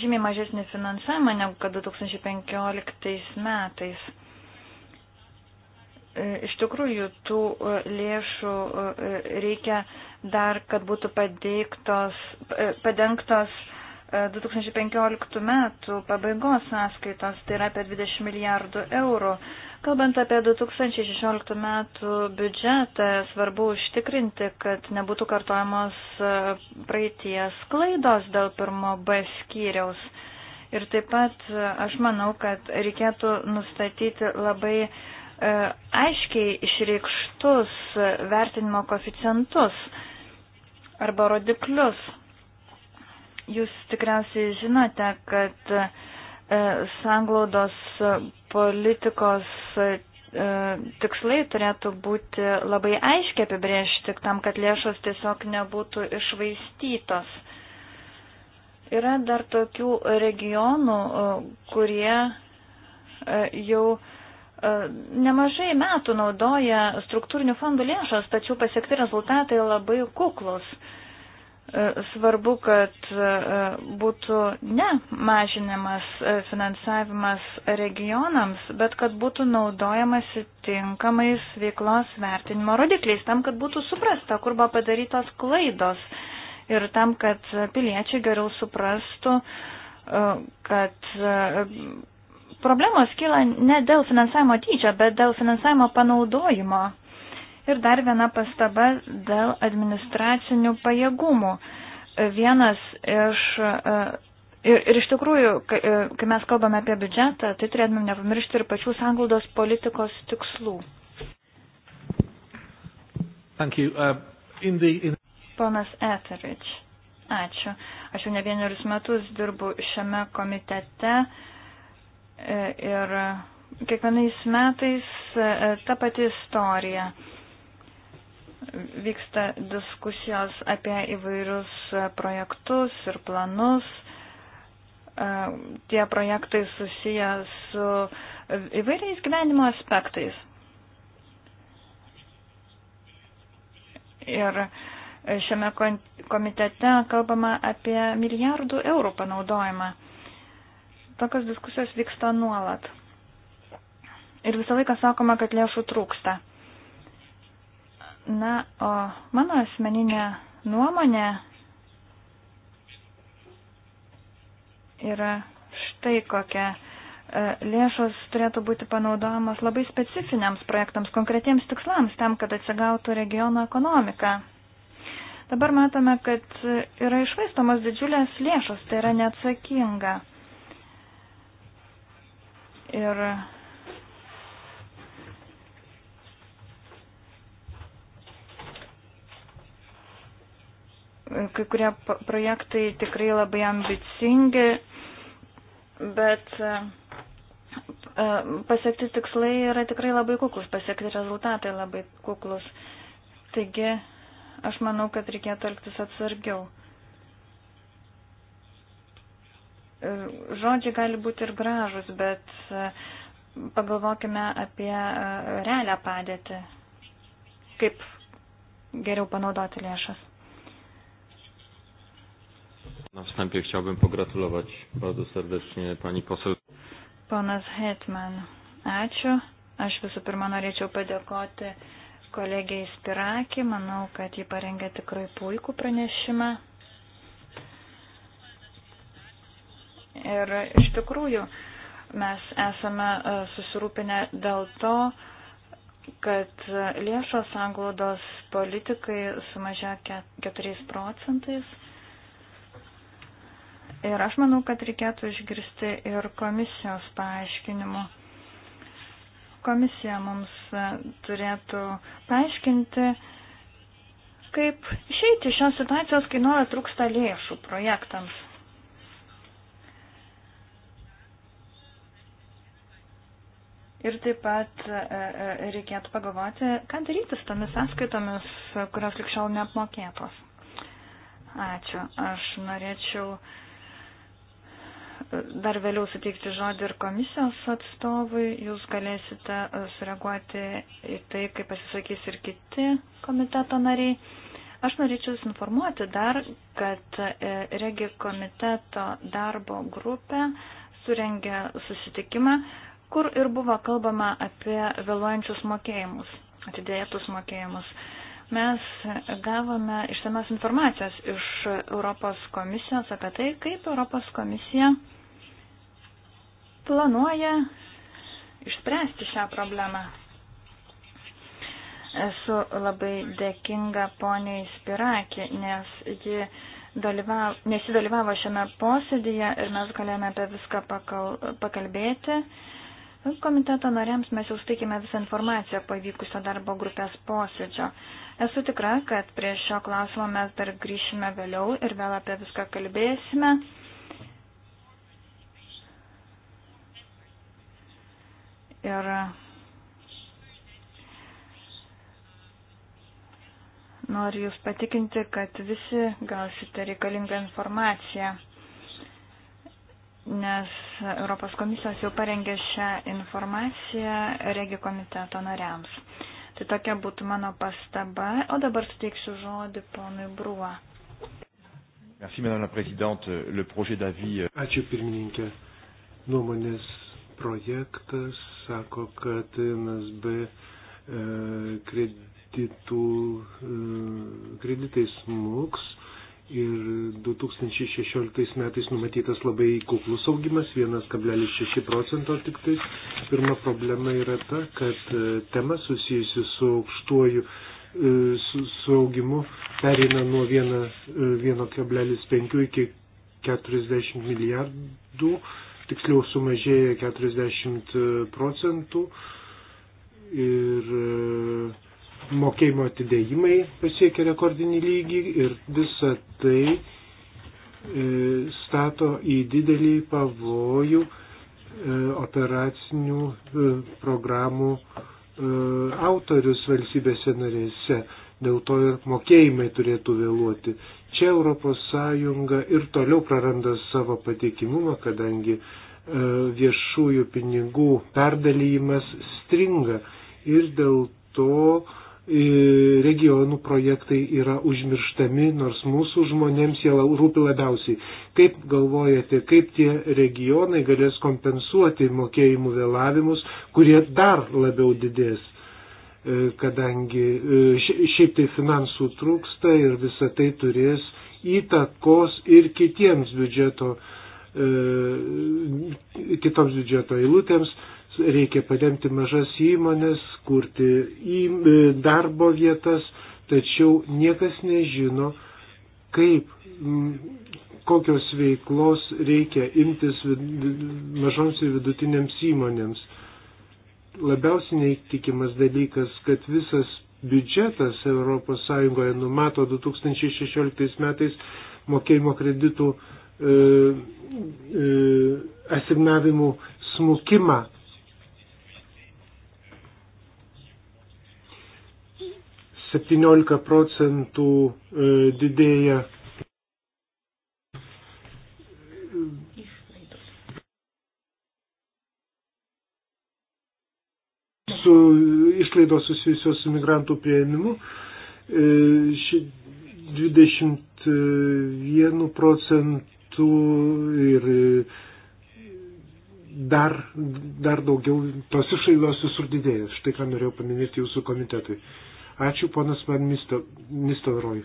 žymiai mažesnį finansavimą negu kad 2015 metais. Iš tikrųjų, tų lėšų reikia dar, kad būtų padėktos, padengtos 2015 metų pabaigos sąskaitos, tai yra apie 20 milijardų eurų. Kalbant apie 2016 metų biudžetą, svarbu užtikrinti, kad nebūtų kartojamos e, praeities klaidos dėl pirmo B skyriaus. Ir taip pat e, aš manau, kad reikėtų nustatyti labai e, aiškiai išreikštus vertinimo koficientus arba rodiklius. Jūs tikriausiai žinote, kad sanglaudos politikos e, tikslai turėtų būti labai aiškiai apibriežti, tam, kad lėšos tiesiog nebūtų išvaistytos. Yra dar tokių regionų, e, kurie e, jau nemažai metų naudoja struktūrinių fondų lėšos, tačiau pasiekti rezultatai labai kuklus. E, svarbu, kad e, būtų ne mažinimas e, finansavimas regionams, bet kad būtų naudojamasi tinkamais veiklos vertinimo rodikliais, tam, kad būtų suprasta, kur buvo padarytos klaidos ir tam, kad piliečiai geriau suprastų, kad problemos kyla ne dėl finansavimo dydžio, bet dėl finansavimo panaudojimo. Ir dar viena pastaba dėl administracinių pajėgumų. Vienas iš. E, ir, ir iš tikrųjų, e, kai mes kalbame apie biudžetą, tai turėtumėm nepamiršti ir pačių sanglaudos politikos tikslų. Thank you. Uh, in the, in... Ponas Etheridge. Ačiū. Aš jau ne vienerius metus dirbu šiame komitete e, ir kiekvienais metais ta pati istorija vyksta diskusijos apie įvairius projektus ir planus. E, tie projektai susiję su įvairiais gyvenimo aspektais. Ir šiame komitete kalbama apie milijardų eurų panaudojimą. Tokios diskusijos vyksta nuolat. Ir visą laiką sakoma, kad lėšų trūksta. Na, o mano asmeninė nuomonė yra štai kokia. E, lėšos turėtų būti panaudojamos labai specifiniams projektams, konkretiems tikslams, tam, kad atsigautų regiono ekonomika. Dabar matome, kad yra išvaistomos didžiulės lėšos, tai yra neatsakinga. Ir Kai kurie projektai tikrai labai ambicingi, bet e, e, pasiekti tikslai yra tikrai labai kuklus, pasiekti rezultatai labai kuklus. Taigi, aš manau, kad reikėtų elgtis atsargiau. E, žodžiai gali būti ir gražus, bet pagalvokime apie realią padėtį, kaip geriau panaudoti lėšas. Na wstępie chciałbym pogratulować bardzo serdecznie pani poseł. Ponas Hetman, ačiū. Aš visų pirma norėčiau padėkoti kolegijai Spirakį. Manau, kad ji parengė tikrai puikų pranešimą. Ir iš tikrųjų mes esame e, susirūpinę dėl to, kad lėšos anglodos politikai sumažė 4 procentais Ir aš manau, kad reikėtų išgirsti ir komisijos paaiškinimu. Komisija mums e, turėtų paaiškinti, kaip išeiti iš šios situacijos, kai nuolat trūksta lėšų projektams. Ir taip pat e, e, reikėtų pagalvoti, ką daryti su tomis sąskaitomis, kurios likščiau neapmokėtos. Ačiū. Aš norėčiau dar vėliau suteikti žodį ir komisijos atstovui. Jūs galėsite e, sureaguoti į tai, kaip pasisakys ir kiti komiteto nariai. Aš norėčiau Jūs informuoti dar, kad e, Regi komiteto darbo grupė surengė susitikimą, kur ir buvo kalbama apie vėluojančius mokėjimus, atidėtus mokėjimus mes gavome išsamios informacijos iš Europos komisijos apie tai, kaip Europos komisija planuoja išspręsti šią problemą. Esu labai dėkinga poniai Spirakė, nes ji dalyvavo, nes ji dalyvavo šiame posėdėje ir mes galėjome apie viską pakal, pakalbėti. Komiteto nariams mes jau steikime visą informaciją pavykusio darbo grupės posėdžio. Esu tikra, kad prie šio klausimo mes dar grįšime vėliau ir vėl apie viską kalbėsime. Ir noriu Jūs patikinti, kad visi gausite reikalingą informaciją, nes Europos komisijos jau parengė šią informaciją regi komiteto nariams. Tai tokia būtų mano pastaba, o dabar suteiksiu žodį ponui Bruo. Merci, Madame la Présidente. Le projet d'avis. Euh, Ačiū pirmininkė. Nuomonės projektas sako, kad NSB e, kreditų, e, kreditai smūgs ir 2016 metais numatytas labai kuklus augimas, 1,6 procento tik tai. Pirma problema yra ta, kad e, tema susijusi su aukštuoju su, su augimu perina nuo 1,5 iki 40 milijardų tiksliau sumažėjo 40 procentų ir e, mokėjimo atidėjimai pasiekė rekordinį lygį ir visa tai e, stato į didelį pavojų e, operacinių programų autorius valstybėse narėse. Dėl to ir mokėjimai turėtų vėluoti. Čia ES ir toliau praranda savo patikimumą, kadangi e, viešųjų pinigų perdalymas stringa ir dėl to e, regionų projektai yra užmirštami, nors mūsų žmonėms jie rūpi labiausiai. Kaip galvojate, kaip tie regionai galės kompensuoti mokėjimų vėlavimus, kurie dar labiau didės? E, kadangi e, šiaip tai finansų trūksta ir visa tai turės įtakos ir kitiems biudžeto, e, kitoms biudžeto eilutėms. Reikia padengti mažas įmonės, kurti į darbo vietas, tačiau niekas nežino, kaip, kokios veiklos reikia imtis mažoms ir vidutinėms įmonėms labiausiai neįtikimas dalykas, kad visas biudžetas ES numato 2016 metais mokėjimo kreditų e, e, asignavimų smukimą. Septyniolika procentų e, didėja su išlaidos susijusios su migrantų prieimimu. E, ši 21 procentų ir e, dar, dar daugiau tos išlaidos visur didėja. Štai ką norėjau paminėti jūsų komitetui. Ačiū, ponas Van Nistelrooy.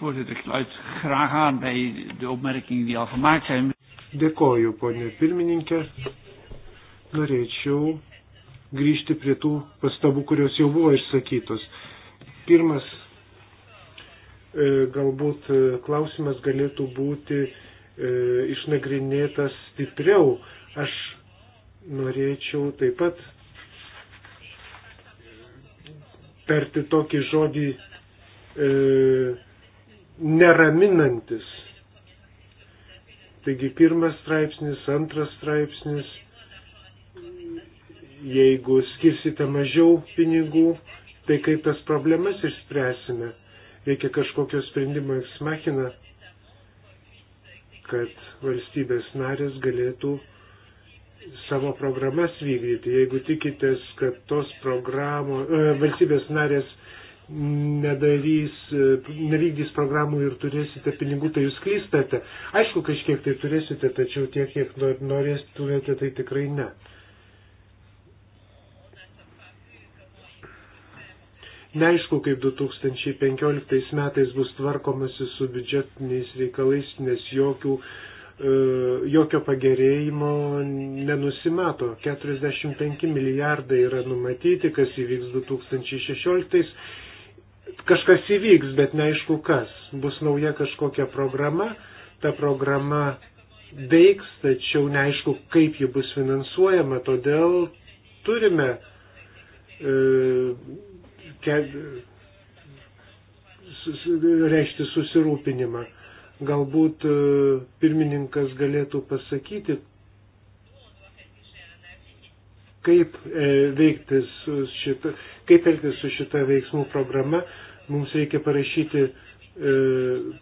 Voorzitter, ik sluit graag aan bij de opmerkingen die al gemaakt zijn. Dėkoju, ponė pirmininkė. Norėčiau grįžti prie tų pastabų, kurios jau buvo išsakytos. Pirmas e, galbūt e, klausimas galėtų būti e, išnagrinėtas stipriau. Aš norėčiau taip pat tarti tokį žodį e, neraminantis. Taigi pirmas straipsnis, antras straipsnis, jeigu skirsite mažiau pinigų, tai kaip tas problemas išspręsime. Reikia kažkokio sprendimo eksmachina, kad valstybės narės galėtų savo programas vykdyti. Jeigu tikitės, kad tos programos, e, valstybės narės nedarys, e, nevykdys programų ir turėsite pinigų, tai jūs klystate. Aišku, kažkiek tai turėsite, tačiau tiek, kiek norėsite, tai tikrai ne. Neaišku, kaip 2015 metais bus tvarkomasi su biudžetiniais reikalais, nes jokių, e, jokio pagerėjimo nenusimato. 45 milijardai yra numatyti, kas įvyks 2016. Kažkas įvyks, bet neaišku kas. Bus nauja kažkokia programa, ta programa veiks, tačiau neaišku, kaip ji bus finansuojama, todėl turime e, reišti susirūpinimą. Galbūt e, pirmininkas galėtų pasakyti, kaip e, veikti su šita, kaip elgtis su šita veiksmų programa. Mums reikia parašyti e,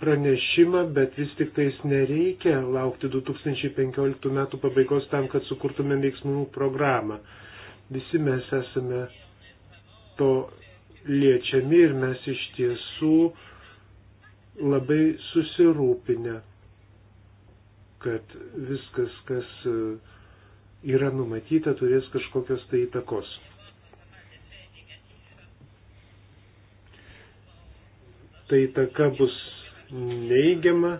pranešimą, bet vis tik tais nereikia laukti 2015 metų pabaigos tam, kad sukurtume veiksmų programą. Visi mes esame to liečiami ir mes iš tiesų labai susirūpinę, kad viskas, kas e, yra numatyta, turės kažkokios tai įtakos. Tai įtaka bus neigiama.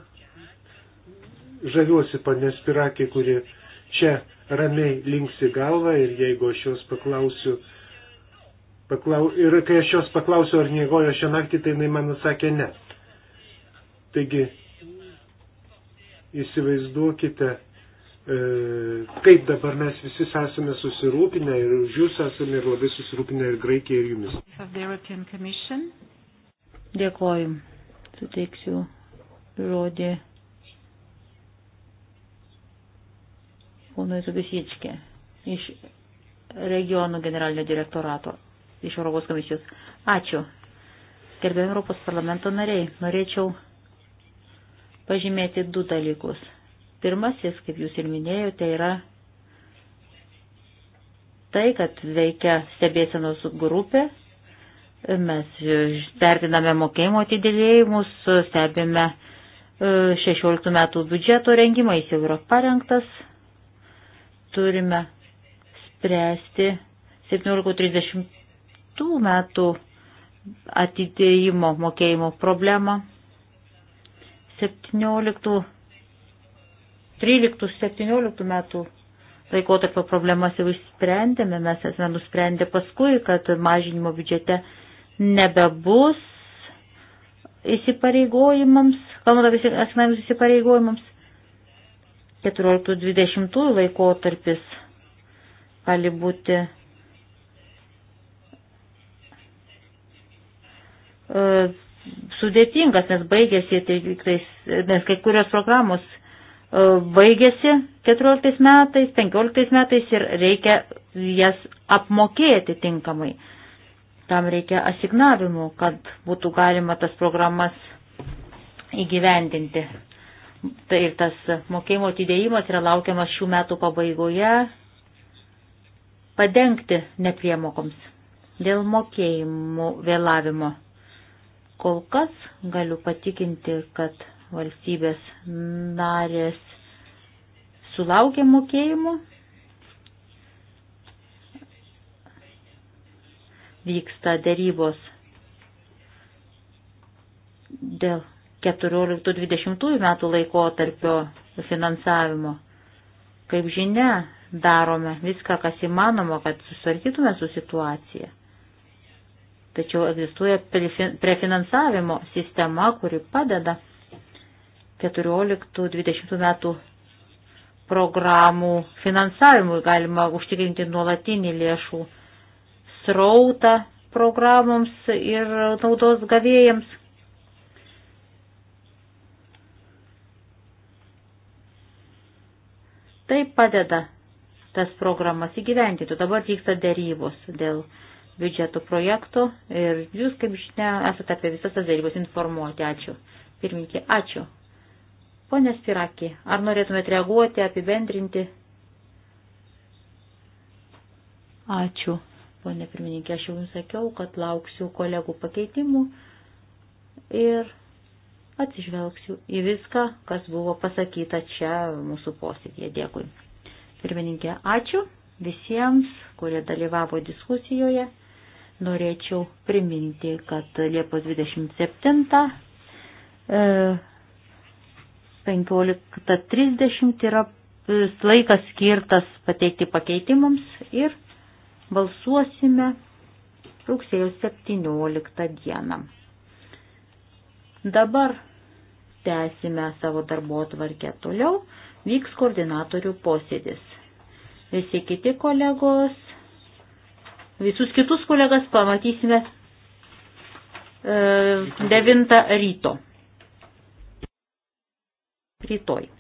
Žaviuosi panės pirakė, kuri čia ramiai linksi galvą ir jeigu aš jos paklausiu, Paklau, ir kai aš jos paklausiau, ar miegojo šią naktį, tai jinai man atsakė ne. Taigi, įsivaizduokite, e, kaip dabar mes visi esame susirūpinę ir už jūs esame ir labai susirūpinę ir Graikija ir jumis. Dėkoju. Suteiksiu žodį ponui Zubisičke iš regionų generalinio direktorato iš Europos komisijos. Ačiū. Gerbėjai Europos parlamento nariai, norėčiau pažymėti du dalykus. Pirmasis, kaip jūs ir minėjote, yra tai, kad veikia stebėsenos grupė. Mes vertiname mokėjimo atidėlėjimus, stebime 16 e, metų biudžeto rengimą, jis jau yra parengtas. Turime spręsti 17.30 kitų metų atidėjimo mokėjimo problemą. 13-17 metų laikotarpio problemas jau išsprendėme, mes esame nusprendę paskui, kad mažinimo biudžete nebebus įsipareigojimams, kalbant apie asmenius įsipareigojimams, 14-20 laikotarpis gali būti E, sudėtingas, nes baigėsi, tai nes kai kurios programos e, baigėsi 14 metais, 15 metais ir reikia jas apmokėti tinkamai. Tam reikia asignavimų, kad būtų galima tas programas įgyvendinti. Tai ir tas mokėjimo atidėjimas yra laukiamas šių metų pabaigoje padengti nepriemokoms dėl mokėjimų vėlavimo. Kol kas galiu patikinti, kad valstybės narės sulaukia mokėjimų. Vyksta dėrybos dėl 14-20 metų laikotarpio finansavimo. Kaip žinia, darome viską, kas įmanoma, kad susitvarkytume su situacija. Tačiau egzistuoja prefinansavimo sistema, kuri padeda 14-20 metų programų finansavimui galima užtikrinti nuolatinį lėšų srautą programoms ir naudos gavėjams. Tai padeda tas programas įgyventi. Dabar vyksta dėrybos dėl biudžeto projektų ir jūs, kaip žinia, esate apie visas tas dėrybas informuoti. Ačiū. Pirminkė, ačiū. Pone Spiraki, ar norėtumėte reaguoti, apibendrinti? Ačiū. Pone pirmininkė, aš jau jums sakiau, kad lauksiu kolegų pakeitimų ir atsižvelgsiu į viską, kas buvo pasakyta čia mūsų posėdėje. Dėkui. Pirmininkė, ačiū visiems, kurie dalyvavo diskusijoje norėčiau priminti, kad Liepos 27 15.30 e, yra e, laikas skirtas pateikti pakeitimams ir balsuosime rugsėjo 17 dieną. Dabar tęsime savo darbo tvarkę toliau, vyks koordinatorių posėdis. Visi kiti kolegos Visus kitus kolegas pamatysime 9 e, ryto. Rytoj.